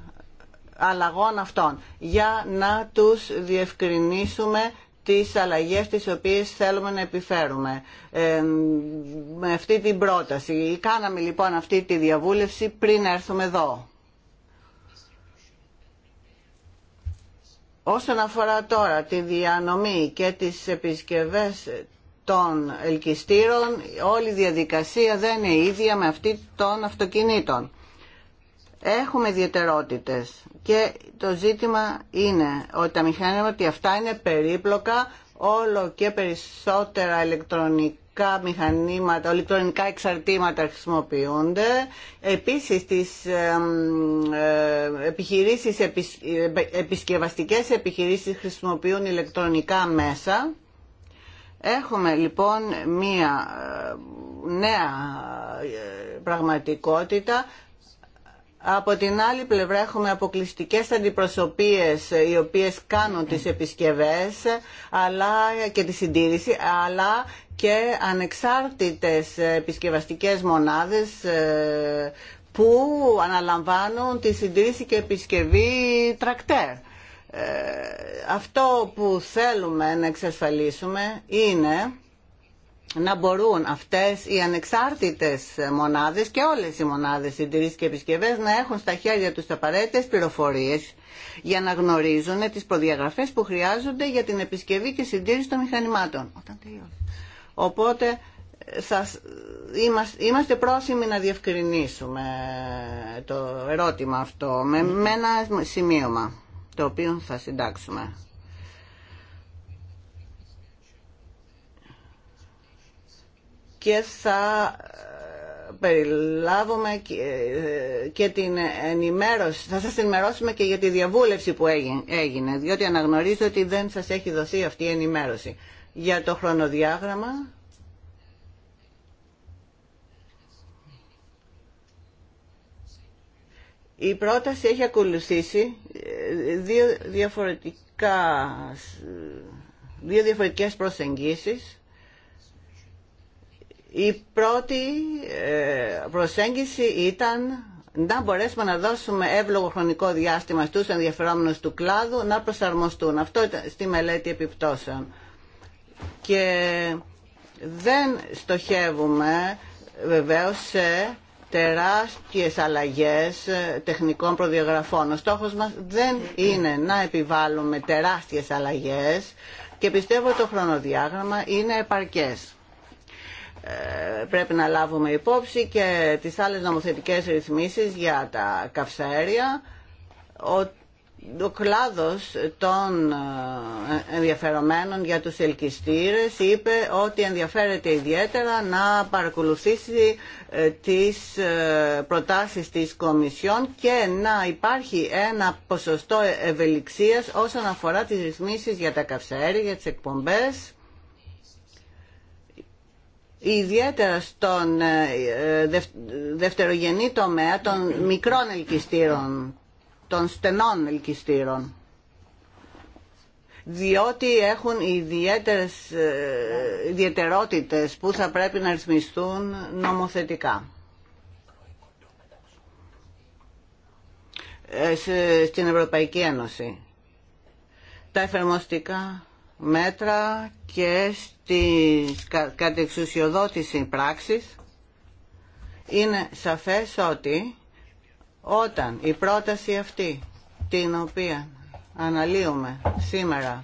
αλλαγών αυτών για να τους διευκρινίσουμε τις αλλαγές τις οποίες θέλουμε να επιφέρουμε ε, με αυτή την πρόταση. Κάναμε λοιπόν αυτή τη διαβούλευση πριν έρθουμε εδώ. Όσον αφορά τώρα τη διανομή και τις επισκευές των ελκυστήρων, όλη η διαδικασία δεν είναι ίδια με αυτή των αυτοκινήτων. Έχουμε ιδιαιτερότητες και το ζήτημα είναι ότι τα μηχανήματα ότι αυτά είναι περίπλοκα, όλο και περισσότερα ηλεκτρονικά ηλεκτρονικά μηχανήματα, ηλεκτρονικά εξαρτήματα χρησιμοποιούνται. Επίσης, τις ε, επιχειρήσεις, ε, επισκευαστικές επιχειρήσεις χρησιμοποιούν ηλεκτρονικά μέσα. Έχουμε λοιπόν μία ε, νέα πραγματικότητα από την άλλη πλευρά έχουμε αποκλειστικές αντιπροσωπείες ε, οι οποίες κάνουν τις επισκευές αλλά και τη συντήρηση αλλά και ανεξάρτητες επισκευαστικές μονάδες ε, που αναλαμβάνουν τη συντήρηση και επισκευή τρακτέρ. Ε, αυτό που θέλουμε να εξασφαλίσουμε είναι να μπορούν αυτές οι ανεξάρτητες μονάδες και όλες οι μονάδες συντηρήσεις και επισκευές να έχουν στα χέρια τους τα απαραίτητες πληροφορίες για να γνωρίζουν τις προδιαγραφές που χρειάζονται για την επισκευή και συντήρηση των μηχανημάτων. Οπότε είμαστε πρόσημοι να διευκρινίσουμε το ερώτημα αυτό με, με ένα σημείωμα το οποίο θα συντάξουμε. και θα ε, περιλάβουμε ε, και την ενημέρωση, θα σας ενημερώσουμε και για τη διαβούλευση που έγινε, διότι αναγνωρίζω ότι δεν σας έχει δοθεί αυτή η ενημέρωση. Για το χρονοδιάγραμμα... Η πρόταση έχει ακολουθήσει ε, δύο διαφορετικά δύο διαφορετικές προσεγγίσεις η πρώτη ε, προσέγγιση ήταν να μπορέσουμε να δώσουμε εύλογο χρονικό διάστημα στους ενδιαφερόμενους του κλάδου να προσαρμοστούν. Αυτό ήταν στη μελέτη επιπτώσεων. Και δεν στοχεύουμε βεβαίως σε τεράστιες αλλαγές ε, τεχνικών προδιαγραφών. Ο στόχος μας δεν είναι να επιβάλλουμε τεράστιες αλλαγές και πιστεύω το χρονοδιάγραμμα είναι επαρκές. Ε, πρέπει να λάβουμε υπόψη και τις άλλες νομοθετικές ρυθμίσεις για τα καυσαέρια. Ο, ο κλάδος των ε, ενδιαφερομένων για τους ελκυστήρες είπε ότι ενδιαφέρεται ιδιαίτερα να παρακολουθήσει ε, τις προτάσεις της Κομισιόν και να υπάρχει ένα ποσοστό ευελιξίας όσον αφορά τις ρυθμίσεις για τα καυσαέρια, για τις εκπομπές ιδιαίτερα στον ε, ε, δευτερογενή τομέα των μικρών ελκυστήρων, των στενών ελκυστήρων διότι έχουν ιδιαίτερες ε, ιδιαιτερότητες που θα πρέπει να ρυθμιστούν νομοθετικά. στην Ευρωπαϊκή Ένωση. Τα εφαρμοστικά μέτρα και στη κατεξουσιοδότηση πράξης είναι σαφές ότι όταν η πρόταση αυτή την οποία αναλύουμε σήμερα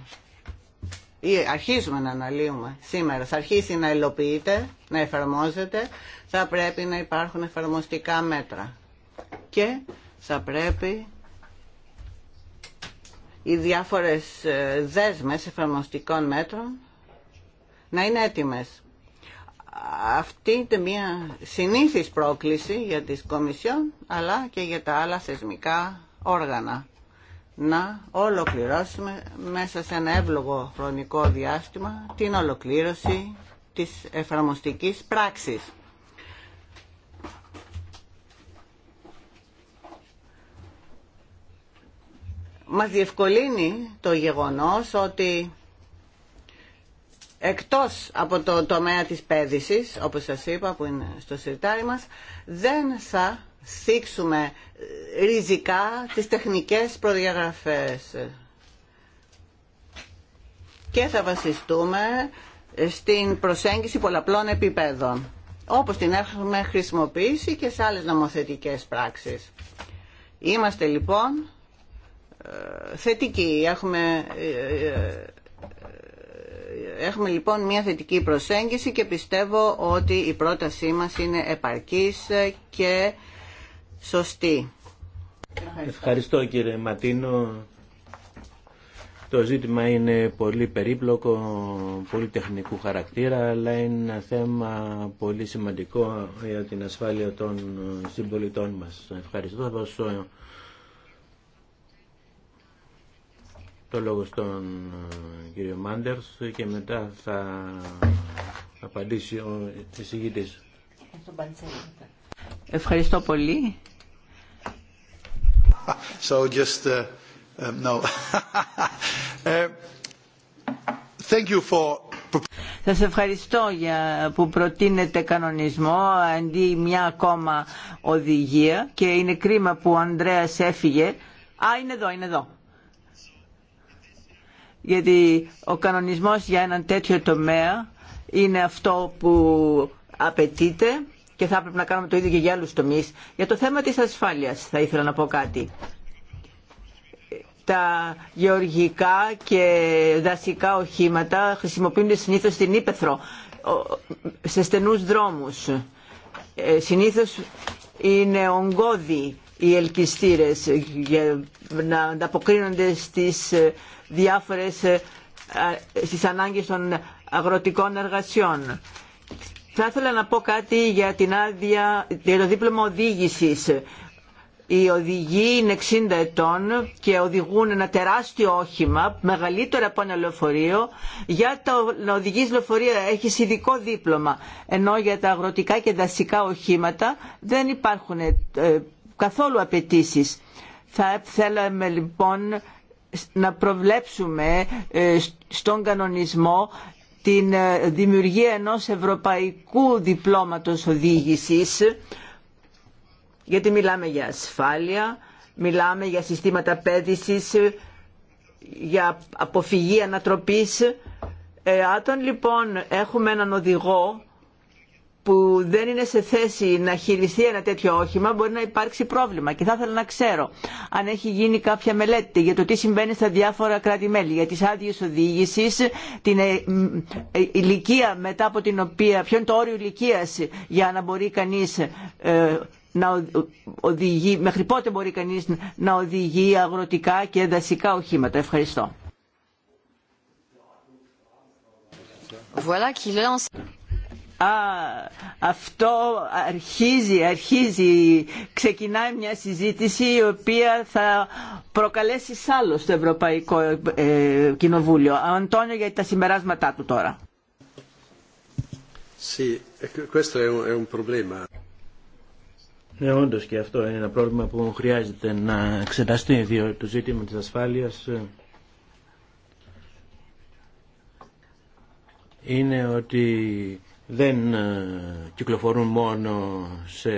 ή αρχίζουμε να αναλύουμε σήμερα, θα αρχίσει να υλοποιείται, να εφαρμόζεται, θα πρέπει να υπάρχουν εφαρμοστικά μέτρα και θα πρέπει οι διάφορες ε, δέσμες εφαρμοστικών μέτρων να είναι έτοιμες. Αυτή είναι μια συνήθις πρόκληση για τις Κομισιόν αλλά και για τα άλλα θεσμικά όργανα. Να ολοκληρώσουμε μέσα σε ένα εύλογο χρονικό διάστημα την ολοκλήρωση της εφαρμοστικής πράξης. μας διευκολύνει το γεγονός ότι εκτός από το τομέα της πέδησης, όπως σας είπα που είναι στο σιρτάρι μας, δεν θα θίξουμε ριζικά τις τεχνικές προδιαγραφές και θα βασιστούμε στην προσέγγιση πολλαπλών επίπεδων, όπως την έχουμε χρησιμοποιήσει και σε άλλες νομοθετικές πράξεις. Είμαστε λοιπόν ε, θετική. Έχουμε, ε, ε, έχουμε λοιπόν μια θετική προσέγγιση και πιστεύω ότι η πρότασή μας είναι επαρκής και σωστή. Ευχαριστώ, κύριε Ματίνο. Το ζήτημα είναι πολύ περίπλοκο, πολύ τεχνικού χαρακτήρα, αλλά είναι ένα θέμα πολύ σημαντικό για την ασφάλεια των συμπολιτών μας. Ευχαριστώ. το λόγο στον ε, κύριο Μάντερς και μετά θα απαντήσει ο εισηγητής. Ευχαριστώ πολύ. So just, uh, um, no. Uh, thank you for... ευχαριστώ που προτείνετε κανονισμό αντί μια ακόμα οδηγία και είναι κρίμα που ο Ανδρέας έφυγε. Α, είναι εδώ, είναι εδώ γιατί ο κανονισμός για έναν τέτοιο τομέα είναι αυτό που απαιτείται και θα έπρεπε να κάνουμε το ίδιο και για άλλους τομείς. Για το θέμα της ασφάλειας θα ήθελα να πω κάτι. Τα γεωργικά και δασικά οχήματα χρησιμοποιούνται συνήθως στην Ήπεθρο, σε στενούς δρόμους. Ε, συνήθως είναι ογκώδη οι ελκυστήρες για να ανταποκρίνονται στις ε, διάφορες ε, ε, στις ανάγκες των αγροτικών εργασιών. Θα ήθελα να πω κάτι για, την άδεια, για το δίπλωμα οδήγησης. Οι οδηγοί είναι 60 ετών και οδηγούν ένα τεράστιο όχημα, μεγαλύτερο από ένα λεωφορείο. Για το να οδηγείς λεωφορείο έχει ειδικό δίπλωμα, ενώ για τα αγροτικά και δασικά οχήματα δεν υπάρχουν καθόλου απαιτήσει. Θα θέλαμε λοιπόν να προβλέψουμε ε, στον κανονισμό την ε, δημιουργία ενός ευρωπαϊκού διπλώματος οδήγησης γιατί μιλάμε για ασφάλεια, μιλάμε για συστήματα πέδησης, για αποφυγή ανατροπής. Ε, λοιπόν έχουμε έναν οδηγό που δεν είναι σε θέση να χειριστεί ένα τέτοιο όχημα μπορεί να υπάρξει πρόβλημα. Και θα ήθελα να ξέρω αν έχει γίνει κάποια μελέτη για το τι συμβαίνει στα διάφορα κράτη-μέλη, για τις άδειε οδήγηση, την ε, ε, ηλικία μετά από την οποία, ποιο είναι το όριο ηλικία για να μπορεί κανείς ε, να οδηγεί, μέχρι πότε μπορεί κανείς να οδηγεί αγροτικά και δασικά οχήματα. Ευχαριστώ. Voilà qui lance. Α, αυτό αρχίζει, αρχίζει, ξεκινάει μια συζήτηση η οποία θα προκαλέσει άλλο στο Ευρωπαϊκό ε, Κοινοβούλιο. Αντώνιο για τα συμπεράσματά του τώρα. Sì, Ναι, όντως και αυτό είναι ένα πρόβλημα που χρειάζεται να εξεταστεί διότι το ζήτημα της ασφάλειας ε, είναι ότι δεν ε, κυκλοφορούν μόνο σε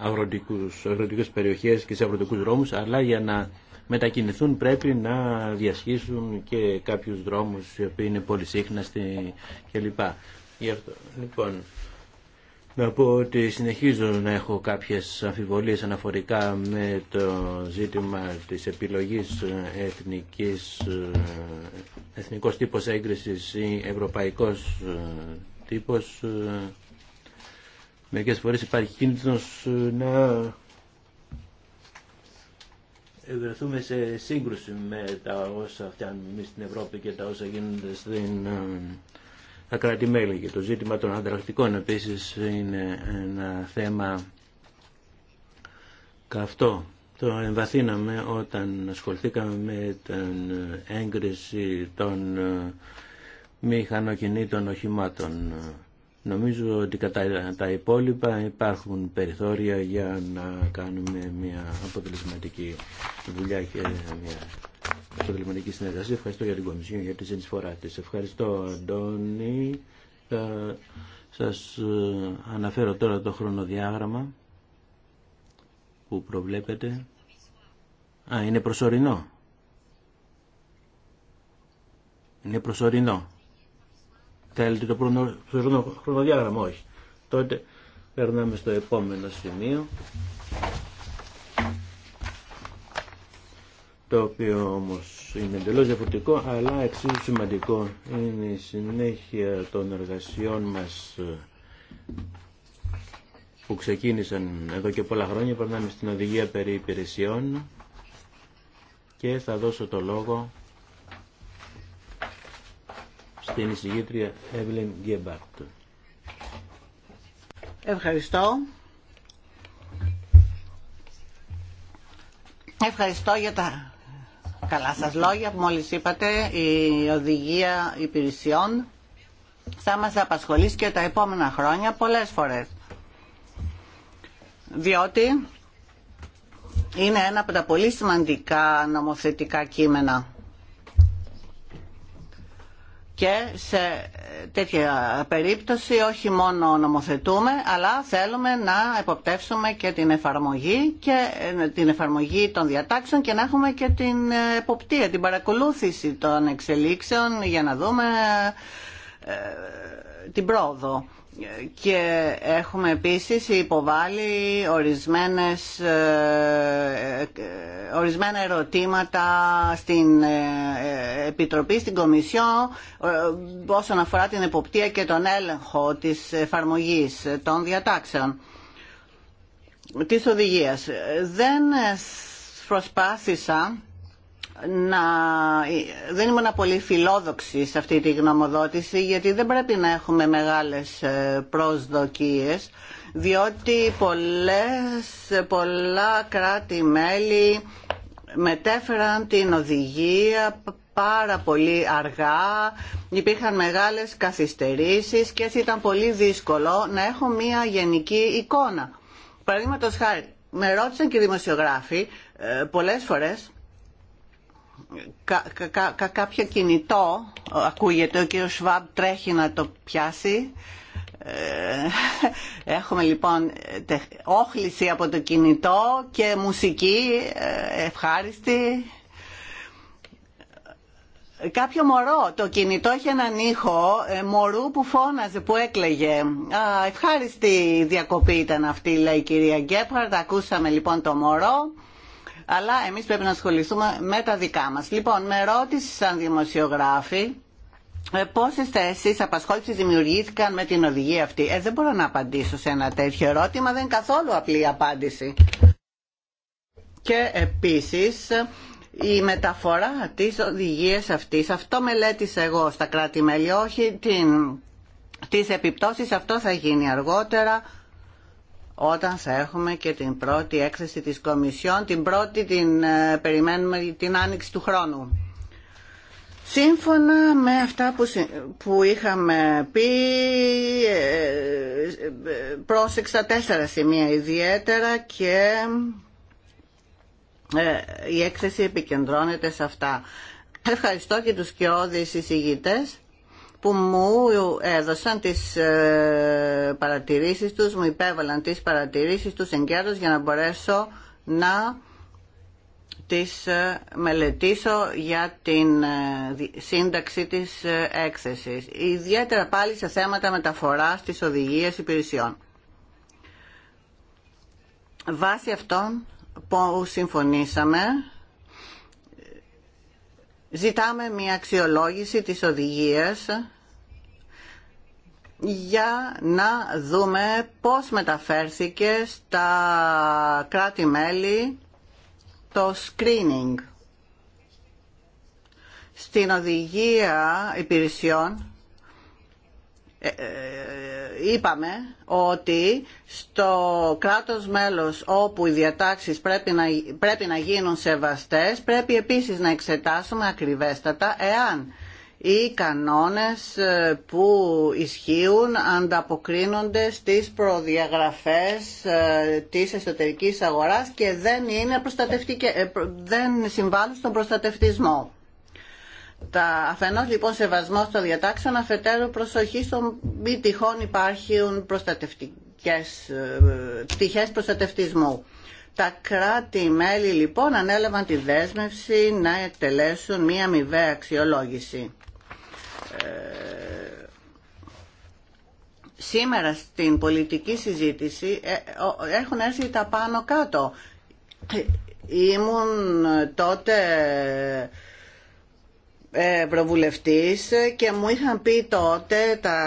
αγροτικούς, αγροτικές περιοχές και σε αγροτικούς δρόμους, αλλά για να μετακινηθούν πρέπει να διασχίσουν και κάποιους δρόμους οι οποίοι είναι πολύ σύχναστοι κλπ. Λοιπόν, να πω ότι συνεχίζω να έχω κάποιες αμφιβολίες αναφορικά με το ζήτημα της επιλογής εθνικής, ε, εθνικός τύπος έγκρισης ή ευρωπαϊκός ε, τύπος πως ε, μερικές φορές υπάρχει κίνδυνος ε, να βρεθούμε σε σύγκρουση με τα όσα φτιάχνουμε εμείς στην Ευρώπη και τα όσα γίνονται στην ε, ακράτη μελη και το ζήτημα των ανταλλακτικών επίσης είναι ένα θέμα καυτό. Το εμβαθύναμε όταν ασχοληθήκαμε με την έγκριση των μηχανοκινήτων οχημάτων. Νομίζω ότι κατά τα υπόλοιπα υπάρχουν περιθώρια για να κάνουμε μια αποτελεσματική δουλειά και μια αποτελεσματική συνεργασία. Ευχαριστώ για την Κομισιόν για τη συνεισφορά τη. Ευχαριστώ Αντώνη. Θα σας ε, αναφέρω τώρα το χρονοδιάγραμμα που προβλέπετε. Α, είναι προσωρινό. Είναι προσωρινό. Θέλετε το πρώτο χρονοδιάγραμμα, όχι. Τότε περνάμε στο επόμενο σημείο. Το οποίο όμως είναι εντελώ διαφορετικό, αλλά εξίσου σημαντικό. Είναι η συνέχεια των εργασιών μας ε, που ξεκίνησαν εδώ και πολλά χρόνια. Περνάμε στην οδηγία περί υπηρεσιών και θα δώσω το λόγο στην εισηγήτρια Εύλεν Γκέμπαρτ. Ευχαριστώ. Ευχαριστώ για τα καλά σας λόγια που μόλις είπατε. Η οδηγία υπηρεσιών θα μας απασχολήσει και τα επόμενα χρόνια πολλές φορές. Διότι είναι ένα από τα πολύ σημαντικά νομοθετικά κείμενα και σε τέτοια περίπτωση όχι μόνο νομοθετούμε αλλά θέλουμε να εποπτεύσουμε και την εφαρμογή και ε, την εφαρμογή των διατάξεων και να έχουμε και την εποπτεία, την παρακολούθηση των εξελίξεων για να δούμε ε, ε, την πρόοδο και έχουμε επίσης υποβάλει ορισμένες, ε, ε, ορισμένα ερωτήματα στην ε, Επιτροπή, στην Κομισιό όσον αφορά την εποπτεία και τον έλεγχο της εφαρμογής των διατάξεων της οδηγίας. Δεν προσπάθησα να... δεν ήμουν πολύ φιλόδοξη σε αυτή τη γνωμοδότηση γιατί δεν πρέπει να έχουμε μεγάλες ε, προσδοκίες διότι πολλές, πολλά κράτη-μέλη μετέφεραν την οδηγία πάρα πολύ αργά, υπήρχαν μεγάλες καθυστερήσεις και έτσι ήταν πολύ δύσκολο να έχω μία γενική εικόνα. Παραδείγματο χάρη, με ρώτησαν και οι δημοσιογράφοι ε, πολλές φορές κάποιο κινητό, ακούγεται, ο κύριος Σβάμπ τρέχει να το πιάσει. Ε, έχουμε λοιπόν όχληση από το κινητό και μουσική ε, ευχάριστη. Κάποιο μωρό, το κινητό έχει έναν ήχο ε, μωρού που φώναζε, που έκλαιγε. ευχάριστη διακοπή ήταν αυτή, λέει η κυρία Γκέπαρτ. Ακούσαμε λοιπόν το μωρό αλλά εμείς πρέπει να ασχοληθούμε με τα δικά μας. Λοιπόν, με ρώτηση σαν δημοσιογράφοι, ε, Πόσε θέσει απασχόληση δημιουργήθηκαν με την οδηγία αυτή. Ε, δεν μπορώ να απαντήσω σε ένα τέτοιο ερώτημα, δεν είναι καθόλου απλή απάντηση. Και επίσης η μεταφορά της οδηγίας αυτής, αυτό μελέτησα εγώ στα κράτη-μέλη, όχι την, τις επιπτώσεις, αυτό θα γίνει αργότερα όταν θα έχουμε και την πρώτη έκθεση της Κομισιόν, την πρώτη την ε, περιμένουμε την άνοιξη του χρόνου. Σύμφωνα με αυτά που, που είχαμε πει, ε, ε, πρόσεξα τέσσερα σημεία ιδιαίτερα και η έκθεση επικεντρώνεται σε αυτά. Ευχαριστώ και τους κοιόδης εισηγητές που μου έδωσαν τις ε, παρατηρήσεις τους, μου υπέβαλαν τις παρατηρήσεις τους εγκαίρως για να μπορέσω να τις ε, μελετήσω για την ε, σύνταξη της έκθεσης. Ιδιαίτερα πάλι σε θέματα μεταφοράς της οδηγίας υπηρεσιών. Βάσει αυτών που συμφωνήσαμε, ζητάμε μια αξιολόγηση της οδηγίας για να δούμε πώς μεταφέρθηκε στα κράτη-μέλη το screening. Στην οδηγία υπηρεσιών ε, ε, είπαμε ότι στο κράτος μέλος όπου οι διατάξεις πρέπει να, πρέπει να γίνουν σεβαστές πρέπει επίσης να εξετάσουμε ακριβέστατα εάν οι κανόνες ε, που ισχύουν ανταποκρίνονται στις προδιαγραφές ε, της εσωτερικής αγοράς και δεν, είναι ε, δεν συμβάλλουν στον προστατευτισμό. Τα αφενός λοιπόν σεβασμό των διατάξεων αφετέρου προσοχή στον μη τυχόν υπάρχουν προστατευτικές πτυχές προστατευτισμού. Τα κράτη-μέλη λοιπόν ανέλαβαν τη δέσμευση να εκτελέσουν μία αμοιβαία αξιολόγηση. Ε, σήμερα στην πολιτική συζήτηση ε, έχουν έρθει τα πάνω κάτω. Ήμουν τότε προβουλευτής και μου είχαν πει τότε τα,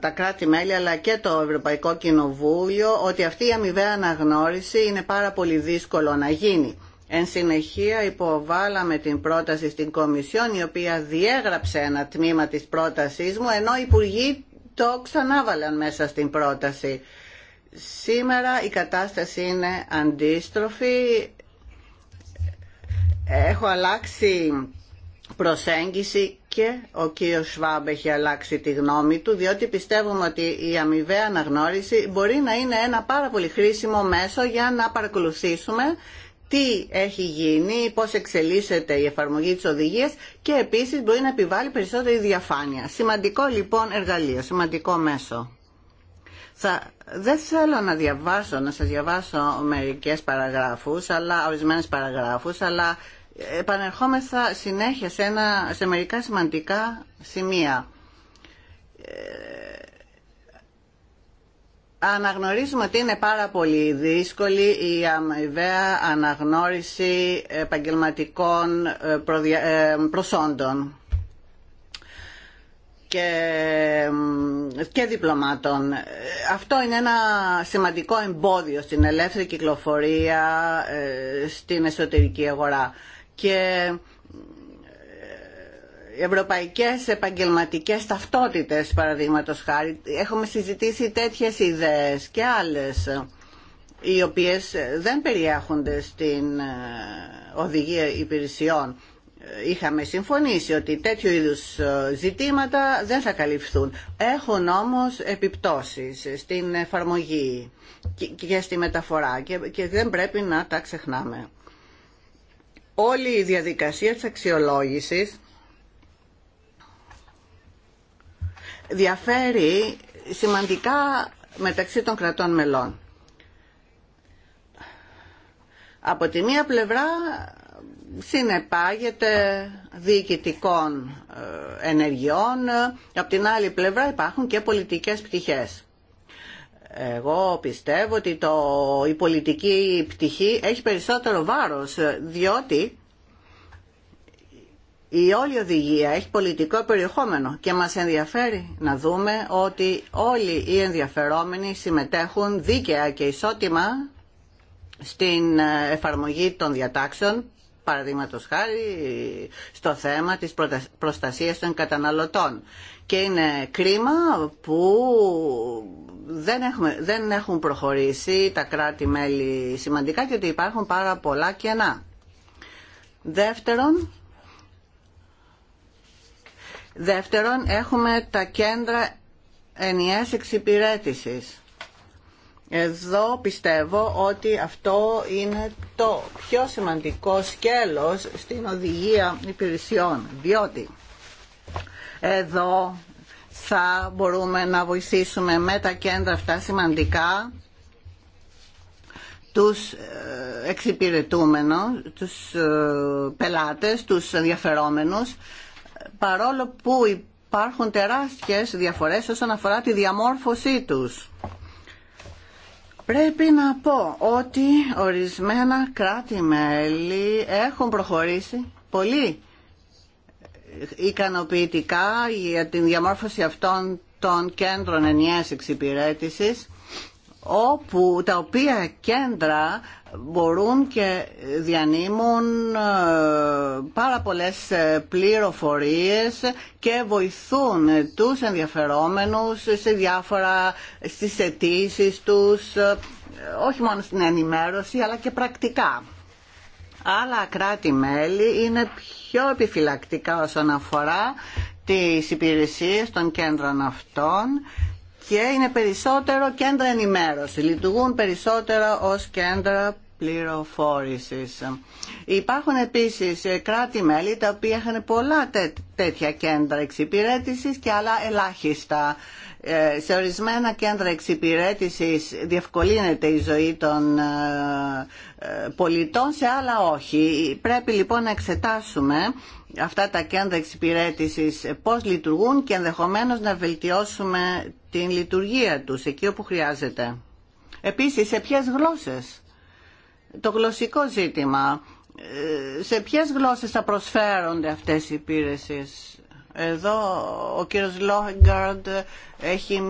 τα κράτη-μέλη αλλά και το Ευρωπαϊκό Κοινοβούλιο ότι αυτή η αμοιβαία αναγνώριση είναι πάρα πολύ δύσκολο να γίνει. Εν συνεχεία υποβάλαμε την πρόταση στην Κομισιόν η οποία διέγραψε ένα τμήμα της πρότασής μου ενώ οι υπουργοί το ξανάβαλαν μέσα στην πρόταση. Σήμερα η κατάσταση είναι αντίστροφη. Έχω αλλάξει προσέγγιση και ο κύριος Σβάμπ έχει αλλάξει τη γνώμη του διότι πιστεύουμε ότι η αμοιβαία αναγνώριση μπορεί να είναι ένα πάρα πολύ χρήσιμο μέσο για να παρακολουθήσουμε τι έχει γίνει, πώς εξελίσσεται η εφαρμογή της οδηγίας και επίσης μπορεί να επιβάλλει περισσότερη διαφάνεια. Σημαντικό λοιπόν εργαλείο, σημαντικό μέσο. Θα, δεν θέλω να διαβάσω, να σας διαβάσω μερικές παραγράφους, αλλά, ορισμένες παραγράφους, αλλά ε, επανερχόμεθα συνέχεια σε, ένα, σε μερικά σημαντικά σημεία ε, Αναγνωρίζουμε ότι είναι πάρα πολύ δύσκολη η αμοιβαία αναγνώριση επαγγελματικών ε, ε, προσόντων και, και διπλωμάτων. Αυτό είναι ένα σημαντικό εμπόδιο στην ελεύθερη κυκλοφορία ε, στην εσωτερική αγορά. Και ευρωπαϊκές επαγγελματικές ταυτότητες παραδείγματος χάρη. Έχουμε συζητήσει τέτοιες ιδέες και άλλες οι οποίες δεν περιέχονται στην ε, οδηγία υπηρεσιών. Είχαμε συμφωνήσει ότι τέτοιου είδους ε, ζητήματα δεν θα καλυφθούν. Έχουν όμως επιπτώσεις στην εφαρμογή και στη μεταφορά και δεν πρέπει να τα ξεχνάμε. Όλη η διαδικασία της αξιολόγησης διαφέρει σημαντικά μεταξύ των κρατών μελών. Από τη μία πλευρά συνεπάγεται διοικητικών ε, ενεργειών, ε, από την άλλη πλευρά υπάρχουν και πολιτικές πτυχές. Εγώ πιστεύω ότι το, η πολιτική πτυχή έχει περισσότερο βάρος, ε, διότι η όλη οδηγία έχει πολιτικό περιεχόμενο και μας ενδιαφέρει να δούμε ότι όλοι οι ενδιαφερόμενοι συμμετέχουν δίκαια και ισότιμα στην ε, εφαρμογή των διατάξεων, παραδείγματος χάρη στο θέμα της προστασίας των καταναλωτών. Και είναι κρίμα που δεν, δεν έχουν προχωρήσει τα κράτη-μέλη σημαντικά και ότι υπάρχουν πάρα πολλά κενά. Δεύτερον, Δεύτερον, έχουμε τα κέντρα ενιαίας εξυπηρέτησης. Εδώ πιστεύω ότι αυτό είναι το πιο σημαντικό σκέλος στην οδηγία υπηρεσιών, διότι εδώ θα μπορούμε να βοηθήσουμε με τα κέντρα αυτά σημαντικά τους ε, εξυπηρετούμενους, τους ε, πελάτες, τους ενδιαφερόμενους παρόλο που υπάρχουν τεράστιες διαφορές όσον αφορά τη διαμόρφωσή τους. Πρέπει να πω ότι ορισμένα κράτη-μέλη έχουν προχωρήσει πολύ ικανοποιητικά για τη διαμόρφωση αυτών των κέντρων ενιαίας εξυπηρέτησης όπου τα οποία κέντρα μπορούν και διανύμουν ε, πάρα πολλές ε, πληροφορίες και βοηθούν τους ενδιαφερόμενους σε διάφορα στις αιτήσει τους, ε, όχι μόνο στην ενημέρωση αλλά και πρακτικά. Άλλα κράτη-μέλη είναι πιο επιφυλακτικά όσον αφορά τις υπηρεσίες των κέντρων αυτών και είναι περισσότερο κέντρα ενημέρωση. Λειτουργούν περισσότερο ως κέντρα πληροφόρησης. Υπάρχουν επίσης κράτη-μέλη τα οποία είχαν πολλά τέτοια κέντρα εξυπηρέτησης και άλλα ελάχιστα. Ε, σε ορισμένα κέντρα εξυπηρέτησης διευκολύνεται η ζωή των ε, ε, πολιτών, σε άλλα όχι. Πρέπει λοιπόν να εξετάσουμε αυτά τα κέντρα εξυπηρέτησης πώς λειτουργούν και ενδεχομένως να βελτιώσουμε την λειτουργία τους εκεί όπου χρειάζεται. Επίσης, σε ποιες γλώσσες το γλωσσικό ζήτημα. Ε, σε ποιες γλώσσες θα προσφέρονται αυτές οι υπηρεσίες. Εδώ ο κύριος Λόγκαρντ έχει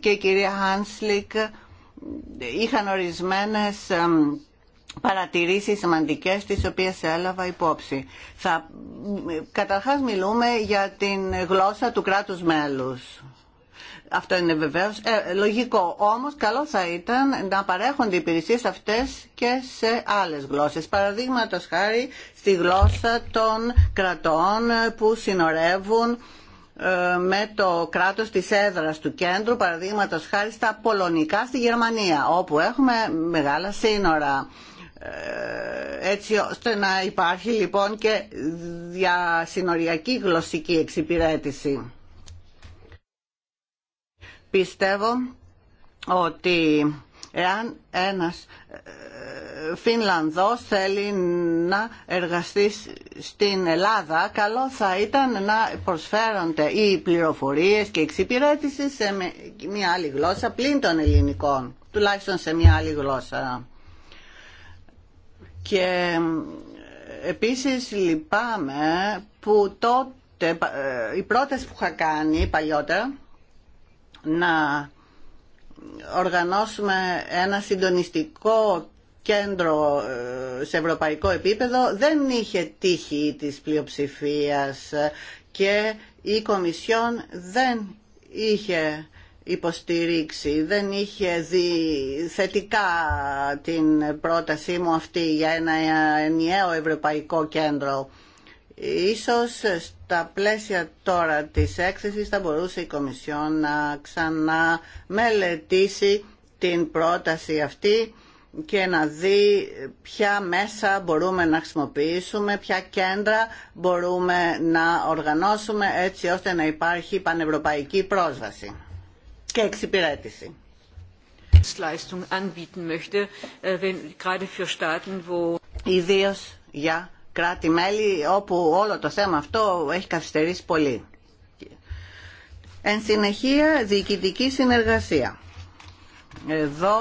και η κυρία Χάνσλικ είχαν ορισμένες παρατηρήσεις σημαντικές τις οποίες έλαβα υπόψη. Θα, καταρχάς μιλούμε για την γλώσσα του κράτους μέλους αυτό είναι βεβαίω ε, λογικό. Όμω, καλό θα ήταν να παρέχονται υπηρεσίε αυτέ και σε άλλε γλώσσε. Παραδείγματο χάρη στη γλώσσα των κρατών που συνορεύουν ε, με το κράτος της έδρας του κέντρου, παραδείγματο χάρη στα πολωνικά στη Γερμανία, όπου έχουμε μεγάλα σύνορα. Ε, έτσι ώστε να υπάρχει λοιπόν και διασυνοριακή γλωσσική εξυπηρέτηση. Πιστεύω ότι εάν ένας ε, Φινλανδός θέλει να εργαστεί στην Ελλάδα, καλό θα ήταν να προσφέρονται οι πληροφορίες και εξυπηρέτηση σε μια άλλη γλώσσα πλην των ελληνικών, τουλάχιστον σε μια άλλη γλώσσα. Και ε, επίσης λυπάμαι που τότε, ε, οι πρώτες που είχα κάνει παλιότερα, να οργανώσουμε ένα συντονιστικό κέντρο ε, σε ευρωπαϊκό επίπεδο δεν είχε τύχη της πλειοψηφίας και η Κομισιόν δεν είχε υποστηρίξει, δεν είχε δει θετικά την πρότασή μου αυτή για ένα ενιαίο ευρωπαϊκό κέντρο Ίσως στα πλαίσια τώρα της έκθεσης θα μπορούσε η Κομισιόν να ξαναμελετήσει την πρόταση αυτή και να δει ποια μέσα μπορούμε να χρησιμοποιήσουμε, ποια κέντρα μπορούμε να οργανώσουμε έτσι ώστε να υπάρχει πανευρωπαϊκή πρόσβαση και εξυπηρέτηση. Äh, Ιδίω για κράτη-μέλη όπου όλο το θέμα αυτό έχει καθυστερήσει πολύ. Εν συνεχεία, διοικητική συνεργασία. Εδώ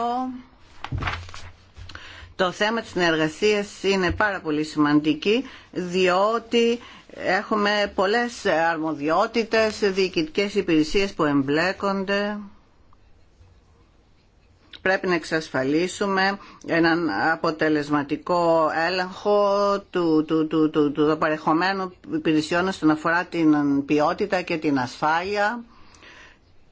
το θέμα της συνεργασίας είναι πάρα πολύ σημαντική διότι έχουμε πολλές αρμοδιότητες, διοικητικές υπηρεσίες που εμπλέκονται πρέπει να εξασφαλίσουμε έναν αποτελεσματικό έλεγχο του, του, του, του, του υπηρεσιών στον αφορά την ποιότητα και την ασφάλεια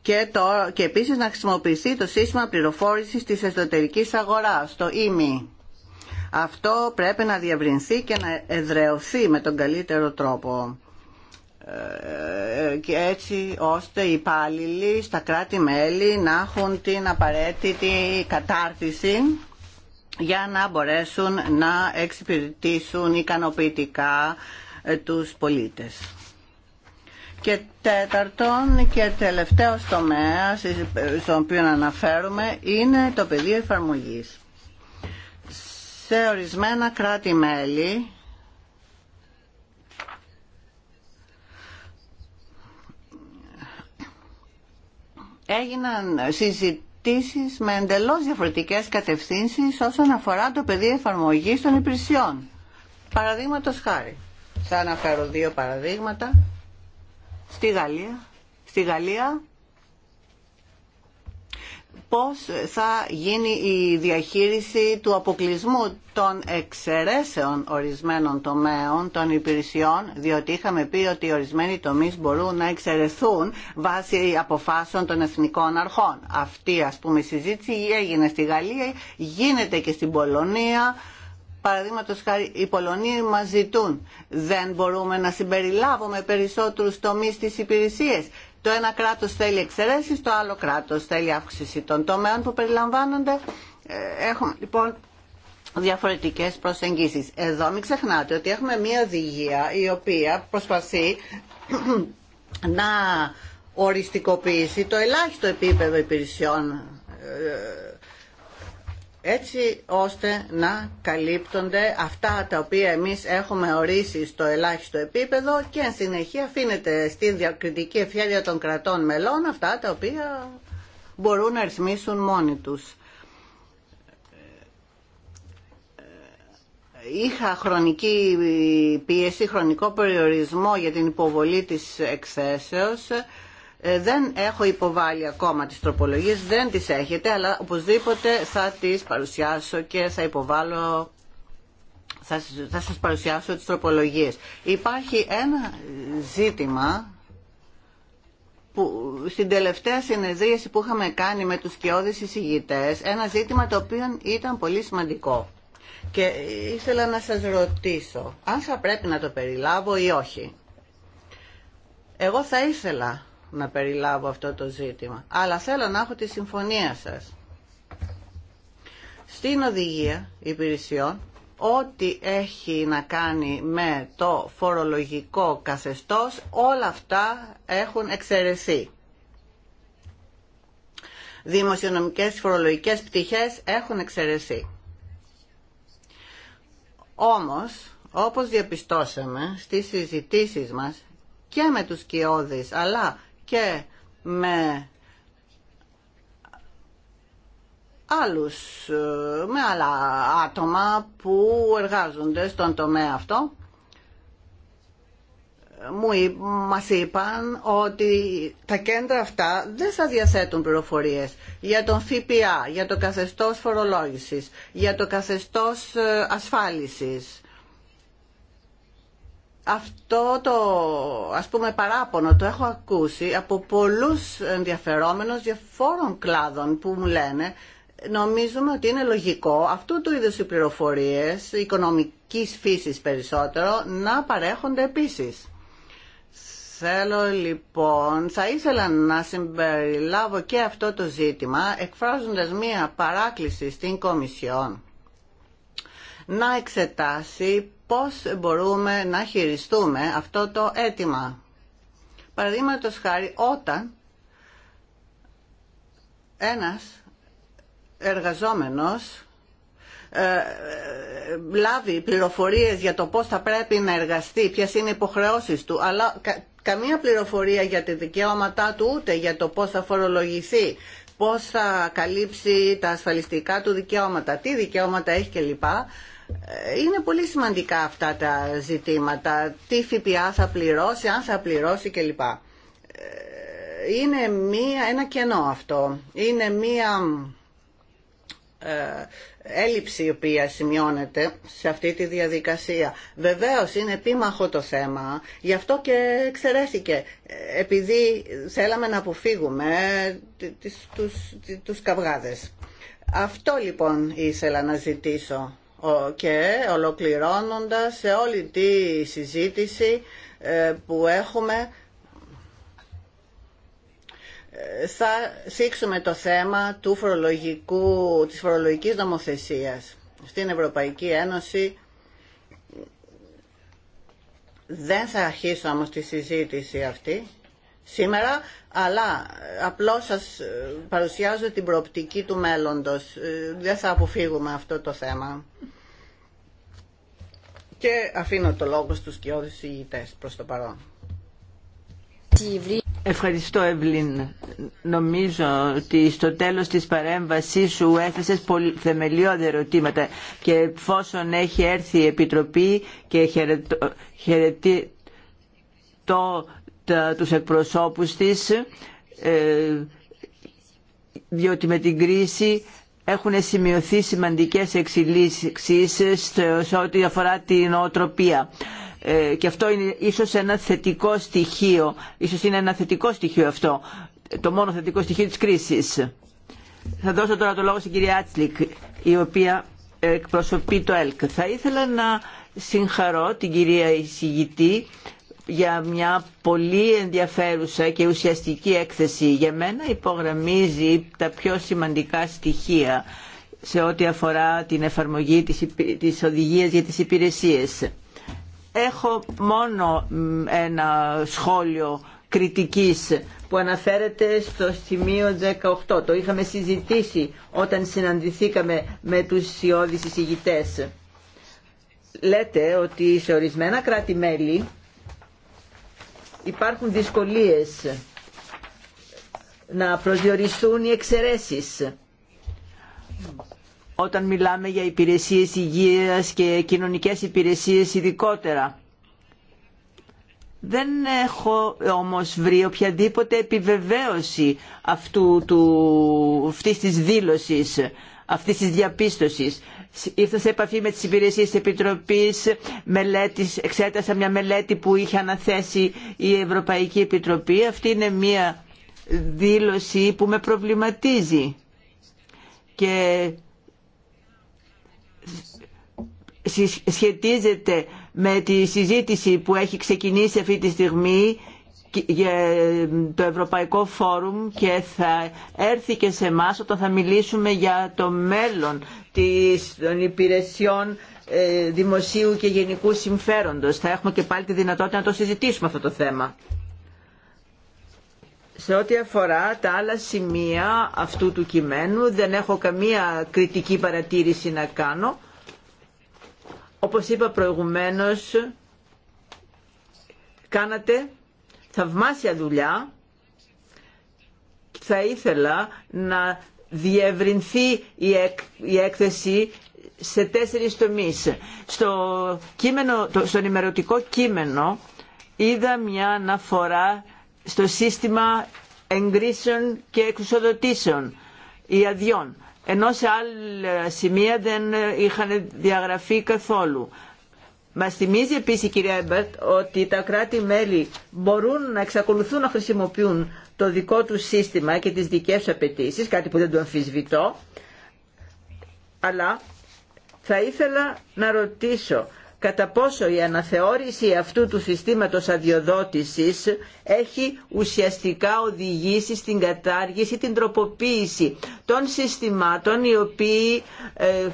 και, το, και επίσης να χρησιμοποιηθεί το σύστημα πληροφόρησης της εσωτερικής αγοράς, το ΙΜΗ. Αυτό πρέπει να διευρυνθεί και να εδρεωθεί με τον καλύτερο τρόπο. Ε, ε, και έτσι ώστε οι υπάλληλοι στα κράτη-μέλη να έχουν την απαραίτητη κατάρτιση για να μπορέσουν να εξυπηρετήσουν ικανοποιητικά ε, τους πολίτες. Και τέταρτον και τελευταίος τομέα στον οποίο αναφέρουμε είναι το πεδίο εφαρμογής. Σε ορισμένα κράτη-μέλη έγιναν συζητήσεις με εντελώς διαφορετικές κατευθύνσεις όσον αφορά το πεδίο εφαρμογής των υπηρεσιών. Παραδείγματο χάρη. Θα αναφέρω δύο παραδείγματα. Στη Γαλλία, στη Γαλλία πώς θα γίνει η διαχείριση του αποκλεισμού των εξαιρέσεων ορισμένων τομέων των υπηρεσιών, διότι είχαμε πει ότι ορισμένοι τομείς μπορούν να εξαιρεθούν βάσει αποφάσεων των εθνικών αρχών. Αυτή ας πούμε η συζήτηση έγινε στη Γαλλία, γίνεται και στην Πολωνία. Παραδείγματο χάρη, οι Πολωνίοι μα ζητούν. Δεν μπορούμε να συμπεριλάβουμε περισσότερου τομεί στι υπηρεσίε. Το ένα κράτος θέλει εξαιρέσεις, το άλλο κράτος θέλει αύξηση των τομέων που περιλαμβάνονται. Ε, έχουμε λοιπόν διαφορετικές προσεγγίσεις. Εδώ μην ξεχνάτε ότι έχουμε μια οδηγία η οποία προσπαθεί να οριστικοποιήσει το ελάχιστο επίπεδο υπηρεσιών ε, έτσι ώστε να καλύπτονται αυτά τα οποία εμείς έχουμε ορίσει στο ελάχιστο επίπεδο και εν συνεχεία αφήνεται στην διακριτική ευχαίρεια των κρατών μελών αυτά τα οποία μπορούν να ρυθμίσουν μόνοι τους. Είχα χρονική πίεση, χρονικό περιορισμό για την υποβολή της εξαίσεως ε, δεν έχω υποβάλει ακόμα τις τροπολογίες, δεν τις έχετε, αλλά οπωσδήποτε θα τις παρουσιάσω και θα υποβάλω θα, θα σας παρουσιάσω τις τροπολογίες. Υπάρχει ένα ζήτημα που στην τελευταία συνεδρίαση που είχαμε κάνει με τους οι εισηγητές, ένα ζήτημα το οποίο ήταν πολύ σημαντικό. Και ήθελα να σας ρωτήσω αν θα πρέπει να το περιλάβω ή όχι. Εγώ θα ήθελα να περιλάβω αυτό το ζήτημα. Αλλά θέλω να έχω τη συμφωνία σας. Στην οδηγία υπηρεσιών, ό,τι έχει να κάνει με το φορολογικό καθεστώς, όλα αυτά έχουν εξαιρεθεί. Δημοσιονομικές φορολογικές πτυχές έχουν εξαιρεθεί. Όμως, όπως διαπιστώσαμε στις συζητήσεις μας και με τους κοιόδης, αλλά και με άλλους, με άλλα άτομα που εργάζονται στον τομέα αυτό μου, μας είπαν ότι τα κέντρα αυτά δεν σας διαθέτουν πληροφορίες για τον ΦΠΑ, για το καθεστώς φορολόγησης, για το καθεστώς ε, ασφάλισης αυτό το ας πούμε παράπονο το έχω ακούσει από πολλούς ενδιαφερόμενους διαφόρων κλάδων που μου λένε νομίζουμε ότι είναι λογικό αυτού του είδους οι πληροφορίες οικονομικής φύσης περισσότερο να παρέχονται επίσης. Θέλω λοιπόν, θα ήθελα να συμπεριλάβω και αυτό το ζήτημα εκφράζοντας μία παράκληση στην Κομισιόν να εξετάσει πώς μπορούμε να χειριστούμε αυτό το αίτημα. Παραδείγματο χάρη όταν ένας εργαζόμενος ε, ε, λάβει πληροφορίες για το πώς θα πρέπει να εργαστεί, ποιες είναι οι υποχρεώσεις του, αλλά καμία πληροφορία για τη δικαιώματά του, ούτε για το πώς θα φορολογηθεί, πώς θα καλύψει τα ασφαλιστικά του δικαιώματα, τι δικαιώματα έχει κλπ είναι πολύ σημαντικά αυτά τα ζητήματα. Τι ΦΠΑ θα πληρώσει, αν θα πληρώσει κλπ. Ε, είναι μία, ένα κενό αυτό. Είναι μία ε, έλλειψη η οποία σημειώνεται σε αυτή τη διαδικασία. Βεβαίως είναι επίμαχο το θέμα, γι' αυτό και εξαιρέθηκε. Επειδή θέλαμε να αποφύγουμε τους, τους Αυτό λοιπόν ήθελα να ζητήσω και ολοκληρώνοντας σε όλη τη συζήτηση ε, που έχουμε ε, θα σήξουμε το θέμα του φορολογικού, της φορολογικής νομοθεσίας στην Ευρωπαϊκή Ένωση δεν θα αρχίσω όμως τη συζήτηση αυτή σήμερα, αλλά απλώς σας ε, παρουσιάζω την προοπτική του μέλλοντος. Δεν θα αποφύγουμε αυτό το θέμα και αφήνω το λόγο στους κοιόδους ηγητές προς το παρόν. Ευχαριστώ Ευλίν. Νομίζω ότι στο τέλος της παρέμβασής σου έθεσες πολύ θεμελιώδη ερωτήματα και εφόσον έχει έρθει η Επιτροπή και χαιρετώ, το τα, τους εκπροσώπους της ε, διότι με την κρίση έχουν σημειωθεί σημαντικές εξελίξεις σε ό,τι αφορά την οτροπία. Ε, και αυτό είναι ίσως ένα θετικό στοιχείο, ίσως είναι ένα θετικό στοιχείο αυτό, το μόνο θετικό στοιχείο της κρίσης. Θα δώσω τώρα το λόγο στην κυρία Άτσλικ, η οποία εκπροσωπεί το ΕΛΚ. Θα ήθελα να συγχαρώ την κυρία εισηγητή για μια πολύ ενδιαφέρουσα και ουσιαστική έκθεση. Για μένα υπογραμμίζει τα πιο σημαντικά στοιχεία σε ό,τι αφορά την εφαρμογή της οδηγίας για τις υπηρεσίες. Έχω μόνο ένα σχόλιο κριτικής που αναφέρεται στο σημείο 18. Το είχαμε συζητήσει όταν συναντηθήκαμε με τους σιώδεις εισηγητές. Λέτε ότι σε ορισμένα κράτη-μέλη υπάρχουν δυσκολίες να προσδιοριστούν οι εξαιρεσει όταν μιλάμε για υπηρεσίες υγείας και κοινωνικές υπηρεσίες ειδικότερα. Δεν έχω όμως βρει οποιαδήποτε επιβεβαίωση αυτού του, αυτής της δήλωσης, αυτής της διαπίστωσης ήρθα σε επαφή με τις υπηρεσίες της Επιτροπής, μελέτης, εξέτασα μια μελέτη που είχε αναθέσει η Ευρωπαϊκή Επιτροπή. Αυτή είναι μια δήλωση που με προβληματίζει και σχετίζεται με τη συζήτηση που έχει ξεκινήσει αυτή τη στιγμή για το Ευρωπαϊκό Φόρουμ και θα έρθει και σε εμά όταν θα μιλήσουμε για το μέλλον των υπηρεσιών ε, δημοσίου και γενικού συμφέροντος. Θα έχουμε και πάλι τη δυνατότητα να το συζητήσουμε αυτό το θέμα. Σε ό,τι αφορά τα άλλα σημεία αυτού του κειμένου δεν έχω καμία κριτική παρατήρηση να κάνω. Όπως είπα προηγουμένως, κάνατε θαυμάσια δουλειά. Θα ήθελα να διευρυνθεί η έκθεση σε τέσσερις τομείς. Στο κείμενο, στο κείμενο είδα μια αναφορά στο σύστημα εγκρίσεων και εξουσιοδοτήσεων ή αδειών ενώ σε άλλα σημεία δεν είχαν διαγραφεί καθόλου. Μα θυμίζει επίση, η κυρία ότι τα κράτη-μέλη μπορούν να εξακολουθούν να χρησιμοποιούν το δικό του σύστημα και τις δικές τους απαιτήσει, κάτι που δεν το αμφισβητώ, αλλά θα ήθελα να ρωτήσω κατά πόσο η αναθεώρηση αυτού του συστήματος αδειοδότησης έχει ουσιαστικά οδηγήσει στην κατάργηση, την τροποποίηση των συστημάτων οι οποίοι ε,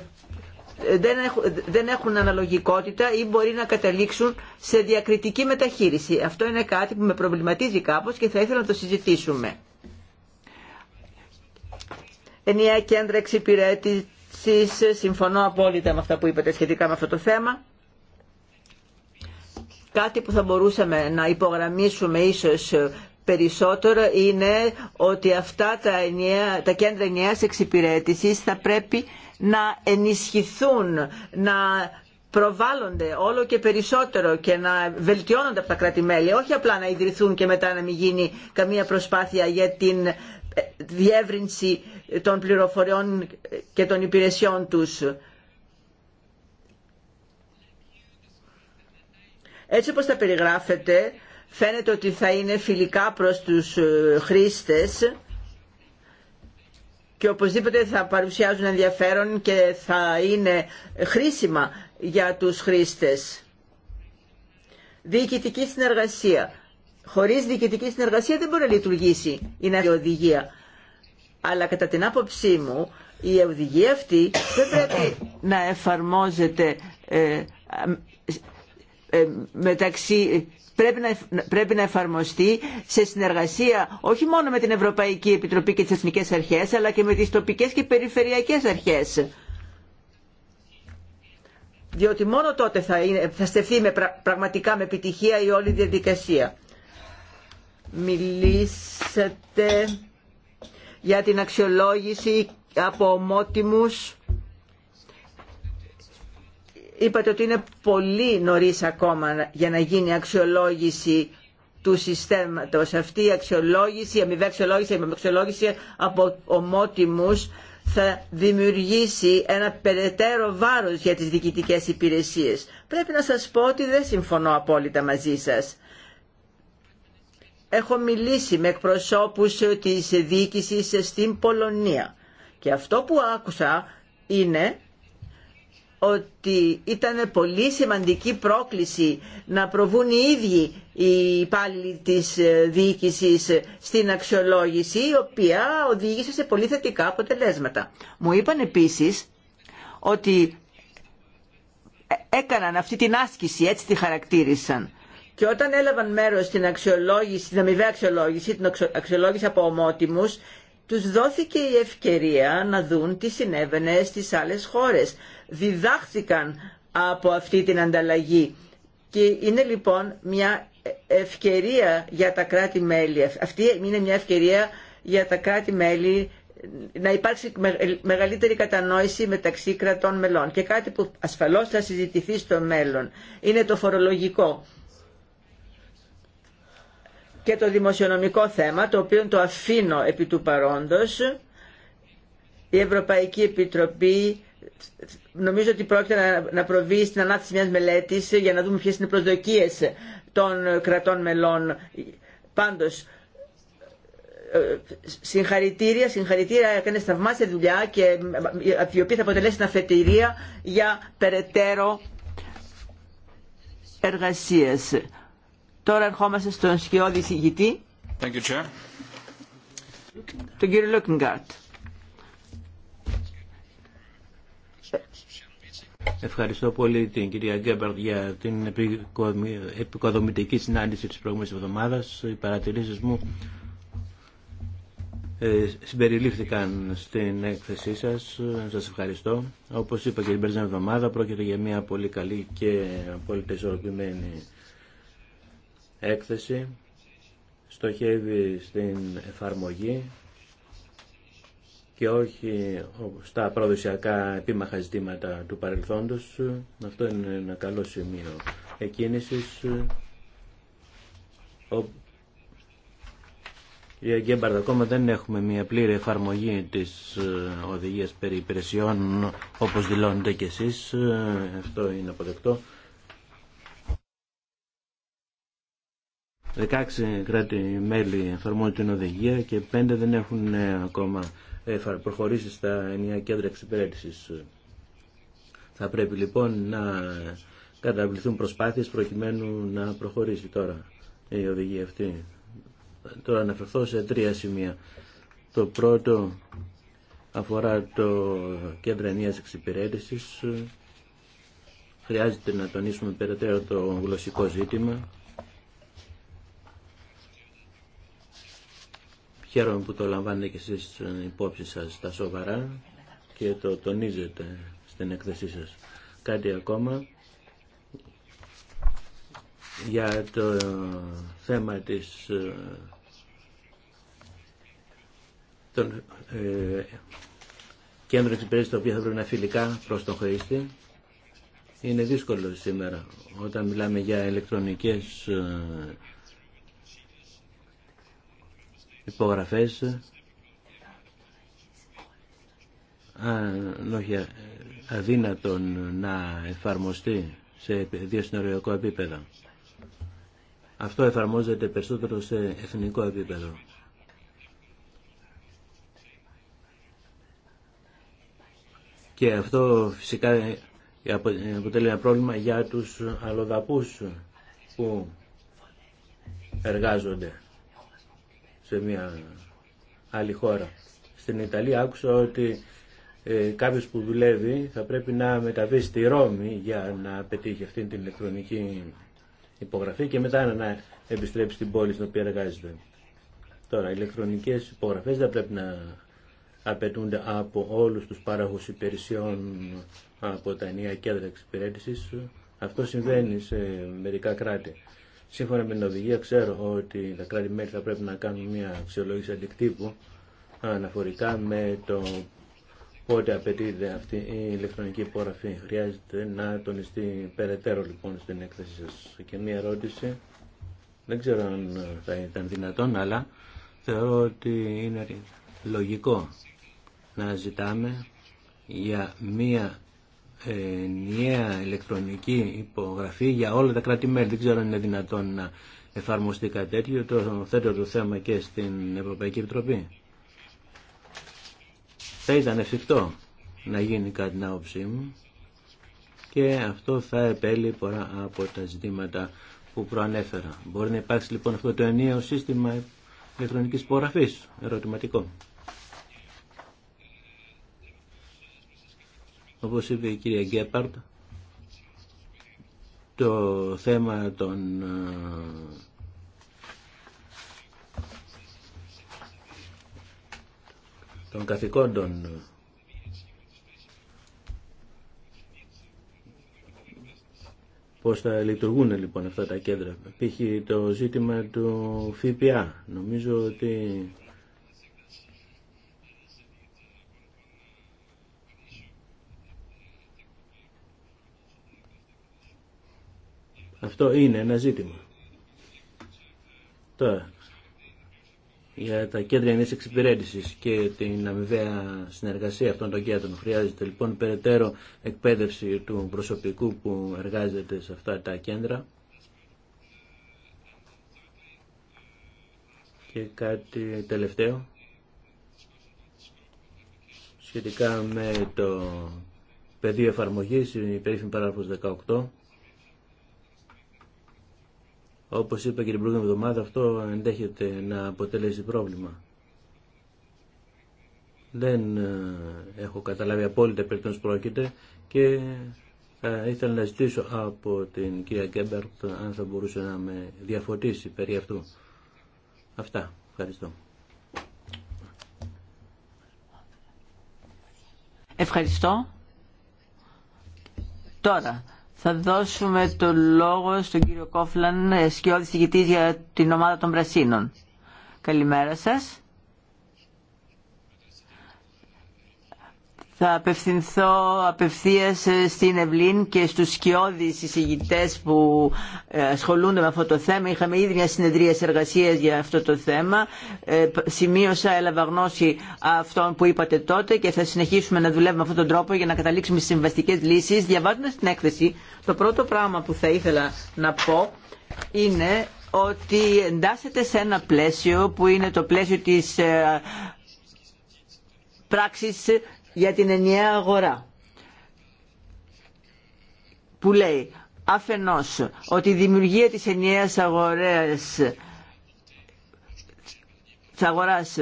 δεν έχουν, δεν έχουν αναλογικότητα ή μπορεί να καταλήξουν σε διακριτική μεταχείριση. Αυτό είναι κάτι που με προβληματίζει κάπως και θα ήθελα να το συζητήσουμε. Ενιαία κέντρα εξυπηρέτησης, συμφωνώ απόλυτα με αυτά που είπατε σχετικά με αυτό το θέμα. Κάτι που θα μπορούσαμε να υπογραμμίσουμε ίσως περισσότερο είναι ότι αυτά τα, τα κέντρα ενιαίας εξυπηρέτησης θα πρέπει να ενισχυθούν, να προβάλλονται όλο και περισσότερο και να βελτιώνονται από τα κράτη-μέλη, όχι απλά να ιδρυθούν και μετά να μην γίνει καμία προσπάθεια για την ε, διεύρυνση των πληροφοριών και των υπηρεσιών τους. Έτσι όπως τα περιγράφετε, φαίνεται ότι θα είναι φιλικά προς τους ε, χρήστες και οπωσδήποτε θα παρουσιάζουν ενδιαφέρον και θα είναι χρήσιμα για τους χρήστες. Διοικητική συνεργασία. Χωρίς διοικητική συνεργασία δεν μπορεί να λειτουργήσει η οδηγία. Αλλά κατά την άποψή μου η οδηγία αυτή δεν πρέπει να εφαρμόζεται ε, ε, ε, μεταξύ πρέπει να, εφαρμοστεί σε συνεργασία όχι μόνο με την Ευρωπαϊκή Επιτροπή και τις Εθνικές Αρχές αλλά και με τις τοπικές και περιφερειακές αρχές. Διότι μόνο τότε θα, είναι, θα στεφθεί με, πραγματικά με επιτυχία η όλη διαδικασία. Μιλήσατε για την αξιολόγηση από ομότιμους Είπατε ότι είναι πολύ νωρίς ακόμα για να γίνει αξιολόγηση του συστήματος. Αυτή η αξιολόγηση, η αμοιβή αξιολόγηση, η αξιολόγηση από ομότιμους θα δημιουργήσει ένα περαιτέρω βάρος για τις διοικητικές υπηρεσίες. Πρέπει να σας πω ότι δεν συμφωνώ απόλυτα μαζί σας. Έχω μιλήσει με εκπροσώπους της διοίκησης στην Πολωνία και αυτό που άκουσα είναι ότι ήταν πολύ σημαντική πρόκληση να προβούν οι ίδιοι οι υπάλληλοι της ε, διοίκησης στην αξιολόγηση η οποία οδήγησε σε πολύ θετικά αποτελέσματα. Μου είπαν επίσης ότι έκαναν αυτή την άσκηση, έτσι τη χαρακτήρισαν. Και όταν έλαβαν μέρος στην αξιολόγηση, την αμοιβαία αξιολόγηση, την αξιολόγηση από ομότιμους, τους δόθηκε η ευκαιρία να δουν τι συνέβαινε στις άλλες χώρες. Διδάχθηκαν από αυτή την ανταλλαγή και είναι λοιπόν μια ευκαιρία για τα κράτη-μέλη. Αυτή είναι μια ευκαιρία για τα κράτη-μέλη να υπάρξει μεγαλύτερη κατανόηση μεταξύ κρατών μελών. Και κάτι που ασφαλώς θα συζητηθεί στο μέλλον είναι το φορολογικό και το δημοσιονομικό θέμα, το οποίο το αφήνω επί του παρόντος. Η Ευρωπαϊκή Επιτροπή νομίζω ότι πρόκειται να προβεί στην ανάθεση μιας μελέτης για να δούμε ποιες είναι οι προσδοκίες των κρατών μελών. Πάντως, ε, συγχαρητήρια, συγχαρητήρια, έκανε θαυμάσια δουλειά και ε, η οποία θα αποτελέσει την αφετηρία για περαιτέρω εργασίες. Τώρα ερχόμαστε στον σκιώδη συγητή. Τον κύριο Λούκινγκάρτ. Ευχαριστώ πολύ την κυρία Γκέμπαρτ για την επικοδομητική συνάντηση της προηγούμενης εβδομάδας. Οι παρατηρήσεις μου ε, συμπεριλήφθηκαν στην έκθεσή σας. Σας ευχαριστώ. Όπως είπα και την περσμένη εβδομάδα, πρόκειται για μια πολύ καλή και πολύ ισορροπημένη έκθεση στοχεύει στην εφαρμογή και όχι στα προδοσιακά επίμαχα ζητήματα του παρελθόντος. Αυτό είναι ένα καλό σημείο εκκίνησης. Ο... Για Γκέμπαρντ ακόμα δεν έχουμε μια πλήρη εφαρμογή της ε, οδηγίας περί υπηρεσιών όπως δηλώνετε κι εσείς. Ε, αυτό είναι αποδεκτό. 16 κράτη-μέλη εφαρμόζουν την οδηγία και 5 δεν έχουν ε, ακόμα προχωρήσει στα ενιαία κέντρα εξυπηρέτησης. Θα πρέπει λοιπόν να καταβληθούν προσπάθειες προκειμένου να προχωρήσει τώρα η οδηγία αυτή. Τώρα αναφερθώ σε τρία σημεία. Το πρώτο αφορά το κέντρο ενιαίας εξυπηρέτησης. Χρειάζεται να τονίσουμε περαιτέρω το γλωσσικό ζήτημα Χαίρομαι που το λαμβάνετε και εσείς υπόψη σας τα σοβαρά και το τονίζετε στην έκθεσή σας. Κάτι ακόμα για το θέμα της ε, των ε, κέντρων εξυπηρέτησης τα οποία θα πρέπει να φιλικά προς τον χρήστη είναι δύσκολο σήμερα όταν μιλάμε για ηλεκτρονικές ε, υπογραφές αν όχι αδύνατον να εφαρμοστεί σε διασυνοριακό επίπεδο. Αυτό εφαρμόζεται περισσότερο σε εθνικό επίπεδο. Και αυτό φυσικά αποτελεί ένα πρόβλημα για τους αλλοδαπούς που εργάζονται σε μια άλλη χώρα. Στην Ιταλία άκουσα ότι ε, κάποιος που δουλεύει θα πρέπει να μεταβεί στη Ρώμη για να πετύχει αυτή την ηλεκτρονική υπογραφή και μετά να επιστρέψει στην πόλη στην οποία εργάζεται. Τώρα, ηλεκτρονικές υπογραφές δεν πρέπει να απαιτούνται από όλους τους παραγωγούς υπηρεσιών από τα ενιαία κέντρα εξυπηρέτησης. Αυτό συμβαίνει σε μερικά κράτη. Σύμφωνα με την οδηγία ξέρω ότι τα κράτη-μέλη θα πρέπει να κάνουν μια αξιολόγηση αντικτύπου αναφορικά με το πότε απαιτείται αυτή η ηλεκτρονική υπογραφή. Χρειάζεται να τονιστεί περαιτέρω λοιπόν στην έκθεση σας. Και μια ερώτηση, δεν ξέρω αν θα ήταν δυνατόν, αλλά θεωρώ ότι είναι λογικό να ζητάμε για μία ενιαία ηλεκτρονική υπογραφή για όλα τα κράτη-μέλη. Δεν ξέρω αν είναι δυνατόν να εφαρμοστεί κάτι τέτοιο. Το θέτω το θέμα και στην Ευρωπαϊκή Επιτροπή. Θα ήταν εφικτό να γίνει κάτι να όψει μου και αυτό θα επέλει πολλά από τα ζητήματα που προανέφερα. Μπορεί να υπάρξει λοιπόν αυτό το ενιαίο σύστημα ηλεκτρονικής υπογραφής. Ερωτηματικό. Όπως είπε η κυρία Γκέπαρτ, το θέμα των ε, των καθηκόντων πώς θα λειτουργούν λοιπόν αυτά τα κέντρα. Π.χ. το ζήτημα του ΦΠΑ. Νομίζω ότι Αυτό είναι ένα ζήτημα. Τώρα, για τα κέντρα ενίσχυση εξυπηρέτηση και την αμοιβαία συνεργασία αυτών των κέντρων. Χρειάζεται λοιπόν περαιτέρω εκπαίδευση του προσωπικού που εργάζεται σε αυτά τα κέντρα. Και κάτι τελευταίο σχετικά με το πεδίο εφαρμογής, η περίφημη παράγραφος 18 όπως είπα και την προηγούμενη εβδομάδα, αυτό ενδέχεται να αποτελέσει πρόβλημα. Δεν ε, έχω καταλάβει απόλυτα περί τόνος πρόκειται και ε, ήθελα να ζητήσω από την κυρία Γκέμπερτ αν θα μπορούσε να με διαφωτίσει περί αυτού. Αυτά. Ευχαριστώ. Ευχαριστώ. Τώρα θα δώσουμε το λόγο στον κύριο Κόφλαν, σκιώδη συγκητής για την ομάδα των Πρασίνων. Καλημέρα σας. Θα απευθυνθώ απευθείας ε, στην Ευλίν και στους σκιώδεις εισηγητές που ε, ασχολούνται με αυτό το θέμα. Είχαμε ήδη μια συνεδρία εργασίας για αυτό το θέμα. Ε, σημείωσα, έλαβα γνώση αυτών που είπατε τότε και θα συνεχίσουμε να δουλεύουμε με αυτόν τον τρόπο για να καταλήξουμε στις συμβαστικές λύσεις. Διαβάζοντας την έκθεση, το πρώτο πράγμα που θα ήθελα να πω είναι ότι εντάσσεται σε ένα πλαίσιο που είναι το πλαίσιο της πράξης για την ενιαία αγορά που λέει αφενός ότι η δημιουργία της ενιαίας αγοράς,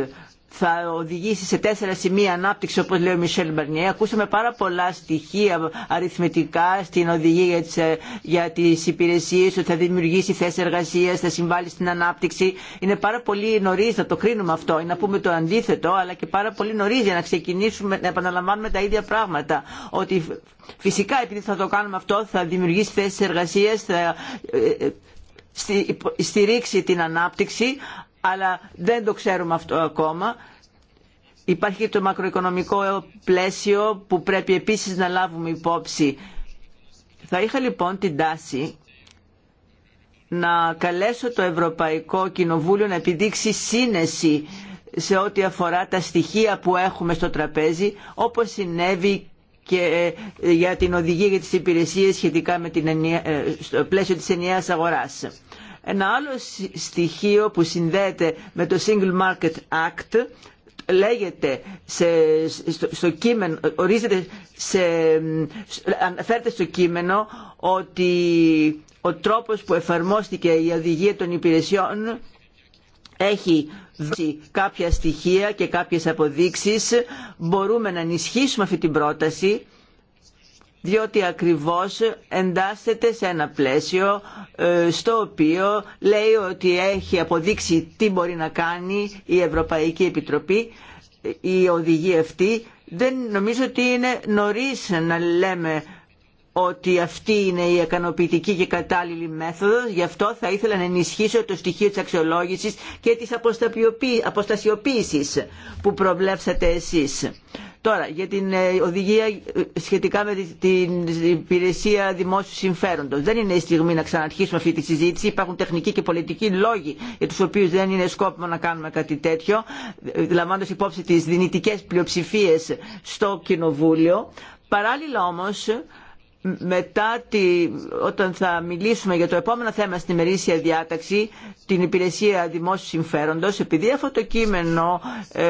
θα οδηγήσει σε τέσσερα σημεία ανάπτυξη όπω λέει ο Μισελ Μπαρνιέ. Ακούσαμε πάρα πολλά στοιχεία αριθμητικά στην οδηγία για τις ε, υπηρεσίε ότι θα δημιουργήσει θέσει εργασία, θα συμβάλλει στην ανάπτυξη. Είναι πάρα πολύ νωρί να το κρίνουμε αυτό ή να πούμε το αντίθετο αλλά και πάρα πολύ νωρί για να ξεκινήσουμε να επαναλαμβάνουμε τα ίδια πράγματα. Ότι φυσικά επειδή θα το κάνουμε αυτό θα δημιουργήσει θέσει εργασία, θα ε, ε, στηρίξει την ανάπτυξη αλλά δεν το ξέρουμε αυτό ακόμα. Υπάρχει και το μακροοικονομικό πλαίσιο που πρέπει επίσης να λάβουμε υπόψη. Θα είχα λοιπόν την τάση να καλέσω το Ευρωπαϊκό Κοινοβούλιο να επιδείξει σύνεση σε ό,τι αφορά τα στοιχεία που έχουμε στο τραπέζι, όπως συνέβη και ε, για την οδηγία για τις υπηρεσίες σχετικά με την ε, πλαίσιο της ενιαίας αγοράς. Ένα άλλο στοιχείο που συνδέεται με το Single Market Act λέγεται σε, στο, κείμενο, ορίζεται σε, αναφέρεται στο κείμενο ότι ο τρόπος που εφαρμόστηκε η οδηγία των υπηρεσιών έχει δώσει κάποια στοιχεία και κάποιες αποδείξεις. Μπορούμε να ενισχύσουμε αυτή την πρόταση διότι ακριβώς εντάσσεται σε ένα πλαίσιο ε, στο οποίο λέει ότι έχει αποδείξει τι μπορεί να κάνει η Ευρωπαϊκή Επιτροπή η οδηγία αυτή. Δεν νομίζω ότι είναι νωρίς να λέμε ότι αυτή είναι η ικανοποιητική και κατάλληλη μέθοδος. Γι' αυτό θα ήθελα να ενισχύσω το στοιχείο της αξιολόγησης και της αποστασιοποίησης που προβλέψατε εσείς. Τώρα, για την ε, οδηγία ε, σχετικά με την υπηρεσία δημόσιου συμφέροντος. Δεν είναι η στιγμή να ξαναρχίσουμε αυτή τη συζήτηση. Υπάρχουν τεχνικοί και πολιτικοί λόγοι για τους οποίους δεν είναι σκόπιμο να κάνουμε κάτι τέτοιο, ε, λαμβάνοντα υπόψη τι δυνητικέ πλειοψηφίε στο Κοινοβούλιο. Παράλληλα όμω, μετά τη, όταν θα μιλήσουμε για το επόμενο θέμα στην ημερήσια διάταξη, την υπηρεσία δημόσιου συμφέροντος, επειδή αυτό το κείμενο ε,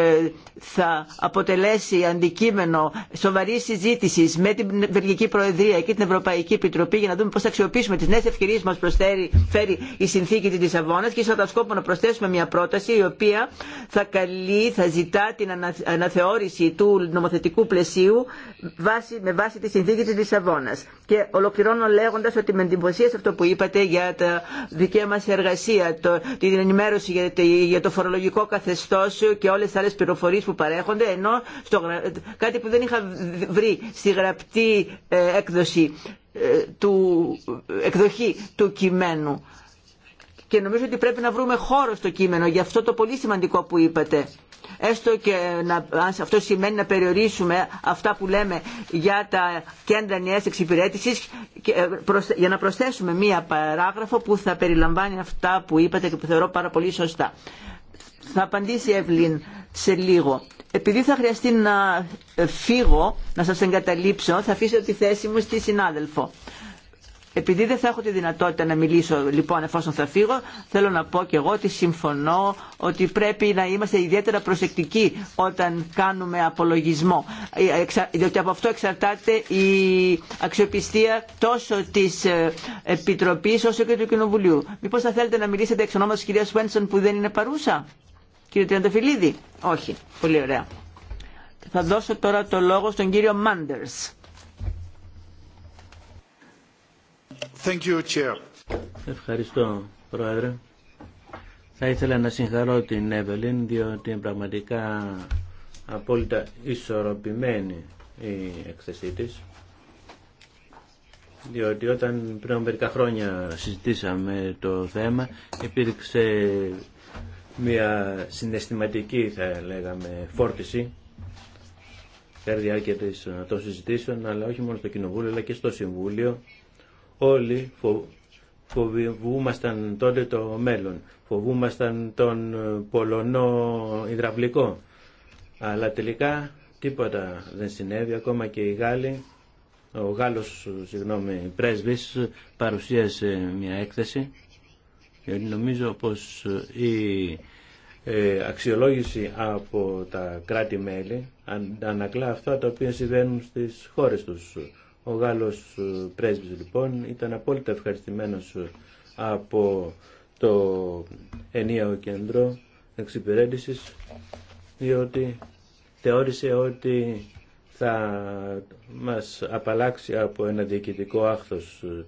θα αποτελέσει αντικείμενο σοβαρή συζήτηση με την Βελγική Προεδρία και την Ευρωπαϊκή Επιτροπή για να δούμε πώς θα αξιοποιήσουμε τις νέες ευκαιρίες που μας προσφέρει φέρει η συνθήκη της Λισαβόνας και στον σκόπο να προσθέσουμε μια πρόταση η οποία θα καλεί, θα ζητά την αναθεώρηση του νομοθετικού πλαισίου με βάση τη συνθήκη της Λισαβόνας. Και ολοκληρώνω λέγοντας ότι με εντυπωσίασε αυτό που είπατε για τα δικαίωμα σε εργασία, το, την ενημέρωση για, το φορολογικό καθεστώς και όλες τις άλλες πληροφορίες που παρέχονται, ενώ στο, κάτι που δεν είχα βρει στη γραπτή ε, έκδοση, ε, του, εκδοχή του κειμένου. Και νομίζω ότι πρέπει να βρούμε χώρο στο κείμενο για αυτό το πολύ σημαντικό που είπατε έστω και να, αυτό σημαίνει να περιορίσουμε αυτά που λέμε για τα κέντρα νέας εξυπηρέτησης ε, για να προσθέσουμε μία παράγραφο που θα περιλαμβάνει αυτά που είπατε και που θεωρώ πάρα πολύ σωστά. Θα απαντήσει η Εύλην σε λίγο. Επειδή θα χρειαστεί να φύγω, να σας εγκαταλείψω, θα αφήσω τη θέση μου στη συνάδελφο. Επειδή δεν θα έχω τη δυνατότητα να μιλήσω λοιπόν εφόσον θα φύγω, θέλω να πω και εγώ ότι συμφωνώ ότι πρέπει να είμαστε ιδιαίτερα προσεκτικοί όταν κάνουμε απολογισμό. Ε, διότι από αυτό εξαρτάται η αξιοπιστία τόσο της ε, Επιτροπής όσο και του Κοινοβουλίου. Μήπως θα θέλετε να μιλήσετε εξ τη κυρία Σουένσον που δεν είναι παρούσα. Κύριε Τριανταφυλλίδη. Όχι. Πολύ ωραία. Θα δώσω τώρα το λόγο στον κύριο Μάντερς. Ευχαριστώ, Πρόεδρε. Θα ήθελα να συγχαρώ την Εύελιν, διότι είναι πραγματικά απόλυτα ισορροπημένη η εκθεσή της. Διότι όταν πριν μερικά χρόνια συζητήσαμε το θέμα, υπήρξε μια συναισθηματική, θα λέγαμε, φόρτιση κατά τη διάρκεια των συζητήσεων, αλλά όχι μόνο στο Κοινοβούλιο, αλλά και στο Συμβούλιο Όλοι φοβούμασταν τότε το μέλλον. Φοβούμασταν τον ε, Πολωνό Ιδραυλικό. Αλλά τελικά τίποτα δεν συνέβη. Ακόμα και οι Γάλλοι, ο Γάλλος συγγνώμη, πρέσβης παρουσίασε μια έκθεση νομίζω πως ε, η ε, αξιολόγηση από τα κράτη-μέλη ανακλά αυτά τα οποία συμβαίνουν στις χώρες τους. Ο Γάλλος ε, πρέσβης λοιπόν ήταν απόλυτα ευχαριστημένος ε, από το ενιαίο κέντρο εξυπηρέτησης διότι θεώρησε ότι θα μας απαλλάξει από ένα διοικητικό άχθος. Ε.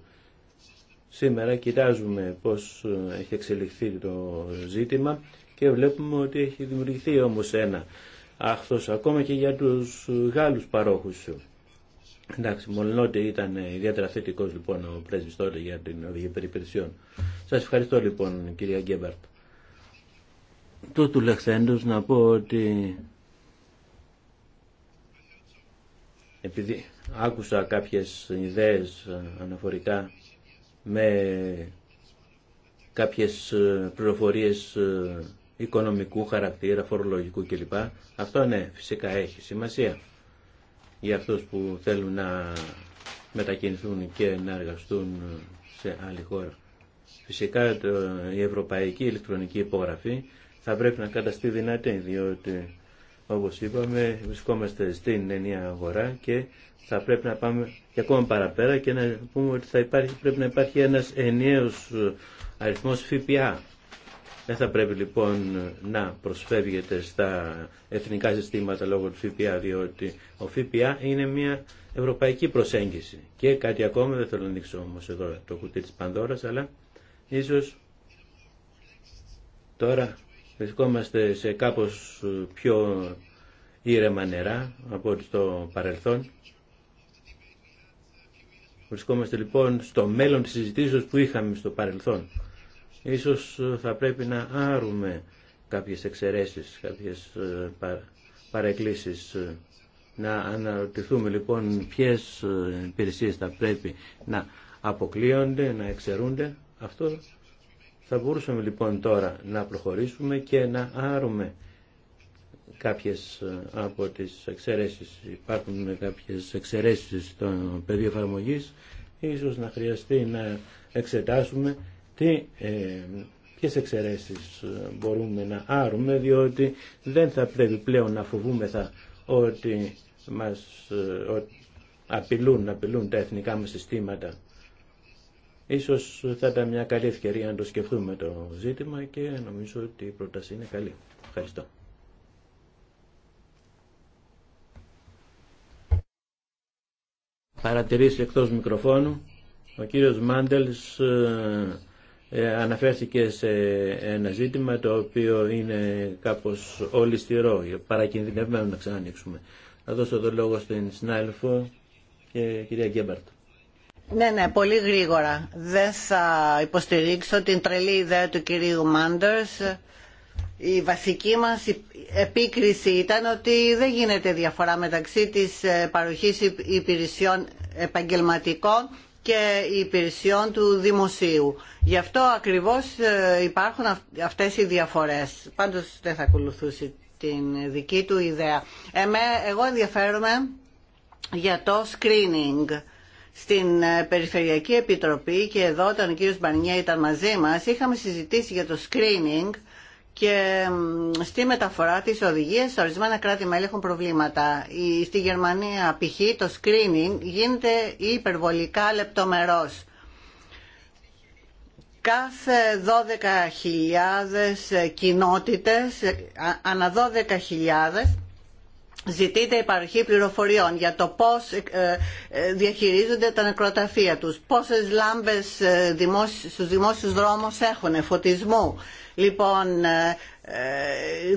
Σήμερα κοιτάζουμε πώς έχει εξελιχθεί το ζήτημα και βλέπουμε ότι έχει δημιουργηθεί όμως ένα άχθος ακόμα και για τους Γάλλους παρόχους. Εντάξει, μολονότι ήταν ιδιαίτερα θετικό λοιπόν ο πρέσβη τότε για την οδηγία περιπηρεσιών. Σα ευχαριστώ λοιπόν κυρία Γκέμπαρτ. Του λεχθέντο να πω ότι επειδή άκουσα κάποιες ιδέες αναφορικά με κάποιες πληροφορίες οικονομικού χαρακτήρα, φορολογικού κλπ. Αυτό ναι, φυσικά έχει σημασία για αυτούς που θέλουν να μετακινηθούν και να εργαστούν σε άλλη χώρα. Φυσικά η ευρωπαϊκή ηλεκτρονική υπογραφή θα πρέπει να καταστεί δυνατή, διότι όπως είπαμε βρισκόμαστε στην ενιαία αγορά και θα πρέπει να πάμε και ακόμα παραπέρα και να πούμε ότι θα υπάρχει, πρέπει να υπάρχει ένας ενιαίος αριθμός ΦΠΑ δεν θα πρέπει λοιπόν να προσφεύγεται στα εθνικά συστήματα λόγω του ΦΠΑ, διότι ο ΦΠΑ είναι μια ευρωπαϊκή προσέγγιση. Και κάτι ακόμα, δεν θέλω να δείξω όμω εδώ το κουτί τη Πανδώρα, αλλά ίσω τώρα βρισκόμαστε σε κάπω πιο ήρεμα νερά από ό,τι στο παρελθόν. Βρισκόμαστε λοιπόν στο μέλλον της συζητήσεως που είχαμε στο παρελθόν. Ίσως ε, θα πρέπει να άρουμε κάποιες εξαιρέσεις, κάποιες ε, παρεκκλήσεις. Ε. Να αναρωτηθούμε λοιπόν ποιες υπηρεσίες θα πρέπει να αποκλείονται, να εξαιρούνται. Αυτό θα μπορούσαμε λοιπόν τώρα να προχωρήσουμε και να άρουμε κάποιες από τις εξαιρέσεις. Υπάρχουν κάποιες εξαιρέσεις στο πεδίο εφαρμογή ίσως να χρειαστεί να εξετάσουμε τι, ε, ποιες εξαιρέσεις ε, μπορούμε να άρουμε διότι δεν θα πρέπει πλέον να φοβούμεθα ότι μας ε, ότι απειλούν, απειλούν τα εθνικά μας συστήματα. Ίσως θα ήταν μια καλή ευκαιρία να το σκεφτούμε το ζήτημα και νομίζω ότι η πρόταση είναι καλή. Ευχαριστώ. Παρατηρήσει εκτός μικροφώνου. Ο κύριος Μάντελς ε, ε, αναφέρθηκε σε ένα ζήτημα το οποίο είναι κάπως ολιστηρό, παρακινδυνευμένο να ξανανοίξουμε. Θα δώσω το λόγο στην συνάδελφο και ε, κυρία Γκέμπαρτ. Ναι, ναι, πολύ γρήγορα. Δεν θα υποστηρίξω την τρελή ιδέα του κυρίου Μάντερς. Η βασική μας επίκριση ήταν ότι δεν γίνεται διαφορά μεταξύ της ε, παροχής υπηρεσιών επαγγελματικών και υπηρεσιών του δημοσίου. Γι' αυτό ακριβώς ε, υπάρχουν αυτές οι διαφορές. Πάντως δεν θα ακολουθούσε την δική του ιδέα. εγώ ενδιαφέρομαι για το screening. Στην ε, Περιφερειακή Επιτροπή και εδώ όταν ο κύριος Μπανιέ ήταν μαζί μας είχαμε συζητήσει για το screening και στη μεταφορά της οδηγίας ορισμένα κράτη-μέλη έχουν προβλήματα. Στη Γερμανία π.χ. το screening γίνεται υπερβολικά λεπτομερός. Κάθε 12.000 κοινότητες, ανά 12.000 Ζητείται υπαρχή πληροφοριών για το πώς ε, ε, διαχειρίζονται τα νεκροταφεία τους, πόσες λάμπες ε, στους δημόσιους δρόμους έχουν φωτισμού. Λοιπόν,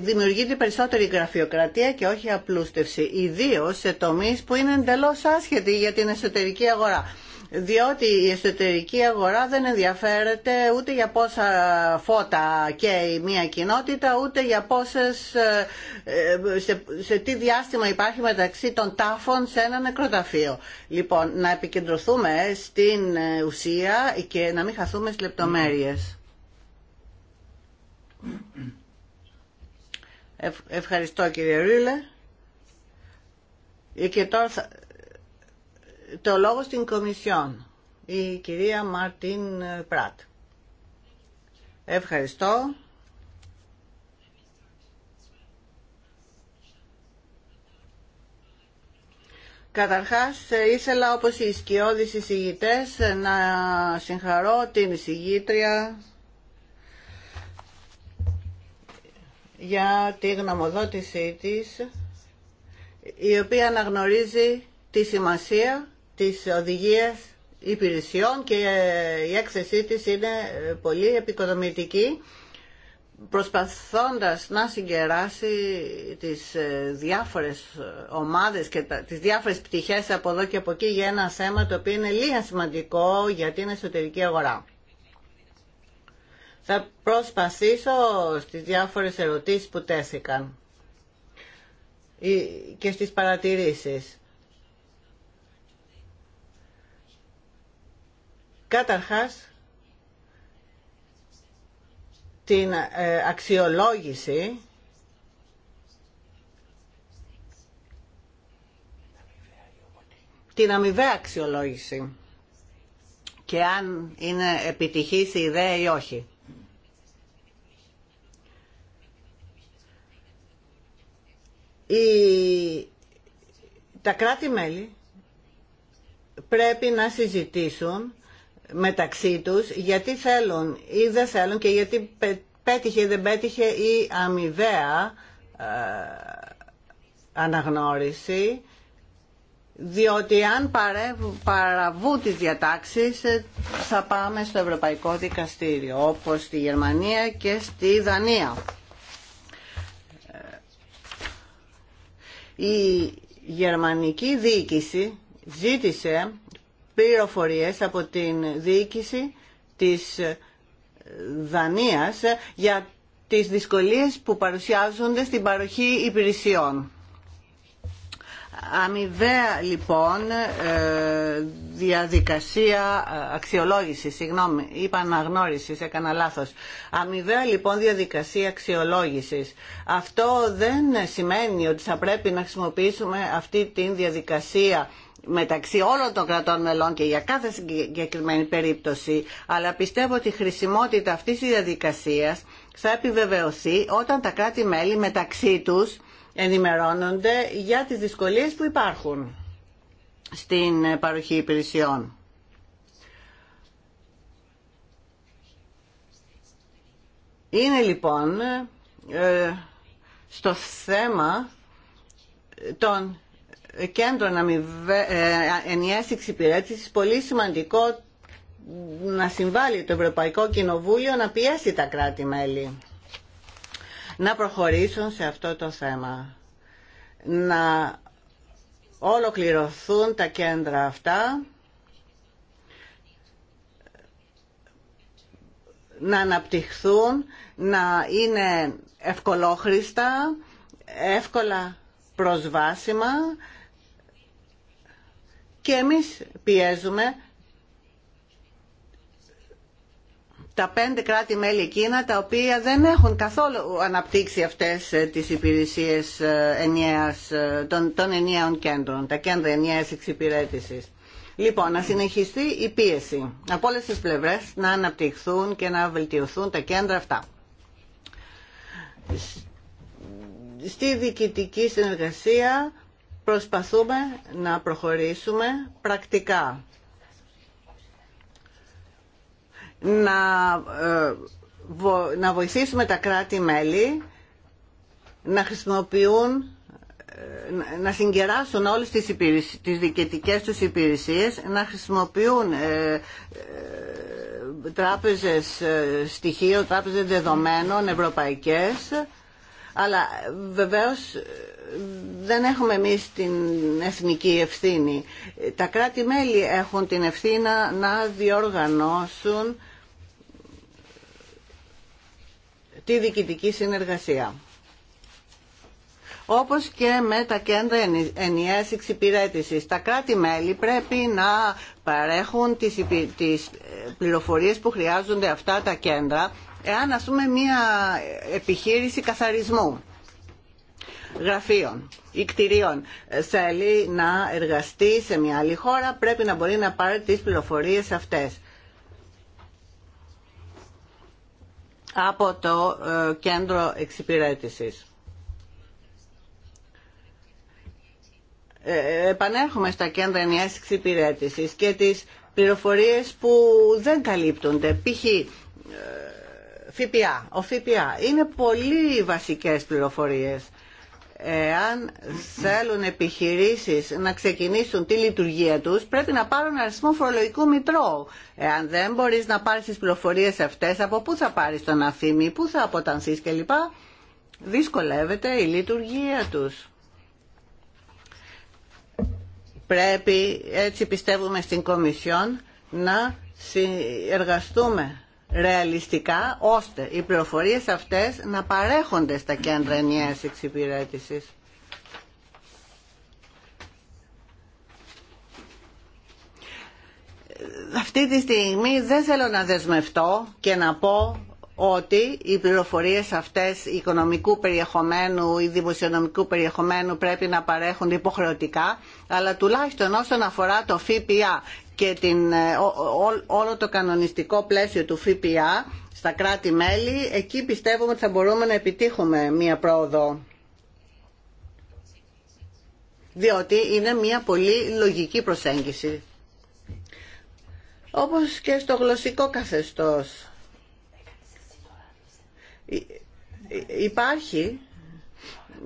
δημιουργείται περισσότερη γραφειοκρατία και όχι απλούστευση, ιδίως σε τομείς που είναι εντελώς άσχετοι για την εσωτερική αγορά διότι η εσωτερική αγορά δεν ενδιαφέρεται ούτε για πόσα φώτα καίει μία κοινότητα, ούτε για πόσες, ε, ε, σε, σε τι διάστημα υπάρχει μεταξύ των τάφων σε ένα νεκροταφείο. Λοιπόν, να επικεντρωθούμε στην ε, ουσία και να μην χαθούμε στις λεπτομέρειες. Ευχαριστώ κύριε Ρίλε. Και τώρα το λόγο στην Κομισιόν, η κυρία Μαρτίν Πράτ. Ευχαριστώ. Καταρχάς ήθελα όπως οι σκιώδεις εισηγητές να συγχαρώ την εισηγήτρια για τη γνωμοδότησή της η οποία αναγνωρίζει τη σημασία της οδηγίας υπηρεσιών και η έκθεσή της είναι πολύ επικοδομητική προσπαθώντας να συγκεράσει τις ε, διάφορες ομάδες και τις διάφορες πτυχές από εδώ και από εκεί για ένα θέμα το οποίο είναι λίγα σημαντικό για την εσωτερική αγορά. Θα προσπαθήσω στις διάφορες ερωτήσεις που τέθηκαν ε, και στις παρατηρήσεις. Καταρχάς, την ε, αξιολόγηση την αμοιβαία αξιολόγηση και αν είναι επιτυχής η ιδέα ή όχι. Τα κράτη-μέλη πρέπει να συζητήσουν μεταξύ τους γιατί θέλουν ή δεν θέλουν και γιατί πέτυχε ή δεν πέτυχε η αμοιβαία ε, αναγνώριση διότι αν παραβούν τις διατάξεις ε, θα πάμε στο Ευρωπαϊκό Δικαστήριο όπως στη Γερμανία και στη Δανία. Ε, η γερμανική διοίκηση ζήτησε πληροφορίες από την διοίκηση της Δανίας για τις δυσκολίες που παρουσιάζονται στην παροχή υπηρεσιών. Αμοιβαία λοιπόν ε, διαδικασία αξιολόγησης, συγγνώμη, είπα αναγνώριση, έκανα λάθος. Αμοιβαία λοιπόν διαδικασία αξιολόγησης. Αυτό δεν σημαίνει ότι θα πρέπει να χρησιμοποιήσουμε αυτή τη διαδικασία μεταξύ όλων των κρατών μελών και για κάθε συγκεκριμένη περίπτωση, αλλά πιστεύω ότι η χρησιμότητα αυτής της διαδικασίας θα επιβεβαιωθεί όταν τα κράτη-μέλη μεταξύ τους ενημερώνονται για τις δυσκολίες που υπάρχουν στην παροχή υπηρεσιών. Είναι λοιπόν ε, στο θέμα των Κέντρο αμοιβε... Ε, εξυπηρέτηση, εξυπηρέτησης πολύ σημαντικό να συμβάλλει το Ευρωπαϊκό Κοινοβούλιο να πιέσει τα κράτη-μέλη να προχωρήσουν σε αυτό το θέμα να ολοκληρωθούν τα κέντρα αυτά να αναπτυχθούν να είναι ευκολόχρηστα εύκολα προσβάσιμα και εμείς πιέζουμε τα πέντε κράτη-μέλη εκείνα τα οποία δεν έχουν καθόλου αναπτύξει αυτές ε, τις υπηρεσίες ε, ενιαίας, ε, των, των ενιαίων κέντρων, τα κέντρα ενιαίας εξυπηρέτησης. Λοιπόν, να συνεχιστεί η πίεση από όλες τις πλευρές να αναπτυχθούν και να βελτιωθούν τα κέντρα αυτά. Στη διοικητική συνεργασία προσπαθούμε να προχωρήσουμε πρακτικά. Να, ε, να βοηθήσουμε τα κράτη-μέλη να χρησιμοποιούν ε, να συγκεράσουν όλες τις, τις διοικητικές τους υπηρεσίες, να χρησιμοποιούν ε, ε τράπεζες στοιχείων, τράπεζες δεδομένων ευρωπαϊκές, αλλά βεβαίως δεν έχουμε εμείς την εθνική ευθύνη. Τα κράτη-μέλη έχουν την ευθύνα να διοργανώσουν τη διοικητική συνεργασία. Όπως και με τα κέντρα ενιαίας εξυπηρέτησης. Τα κράτη-μέλη πρέπει να παρέχουν τις πληροφορίες που χρειάζονται αυτά τα κέντρα εάν ας πούμε μια επιχείρηση καθαρισμού γραφείων ή κτηρίων ε, θέλει να εργαστεί σε μια άλλη χώρα, πρέπει να μπορεί να πάρει τις πληροφορίες αυτές. από το ε, κέντρο εξυπηρέτησης. Ε, επανέρχομαι στα κέντρα ενιαίας εξυπηρέτησης και τις πληροφορίες που δεν καλύπτονται. Π.χ. ΦΠΑ. Ο ΦΠΑ είναι πολύ βασικές πληροφορίες εάν θέλουν επιχειρήσεις να ξεκινήσουν τη λειτουργία τους πρέπει να πάρουν αριθμό φορολογικού μητρώου. Εάν δεν μπορείς να πάρεις τις πληροφορίες αυτές από πού θα πάρεις τον αφήμι, πού θα αποτανθείς κλπ. Δυσκολεύεται η λειτουργία τους. Πρέπει, έτσι πιστεύουμε στην Κομισιόν, να συνεργαστούμε ρεαλιστικά ώστε οι πληροφορίες αυτές να παρέχονται στα κέντρα ενιαίας εξυπηρέτησης. Αυτή τη στιγμή δεν θέλω να δεσμευτώ και να πω ότι οι πληροφορίες αυτές οικονομικού περιεχομένου ή δημοσιονομικού περιεχομένου πρέπει να παρέχουν υποχρεωτικά, αλλά τουλάχιστον όσον αφορά το ΦΠΑ και την, ε, όλο το κανονιστικό πλαίσιο του ΦΠΑ στα κράτη-μέλη, εκεί πιστεύουμε ότι θα μπορούμε να επιτύχουμε μία πρόοδο. Διότι είναι μία πολύ λογική προσέγγιση. Όπως και στο γλωσσικό καθεστώς Υπάρχει,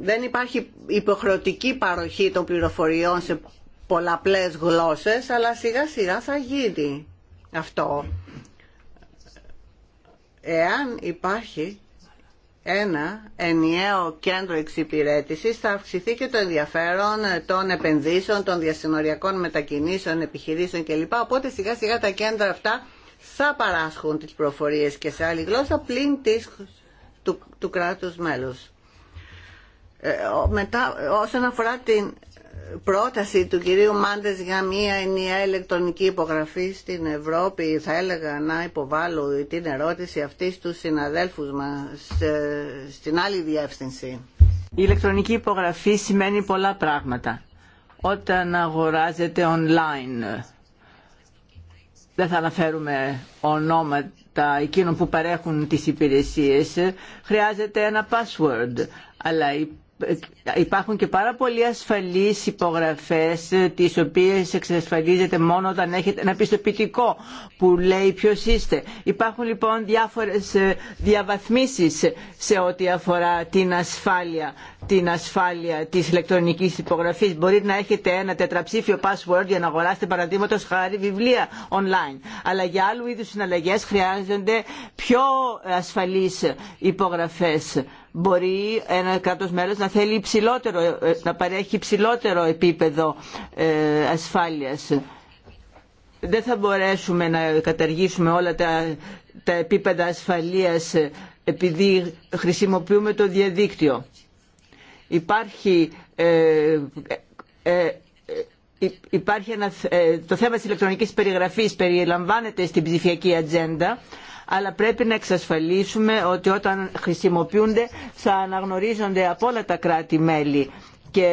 δεν υπάρχει υποχρεωτική παροχή των πληροφοριών σε πολλαπλές γλώσσες, αλλά σιγά σιγά θα γίνει αυτό. Εάν υπάρχει ένα ενιαίο κέντρο εξυπηρέτησης θα αυξηθεί και το ενδιαφέρον των επενδύσεων, των διασυνοριακών μετακινήσεων, επιχειρήσεων κλπ. Οπότε σιγά σιγά τα κέντρα αυτά θα παράσχουν τις προφορίες και σε άλλη γλώσσα πλην της του, του κράτους μέλους. Ε, μετά, όσον αφορά την πρόταση του κυρίου Μάντες για μια ενιαία ηλεκτρονική υπογραφή στην Ευρώπη, θα έλεγα να υποβάλω την ερώτηση αυτή στους συναδέλφους μας ε, στην άλλη διεύθυνση. Η ηλεκτρονική υπογραφή σημαίνει πολλά πράγματα. Όταν αγοράζεται online, ε, δεν θα αναφέρουμε ονόματα τα εκείνων που παρέχουν τις υπηρεσίες χρειάζεται ένα password αλλά υπάρχουν και πάρα πολλοί ασφαλείς υπογραφές τις οποίες εξασφαλίζεται μόνο όταν έχετε ένα πιστοποιητικό που λέει ποιος είστε. Υπάρχουν λοιπόν διάφορες ε, διαβαθμίσεις σε ό,τι αφορά την ασφάλεια την ασφάλεια της ηλεκτρονικής υπογραφής. Μπορείτε να έχετε ένα τετραψήφιο password για να αγοράσετε παραδείγματο χάρη βιβλία online. Αλλά για άλλου είδους συναλλαγές χρειάζονται πιο ασφαλείς υπογραφές μπορεί ένα κράτο μέλο να θέλει υψηλότερο, ε, να παρέχει υψηλότερο επίπεδο ε, ασφάλειας. Δεν θα μπορέσουμε να καταργήσουμε όλα τα, τα επίπεδα ασφαλείας ε, επειδή χρησιμοποιούμε το διαδίκτυο. Υπάρχει, υπάρχει το θέμα της ηλεκτρονικής περιγραφής περιλαμβάνεται στην ψηφιακή ατζέντα αλλά πρέπει να εξασφαλίσουμε ότι όταν χρησιμοποιούνται θα αναγνωρίζονται από όλα τα κράτη-μέλη και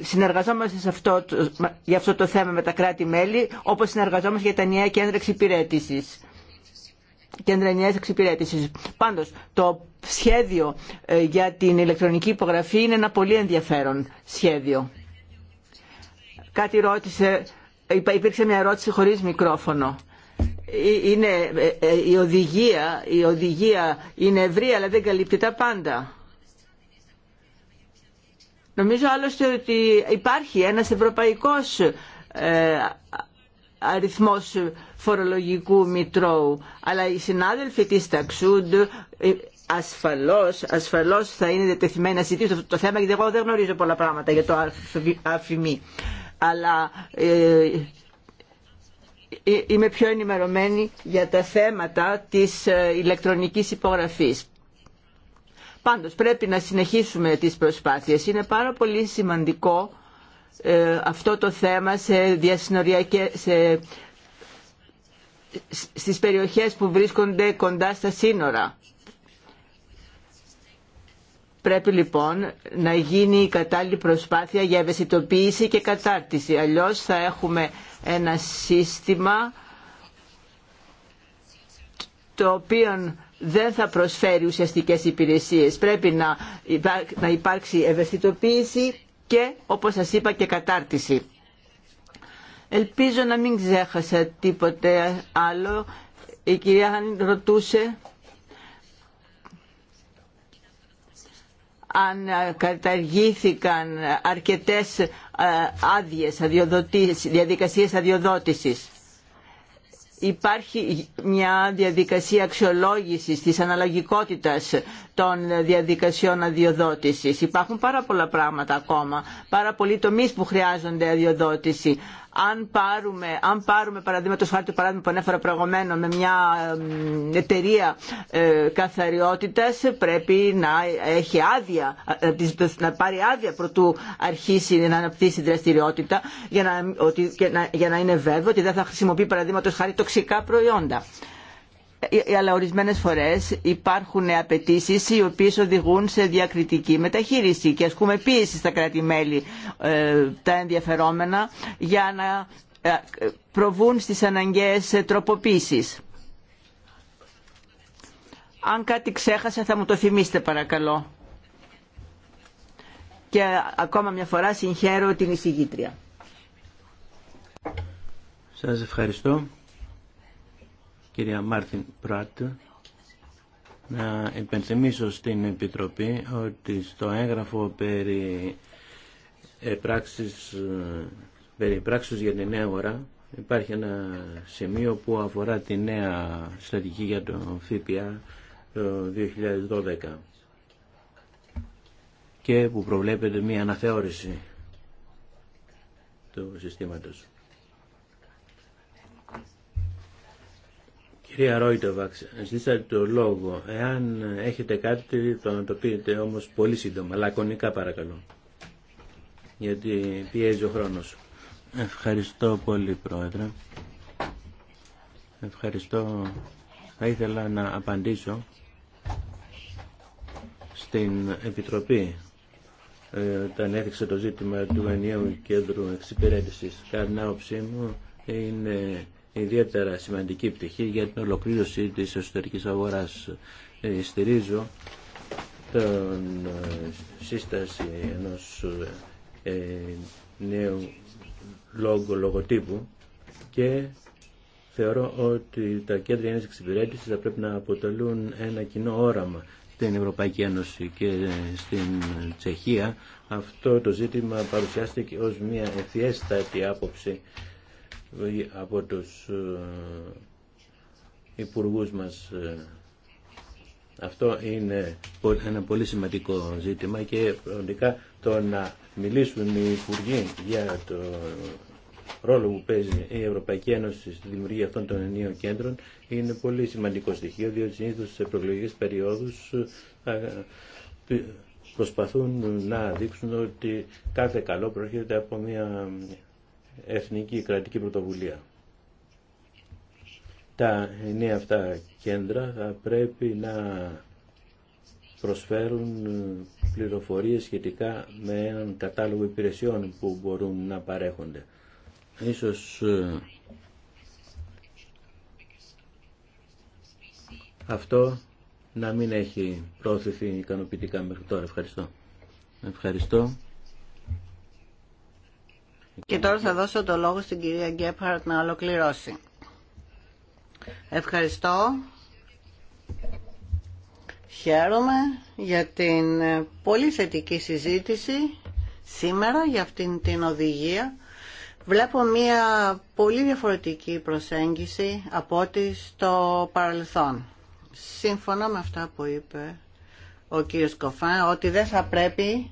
συνεργαζόμαστε σε αυτό, για αυτό το θέμα με τα κράτη-μέλη όπως συνεργαζόμαστε για τα νέα κέντρα εξυπηρέτησης. Κέντρα εξυπηρέτησης. Πάντως, το σχέδιο ε, για την ηλεκτρονική υπογραφή είναι ένα πολύ ενδιαφέρον σχέδιο. Κάτι ρώτησε, υπήρξε μια ερώτηση χωρίς μικρόφωνο είναι, ε, ε, η, οδηγία, η οδηγία είναι ευρύ αλλά δεν καλύπτει τα πάντα. Νομίζω άλλωστε ότι υπάρχει ένας ευρωπαϊκός ε, αριθμός φορολογικού μητρώου αλλά οι συνάδελφοι της Ταξούντ ε, ασφαλώς, ασφαλώς θα είναι διατεθειμένοι να ζητήσουν αυτό το θέμα γιατί εγώ δεν γνωρίζω πολλά πράγματα για το αφημί. Αλλά ε, είμαι πιο ενημερωμένη για τα θέματα της ε, ηλεκτρονικής υπογραφής. Πάντως πρέπει να συνεχίσουμε τις προσπάθειες. Είναι πάρα πολύ σημαντικό ε, αυτό το θέμα σε διασυνοριακές, στις περιοχές που βρίσκονται κοντά στα σύνορα. Πρέπει λοιπόν να γίνει η κατάλληλη προσπάθεια για ευαισθητοποίηση και κατάρτιση. Αλλιώς θα έχουμε ένα σύστημα το οποίο δεν θα προσφέρει ουσιαστικές υπηρεσίες. Πρέπει να υπάρξει ευαισθητοποίηση και όπως σας είπα και κατάρτιση. Ελπίζω να μην ξέχασα τίποτε άλλο. Η κυρία ρωτούσε αν ε, καταργήθηκαν αρκετές ε, άδειες, διαδικασίες αδειοδότησης. Υπάρχει μια διαδικασία αξιολόγησης της αναλογικότητας των διαδικασιών αδειοδότησης. Υπάρχουν πάρα πολλά πράγματα ακόμα, πάρα πολλοί τομείς που χρειάζονται αδειοδότηση αν πάρουμε, αν πάρουμε παραδείγματος χάρη το παράδειγμα που ανέφερα προηγουμένως με μια εταιρεία ε, καθαριότητας πρέπει να έχει άδεια, ε, να πάρει άδεια προτού αρχίσει να αναπτύσσει δραστηριότητα για να, ότι, να, για να είναι βέβαιο ότι δεν θα χρησιμοποιεί παραδείγματος χάρη τοξικά προϊόντα. Ε, αλλά ορισμένες φορές υπάρχουν απαιτήσει οι οποίες οδηγούν σε διακριτική μεταχείριση και ασκούμε πίεση στα κράτη-μέλη ε, τα ενδιαφερόμενα για να ε, προβούν στις αναγκαίες τροποποίησης. Αν κάτι ξέχασα θα μου το θυμίστε παρακαλώ. Και ακόμα μια φορά συγχαίρω την εισηγήτρια. Σας ευχαριστώ κυρία Μάρτιν Πράτ να υπενθυμίσω στην Επιτροπή ότι στο έγγραφο περί πράξης, για την νέα αγορά υπάρχει ένα σημείο που αφορά τη νέα στρατηγική για το ΦΠΑ το 2012 και που προβλέπεται μια αναθεώρηση του συστήματος. Κυρία Ρόιτοβαξ, ζήσατε το λόγο. Εάν έχετε κάτι, το να το πείτε όμως πολύ σύντομα, λακωνικά παρακαλώ. Γιατί πιέζει ο χρόνος. Ευχαριστώ πολύ, Πρόεδρε. Ευχαριστώ. Θα ήθελα να απαντήσω στην Επιτροπή ε, όταν έδειξε το ζήτημα του ενιαίου κέντρου εξυπηρέτησης. Κατά άποψή μου είναι ιδιαίτερα σημαντική πτυχή για την ολοκλήρωση της εσωτερικής αγοράς. Ε, στηρίζω τον ε, σύσταση ενός ε, νέου λόγου, λογοτύπου και θεωρώ ότι τα κέντρα ενός εξυπηρέτησης θα πρέπει να αποτελούν ένα κοινό όραμα στην Ευρωπαϊκή Ένωση και στην Τσεχία. Αυτό το ζήτημα παρουσιάστηκε ως μια ευθιέστατη άποψη από τους ε, υπουργούς μας. Ε. Αυτό είναι ένα πολύ σημαντικό ζήτημα και πραγματικά το να μιλήσουν οι υπουργοί για το ρόλο που παίζει η Ευρωπαϊκή Ένωση στη δημιουργία αυτών των ενίων κέντρων είναι πολύ σημαντικό στοιχείο, διότι συνήθω σε προεκλογικέ περιόδους ε, προσπαθούν να δείξουν ότι κάθε καλό προέρχεται από μια εθνική κρατική πρωτοβουλία. Τα εννέα αυτά κέντρα θα πρέπει να προσφέρουν πληροφορίες σχετικά με έναν κατάλογο υπηρεσιών που μπορούν να παρέχονται. Ίσως ε, αυτό να μην έχει πρόθεση ικανοποιητικά μέχρι τώρα. Ευχαριστώ. Ευχαριστώ. Και τώρα θα δώσω το λόγο στην κυρία Γκέπχαρτ να ολοκληρώσει. Ευχαριστώ. Χαίρομαι για την πολύ θετική συζήτηση σήμερα για αυτήν την οδηγία. Βλέπω μία πολύ διαφορετική προσέγγιση από ό,τι στο παρελθόν. Σύμφωνα με αυτά που είπε ο κύριος Κοφά ότι δεν θα πρέπει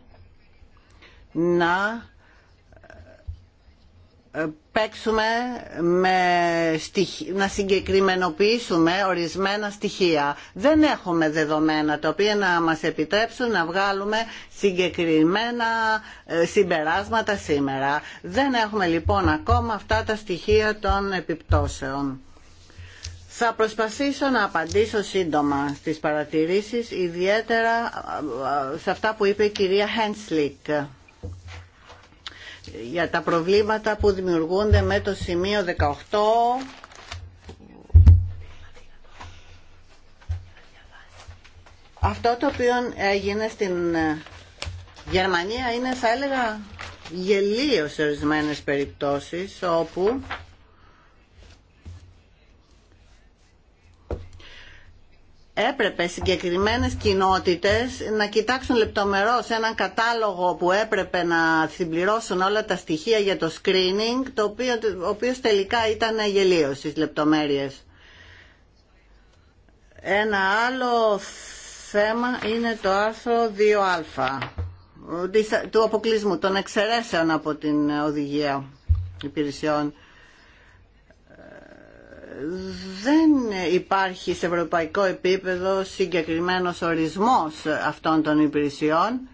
να παίξουμε με να συγκεκριμενοποιήσουμε ορισμένα στοιχεία. Δεν έχουμε δεδομένα τα οποία να μας επιτρέψουν να βγάλουμε συγκεκριμένα ε, συμπεράσματα σήμερα. Δεν έχουμε λοιπόν ακόμα αυτά τα στοιχεία των επιπτώσεων. Θα προσπαθήσω να απαντήσω σύντομα στις παρατηρήσεις, ιδιαίτερα ε, ε, σε αυτά που είπε η κυρία Χένσλικ για τα προβλήματα που δημιουργούνται με το σημείο 18 Αυτό το οποίο έγινε στην ε, Γερμανία είναι θα έλεγα γελίο σε ορισμένε περιπτώσεις όπου έπρεπε συγκεκριμένες κοινότητες να κοιτάξουν λεπτομερώς έναν κατάλογο που έπρεπε να συμπληρώσουν όλα τα στοιχεία για το screening, το οποίο, ο οποίος τελικά ήταν αγελίος στις λεπτομέρειες. Ένα άλλο θέμα είναι το άρθρο 2α του αποκλεισμού των εξαιρέσεων από την οδηγία υπηρεσιών δεν υπάρχει σε ευρωπαϊκό επίπεδο συγκεκριμένος ορισμός αυτών των υπηρεσιών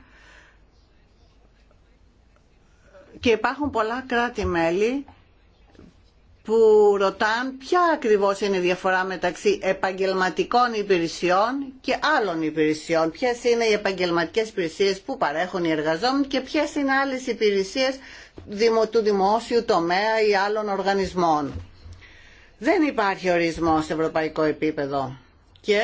και υπάρχουν πολλά κράτη-μέλη που ρωτάν ποια ακριβώς είναι η διαφορά μεταξύ επαγγελματικών υπηρεσιών και άλλων υπηρεσιών. Ποιες είναι οι επαγγελματικές υπηρεσίες που παρέχουν οι εργαζόμενοι και ποιες είναι άλλες υπηρεσίες του δημόσιου τομέα ή άλλων οργανισμών. Δεν υπάρχει ορισμό σε ευρωπαϊκό επίπεδο. Και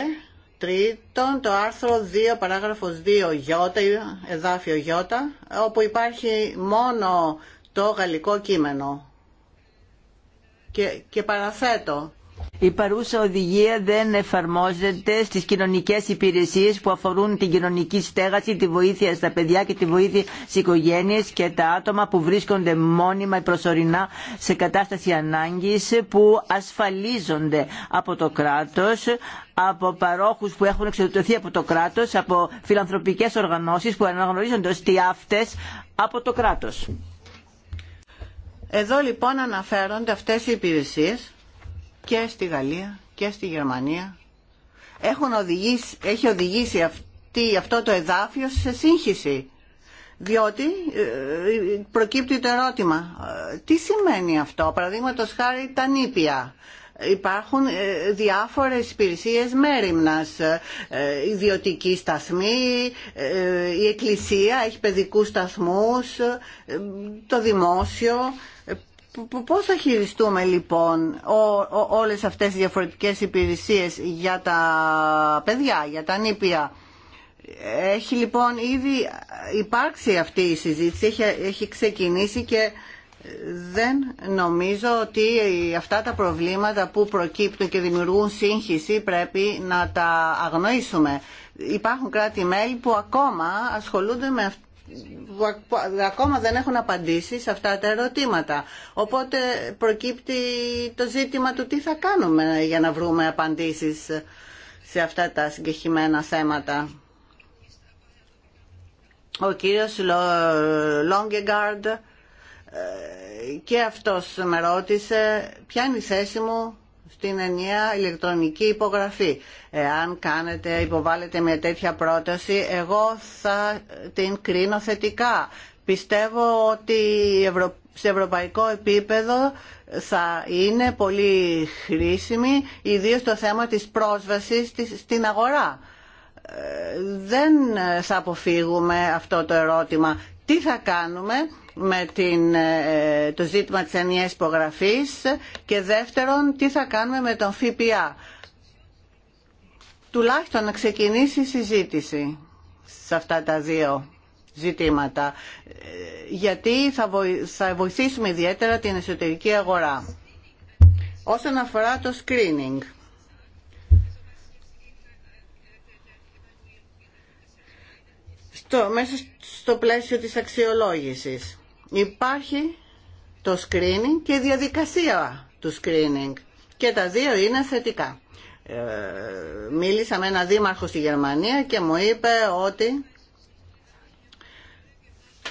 τρίτον το άρθρο 2 παράγραφος 2 γιώτα, εδάφιο γιώτα, όπου υπάρχει μόνο το γαλλικό κείμενο. Και, και παραθέτω η παρούσα οδηγία δεν εφαρμόζεται στις κοινωνικές υπηρεσίες που αφορούν την κοινωνική στέγαση, τη βοήθεια στα παιδιά και τη βοήθεια στις οικογένειες και τα άτομα που βρίσκονται μόνιμα ή προσωρινά σε κατάσταση ανάγκης που ασφαλίζονται από το κράτος, από παρόχους που έχουν εξοδοτηθεί από το κράτος, από φιλανθρωπικές οργανώσεις που αναγνωρίζονται ως αυτές από το κράτος. Εδώ λοιπόν αναφέρονται αυτές οι υπηρεσίες και στη Γαλλία και στη Γερμανία έχουν οδηγήσει, έχει οδηγήσει αυτή, αυτό το εδάφιο σε σύγχυση. Διότι ε, προκύπτει το ερώτημα, ε, τι σημαίνει αυτό, παραδείγματο χάρη τα νήπια. Υπάρχουν ε, διάφορες υπηρεσίε μέρημνας, ιδιωτική σταθμή, η εκκλησία έχει παιδικούς σταθμούς, το δημόσιο, Πώς θα χειριστούμε λοιπόν όλες αυτές τις διαφορετικές υπηρεσίες για τα παιδιά, για τα νήπια. Έχει λοιπόν ήδη υπάρξει αυτή η συζήτηση, έχει, έχει ξεκινήσει και δεν νομίζω ότι αυτά τα προβλήματα που προκύπτουν και δημιουργούν σύγχυση πρέπει να τα αγνοήσουμε. Υπάρχουν κράτη-μέλη που ακόμα ασχολούνται με αυτό ακόμα δεν έχουν απαντήσει σε αυτά τα ερωτήματα. Οπότε προκύπτει το ζήτημα του τι θα κάνουμε για να βρούμε απαντήσεις σε αυτά τα συγκεχημένα θέματα. Ο κύριος Λόγκεγκάρντ ε, και αυτός με ρώτησε ποια είναι η θέση μου την ενιαία ηλεκτρονική υπογραφή. Εάν κάνετε, υποβάλλετε μια τέτοια πρόταση, εγώ θα την κρίνω θετικά. Πιστεύω ότι σε ευρωπαϊκό επίπεδο θα είναι πολύ χρήσιμη, ιδίως το θέμα της πρόσβασης στην αγορά. Ε, δεν θα αποφύγουμε αυτό το ερώτημα τι θα κάνουμε με την, ε, το ζήτημα της ενιαίας υπογραφής και δεύτερον τι θα κάνουμε με τον ΦΠΑ. Τουλάχιστον να ξεκινήσει η συζήτηση σε αυτά τα δύο ζητήματα ε, γιατί θα βοηθήσουμε ιδιαίτερα την εσωτερική αγορά. Όσον αφορά το screening στο, μέσα στο πλαίσιο της αξιολόγησης. Υπάρχει το screening και η διαδικασία του screening και τα δύο είναι θετικά. Ε, μίλησα με έναν δήμαρχο στη Γερμανία και μου είπε ότι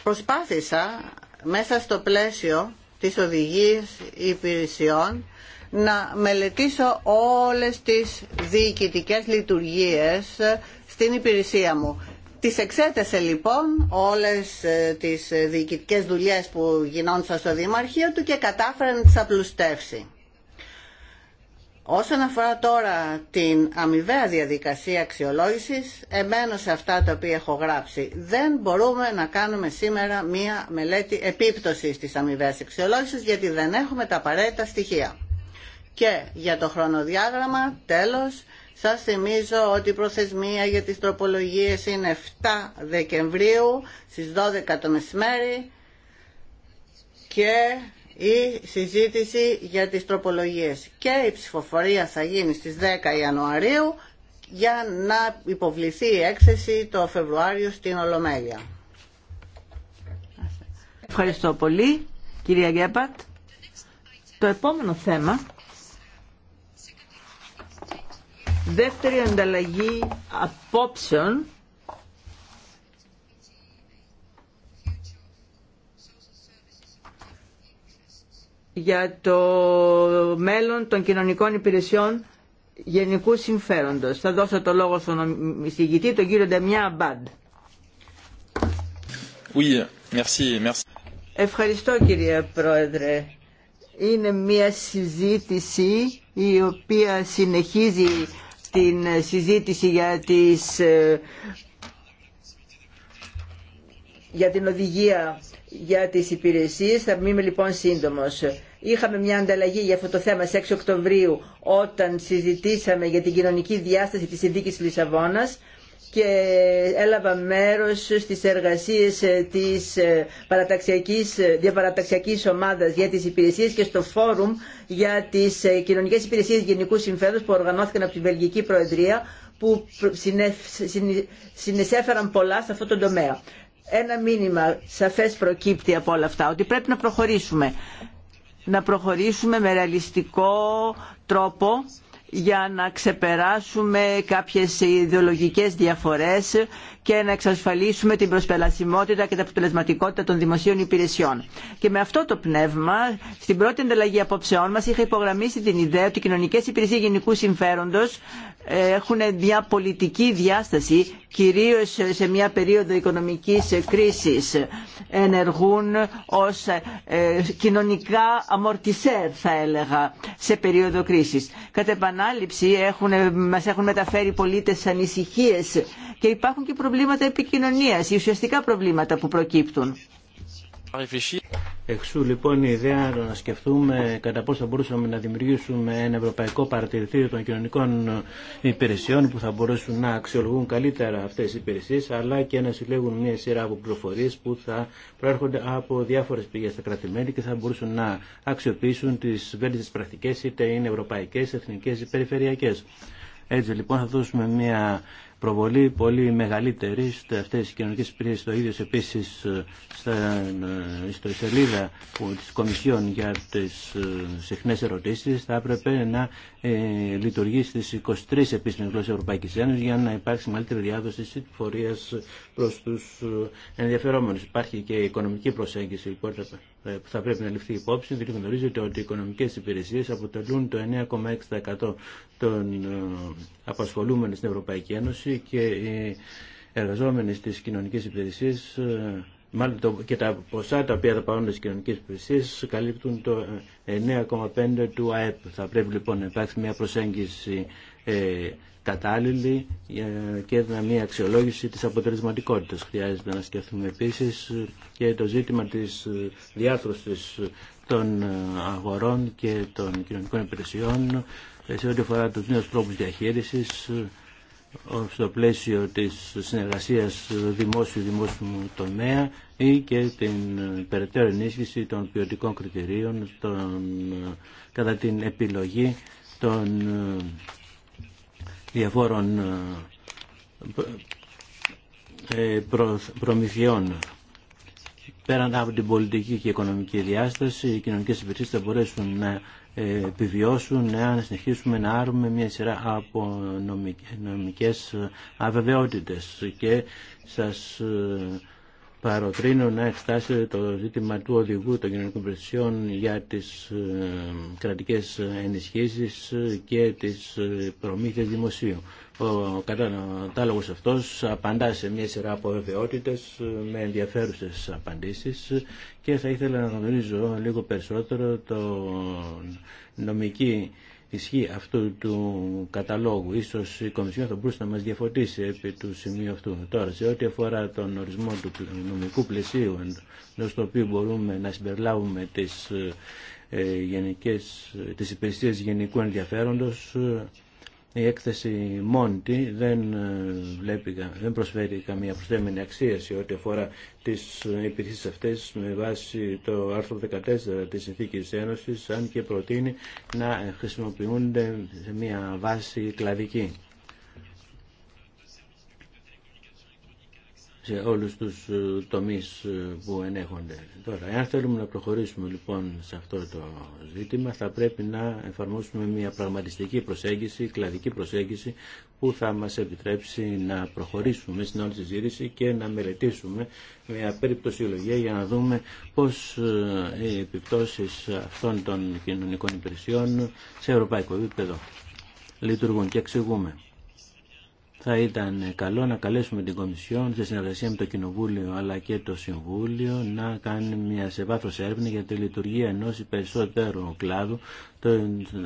προσπάθησα μέσα στο πλαίσιο της οδηγίας υπηρεσιών να μελετήσω όλες τις διοικητικές λειτουργίες στην υπηρεσία μου Τις εξέτασε λοιπόν όλες ε, τις ε, διοικητικές δουλειές που γινόντουσαν στο Δήμαρχείο του και κατάφερε να τις απλουστεύσει. Όσον αφορά τώρα την αμοιβαία διαδικασία αξιολόγησης, εμένω σε αυτά τα οποία έχω γράψει. Δεν μπορούμε να κάνουμε σήμερα μία μελέτη επίπτωσης της αμοιβαίας αξιολόγησης, γιατί δεν έχουμε τα απαραίτητα στοιχεία. Και για το χρονοδιάγραμμα, τέλος, σας θυμίζω ότι η προθεσμία για τις τροπολογίες είναι 7 Δεκεμβρίου στις 12 το μεσημέρι και η συζήτηση για τις τροπολογίες. Και η ψηφοφορία θα γίνει στις 10 Ιανουαρίου για να υποβληθεί η έκθεση το Φεβρουάριο στην Ολομέλεια. Ευχαριστώ πολύ, κυρία Γκέπατ. Το επόμενο θέμα δεύτερη ανταλλαγή απόψεων για το μέλλον των κοινωνικών υπηρεσιών γενικού συμφέροντος. Θα δώσω το λόγο στον εισηγητή, τον κύριο Ντεμιά Αμπάντ. Ευχαριστώ κύριε Πρόεδρε. Είναι μια συζήτηση η οποία συνεχίζει στην συζήτηση για, τις, ε, για την οδηγία για τις υπηρεσίες. Θα μείνουμε λοιπόν σύντομος. Είχαμε μια ανταλλαγή για αυτό το θέμα σε 6 Οκτωβρίου όταν συζητήσαμε για την κοινωνική διάσταση της συνδίκης Λισαβόνας και έλαβα μέρος στις εργασίες ε, της ε, παραταξιακής, ε, διαπαραταξιακής ομάδας για τις υπηρεσίες και στο φόρουμ για τις κοινωνικές υπηρεσίες γενικού συμφέροντος που οργανώθηκαν από την Βελγική Προεδρία που συνεισέφεραν πολλά σε αυτό το τομέα. Ένα μήνυμα σαφές προκύπτει από όλα αυτά, ότι πρέπει να προχωρήσουμε. Να προχωρήσουμε με ρεαλιστικό τρόπο για να ξεπεράσουμε κάποιες ιδεολογικές διαφορές και να εξασφαλίσουμε την προσπελασιμότητα και την αποτελεσματικότητα των δημοσίων υπηρεσιών. Και με αυτό το πνεύμα, στην πρώτη ανταλλαγή απόψεών μα, είχα υπογραμμίσει την ιδέα ότι οι κοινωνικέ υπηρεσίε γενικού συμφέροντο ε, έχουν μια πολιτική διάσταση, κυρίω σε μια περίοδο οικονομική κρίση. Ενεργούν ω ε, κοινωνικά αμορτισέρ, θα έλεγα, σε περίοδο κρίση. Κατ' επανάληψη, μα έχουν μεταφέρει πολίτε ανησυχίε και υπάρχουν και προβλήματα προβλήματα επικοινωνίας, οι ουσιαστικά προβλήματα που προκύπτουν. Εξού λοιπόν η ιδέα να σκεφτούμε κατά πώ θα μπορούσαμε να δημιουργήσουμε ένα ευρωπαϊκό παρατηρητήριο των κοινωνικών υπηρεσιών που θα μπορούσαν να αξιολογούν καλύτερα αυτέ οι υπηρεσίε, αλλά και να συλλέγουν μια σειρά από πληροφορίε που θα προέρχονται από διάφορε πηγέ στα κρατημένη και θα μπορούσαν να αξιοποιήσουν τι βέλτιστε πρακτικέ είτε είναι ευρωπαϊκέ, εθνικέ ή περιφερειακέ. Έτσι λοιπόν θα δώσουμε μια προβολή πολύ μεγαλύτερη σε αυτές τι κοινωνικέ υπηρεσίε. Το ίδιο επίση ε, ε, στο σελίδα τη Κομισιόν για τις ε, συχνέ ερωτήσεις θα έπρεπε να ε, λειτουργεί στι 23 επίσημες γλώσσες Ευρωπαϊκής Ένωσης για να υπάρξει μεγαλύτερη διάδοση τη προ του ε, Υπάρχει και η οικονομική προσέγγιση που θα πρέπει να ληφθεί υπόψη, διότι γνωρίζετε ότι οι οικονομικέ υπηρεσίε αποτελούν το 9,6% των ε, απασχολούμενων στην Ευρωπαϊκή Ένωση και οι εργαζόμενοι στι κοινωνικέ υπηρεσίε. Ε, μάλλον και τα ποσά τα οποία θα παρούν στις κοινωνικέ υπηρεσίες καλύπτουν το 9,5 του ΑΕΠ. Θα πρέπει λοιπόν να υπάρξει μια προσέγγιση κατάλληλη ε, και μια αξιολόγηση της αποτελεσματικότητας. Χρειάζεται να σκεφτούμε επίσης και το ζήτημα της ε, διάρθρωσης των ε, αγορών και των κοινωνικών υπηρεσιών σε ό,τι αφορά τους νέους τρόπους διαχείρισης στο πλαίσιο της συνεργασίας δημόσιου-δημόσιου τομέα ή και την περαιτέρω ενίσχυση των ποιοτικών κριτηρίων κατά την επιλογή των διαφόρων ε, ε, προμηθειών. Πέραν από την πολιτική και οικονομική διάσταση, οι κοινωνικές υπηρεσίες θα μπορέσουν να ε, επιβιώσουν να συνεχίσουμε να άρουμε μια σειρά από νομικές αβεβαιότητες. Και σας παροτρύνω να εκτάσει το ζήτημα του οδηγού των κοινωνικών υπηρεσιών για τις ε, κρατικές ενισχύσεις και τις ε, προμήθειες δημοσίου. Ο κατάλογος αυτός απαντά σε μια σειρά από ευαιότητες ε, με ενδιαφέρουσες απαντήσεις και θα ήθελα να γνωρίζω λίγο περισσότερο το νομική ισχύ αυτού του καταλόγου. Ίσως η Κομισιόν θα μπορούσε να μας διαφωτίσει επί του σημείου αυτού. Τώρα, σε ό,τι αφορά τον ορισμό του νομικού πλαισίου, στο οποίο μπορούμε να συμπεριλάβουμε τις, ε, γενικές, ε, τις υπηρεσίες γενικού ενδιαφέροντος, η έκθεση Μόντι δεν, ε, βλέπει, δεν προσφέρει καμία προσθέμενη αξία σε ό,τι αφορά τις υπηρεσίες αυτές με βάση το άρθρο 14 της Συνθήκης Ένωσης, αν και προτείνει να χρησιμοποιούνται σε μια βάση κλαδική. σε όλους τους ε, τομείς ε, που ενέχονται. Τώρα, εάν θέλουμε να προχωρήσουμε λοιπόν σε αυτό το ζήτημα, θα πρέπει να εφαρμόσουμε μια πραγματιστική προσέγγιση, κλαδική προσέγγιση, που θα μας επιτρέψει να προχωρήσουμε στην όλη συζήτηση και να μελετήσουμε μια περίπτωση λογία για να δούμε πώς ε, οι επιπτώσεις αυτών των κοινωνικών υπηρεσιών σε ευρωπαϊκό επίπεδο λειτουργούν και εξηγούμε. Θα ήταν καλό να καλέσουμε την Κομισιόν σε συνεργασία με το Κοινοβούλιο αλλά και το Συμβούλιο να κάνει μια σε βάθος έρευνα για τη λειτουργία ενός περισσότερου κλάδου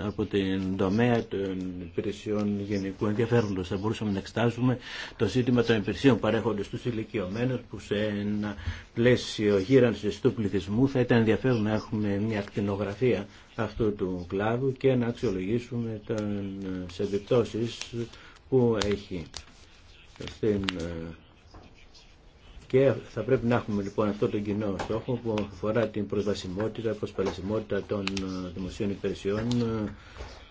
από την τομέα των υπηρεσιών γενικού ενδιαφέροντος. Θα μπορούσαμε να εξτάσουμε το ζήτημα των υπηρεσιών παρέχοντα στους ηλικιωμένους που σε ένα πλαίσιο γύρανσης του πληθυσμού θα ήταν ενδιαφέρον να έχουμε μια ακτινογραφία αυτού του κλάδου και να αξιολογήσουμε τι επιπτώσει που έχει στην ε, και θα πρέπει να έχουμε λοιπόν αυτό τον κοινό στόχο που αφορά την προσβασιμότητα, προσπαλασιμότητα των ε, δημοσίων υπηρεσιών ε,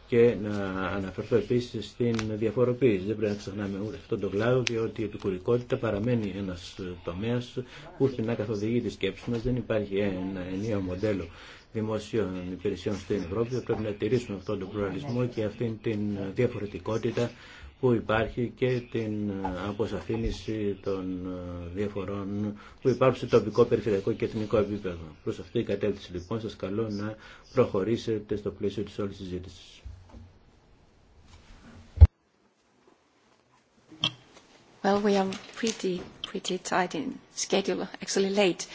και να αναφερθώ επίσης στην διαφοροποίηση. Δεν πρέπει να ξεχνάμε ούτε αυτόν τον κλάδο, διότι η επικουρικότητα παραμένει ένας τομέας που να καθοδηγεί τη σκέψη μα. Δεν υπάρχει ένα ενιαίο μοντέλο δημοσίων υπηρεσιών στην Ευρώπη. πρέπει να τηρήσουμε αυτόν τον πλουραλισμό και αυτήν την διαφορετικότητα που υπάρχει και την αποσαφήνιση των ε, διαφορών που υπάρχουν σε τοπικό, περιφερειακό και εθνικό επίπεδο. Προς αυτή η κατεύθυνση λοιπόν σας καλώ να προχωρήσετε στο πλαίσιο της όλη της Well, we are pretty, pretty in schedule, late.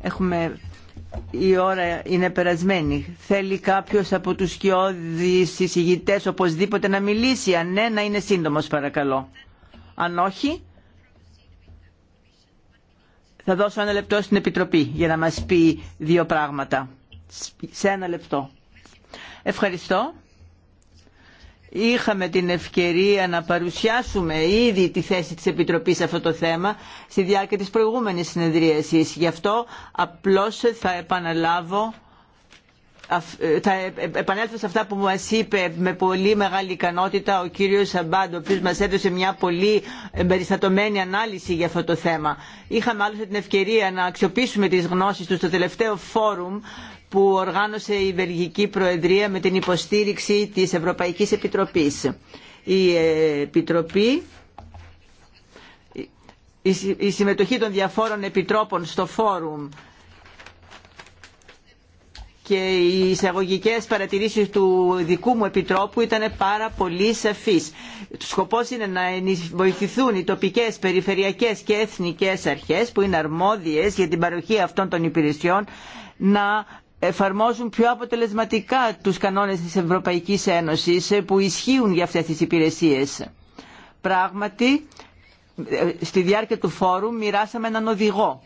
Έχουμε η ώρα είναι περασμένη. Θέλει κάποιος από του σκιώδει συζητητέ οπωσδήποτε να μιλήσει. Αν ναι, να είναι σύντομο, παρακαλώ. Αν όχι, θα δώσω ένα λεπτό στην Επιτροπή για να μας πει δύο πράγματα. Σε ένα λεπτό. Ευχαριστώ είχαμε την ευκαιρία να παρουσιάσουμε ήδη τη θέση της Επιτροπής σε αυτό το θέμα στη διάρκεια της προηγούμενης συνεδρίασης. Γι' αυτό απλώς θα επαναλάβω ε, θα ε, ε, επανέλθω σε αυτά που μας είπε με πολύ μεγάλη ικανότητα ο κύριος Σαμπάντο, ο οποίος μας έδωσε μια πολύ περιστατωμένη ανάλυση για αυτό το θέμα. Είχαμε άλλωστε την ευκαιρία να αξιοποιήσουμε τις γνώσεις του στο τελευταίο φόρουμ που οργάνωσε η Βελγική Προεδρία με την υποστήριξη της Ευρωπαϊκής Επιτροπής. Η ε, Επιτροπή η συμμετοχή των διαφόρων επιτρόπων στο φόρουμ και οι εισαγωγικέ παρατηρήσεις του δικού μου επιτρόπου ήταν πάρα πολύ σαφείς. Σκοπός είναι να βοηθηθούν οι τοπικές, περιφερειακές και εθνικές αρχές που είναι αρμόδιες για την παροχή αυτών των υπηρεσιών να εφαρμόζουν πιο αποτελεσματικά τους κανόνες της Ευρωπαϊκής Ένωσης ε, που ισχύουν για αυτές τις υπηρεσίες. Πράγματι, ε, στη διάρκεια του φόρου μοιράσαμε έναν οδηγό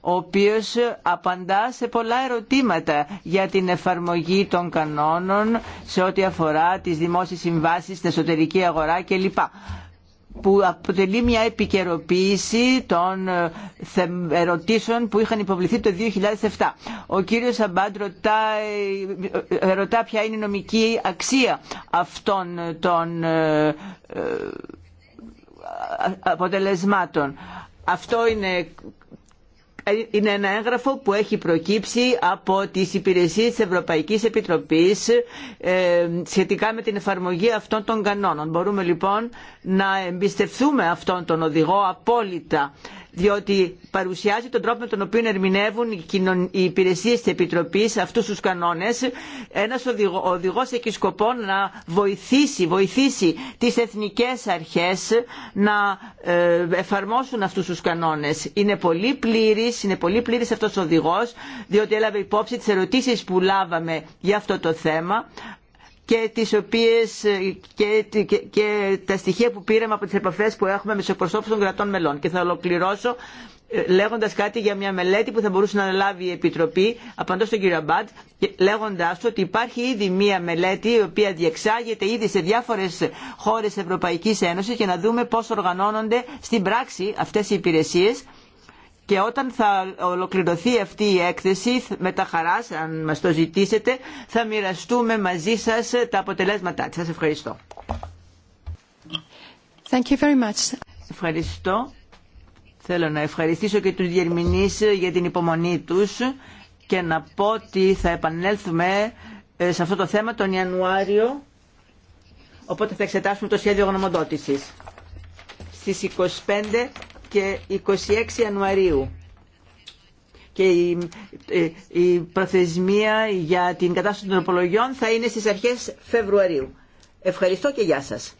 ο οποίος ε, απαντά σε πολλά ερωτήματα για την εφαρμογή των κανόνων σε ό,τι αφορά τις δημόσιες συμβάσεις στην εσωτερική αγορά κλπ που αποτελεί μια επικαιροποίηση των ε, ερωτήσεων που είχαν υποβληθεί το 2007. Ο κύριος Αμπάντ ε, ρωτά ποια είναι η νομική αξία αυτών των ε, αποτελεσμάτων. Αυτό είναι είναι ένα έγγραφο που έχει προκύψει από τις υπηρεσίες της Ευρωπαϊκής Επιτροπής ε, σχετικά με την εφαρμογή αυτών των κανόνων. Μπορούμε λοιπόν να εμπιστευθούμε αυτόν τον οδηγό απόλυτα διότι παρουσιάζει τον τρόπο με τον οποίο ερμηνεύουν οι υπηρεσίες της Επιτροπής αυτούς τους κανόνες. Ένας οδηγό, έχει σκοπό να βοηθήσει, βοηθήσει τις εθνικές αρχές να ε, εφαρμόσουν αυτούς τους κανόνες. Είναι πολύ πλήρης είναι πολύ πλήρης αυτός ο οδηγός, διότι έλαβε υπόψη τις ερωτήσεις που λάβαμε για αυτό το θέμα και, τις οποίες, και, και, και τα στοιχεία που πήραμε από τις επαφές που έχουμε με τους εκπροσώπους των κρατών μελών. Και θα ολοκληρώσω ε, λέγοντας κάτι για μια μελέτη που θα μπορούσε να αναλάβει η Επιτροπή, απαντώ στον κύριο Αμπάντ, λέγοντας ότι υπάρχει ήδη μια μελέτη η οποία διεξάγεται ήδη σε διάφορες χώρες Ευρωπαϊκής Ένωσης για να δούμε πώς οργανώνονται στην πράξη αυτές οι υπηρεσίες και όταν θα ολοκληρωθεί αυτή η έκθεση, με τα χαρά, αν μας το ζητήσετε, θα μοιραστούμε μαζί σας τα αποτελέσματά τη. Σας ευχαριστώ. Thank you very much. Ευχαριστώ. Θέλω να ευχαριστήσω και τους διερμηνείς για την υπομονή τους και να πω ότι θα επανέλθουμε ε, σε αυτό το θέμα τον Ιανουάριο, οπότε θα εξετάσουμε το σχέδιο γνωμοδότησης. Στις 25 και 26 Ιανουαρίου και ε, η, προθεσμία για την κατάσταση των απολογιών θα είναι στις αρχές Φεβρουαρίου. Ευχαριστώ και γεια σας.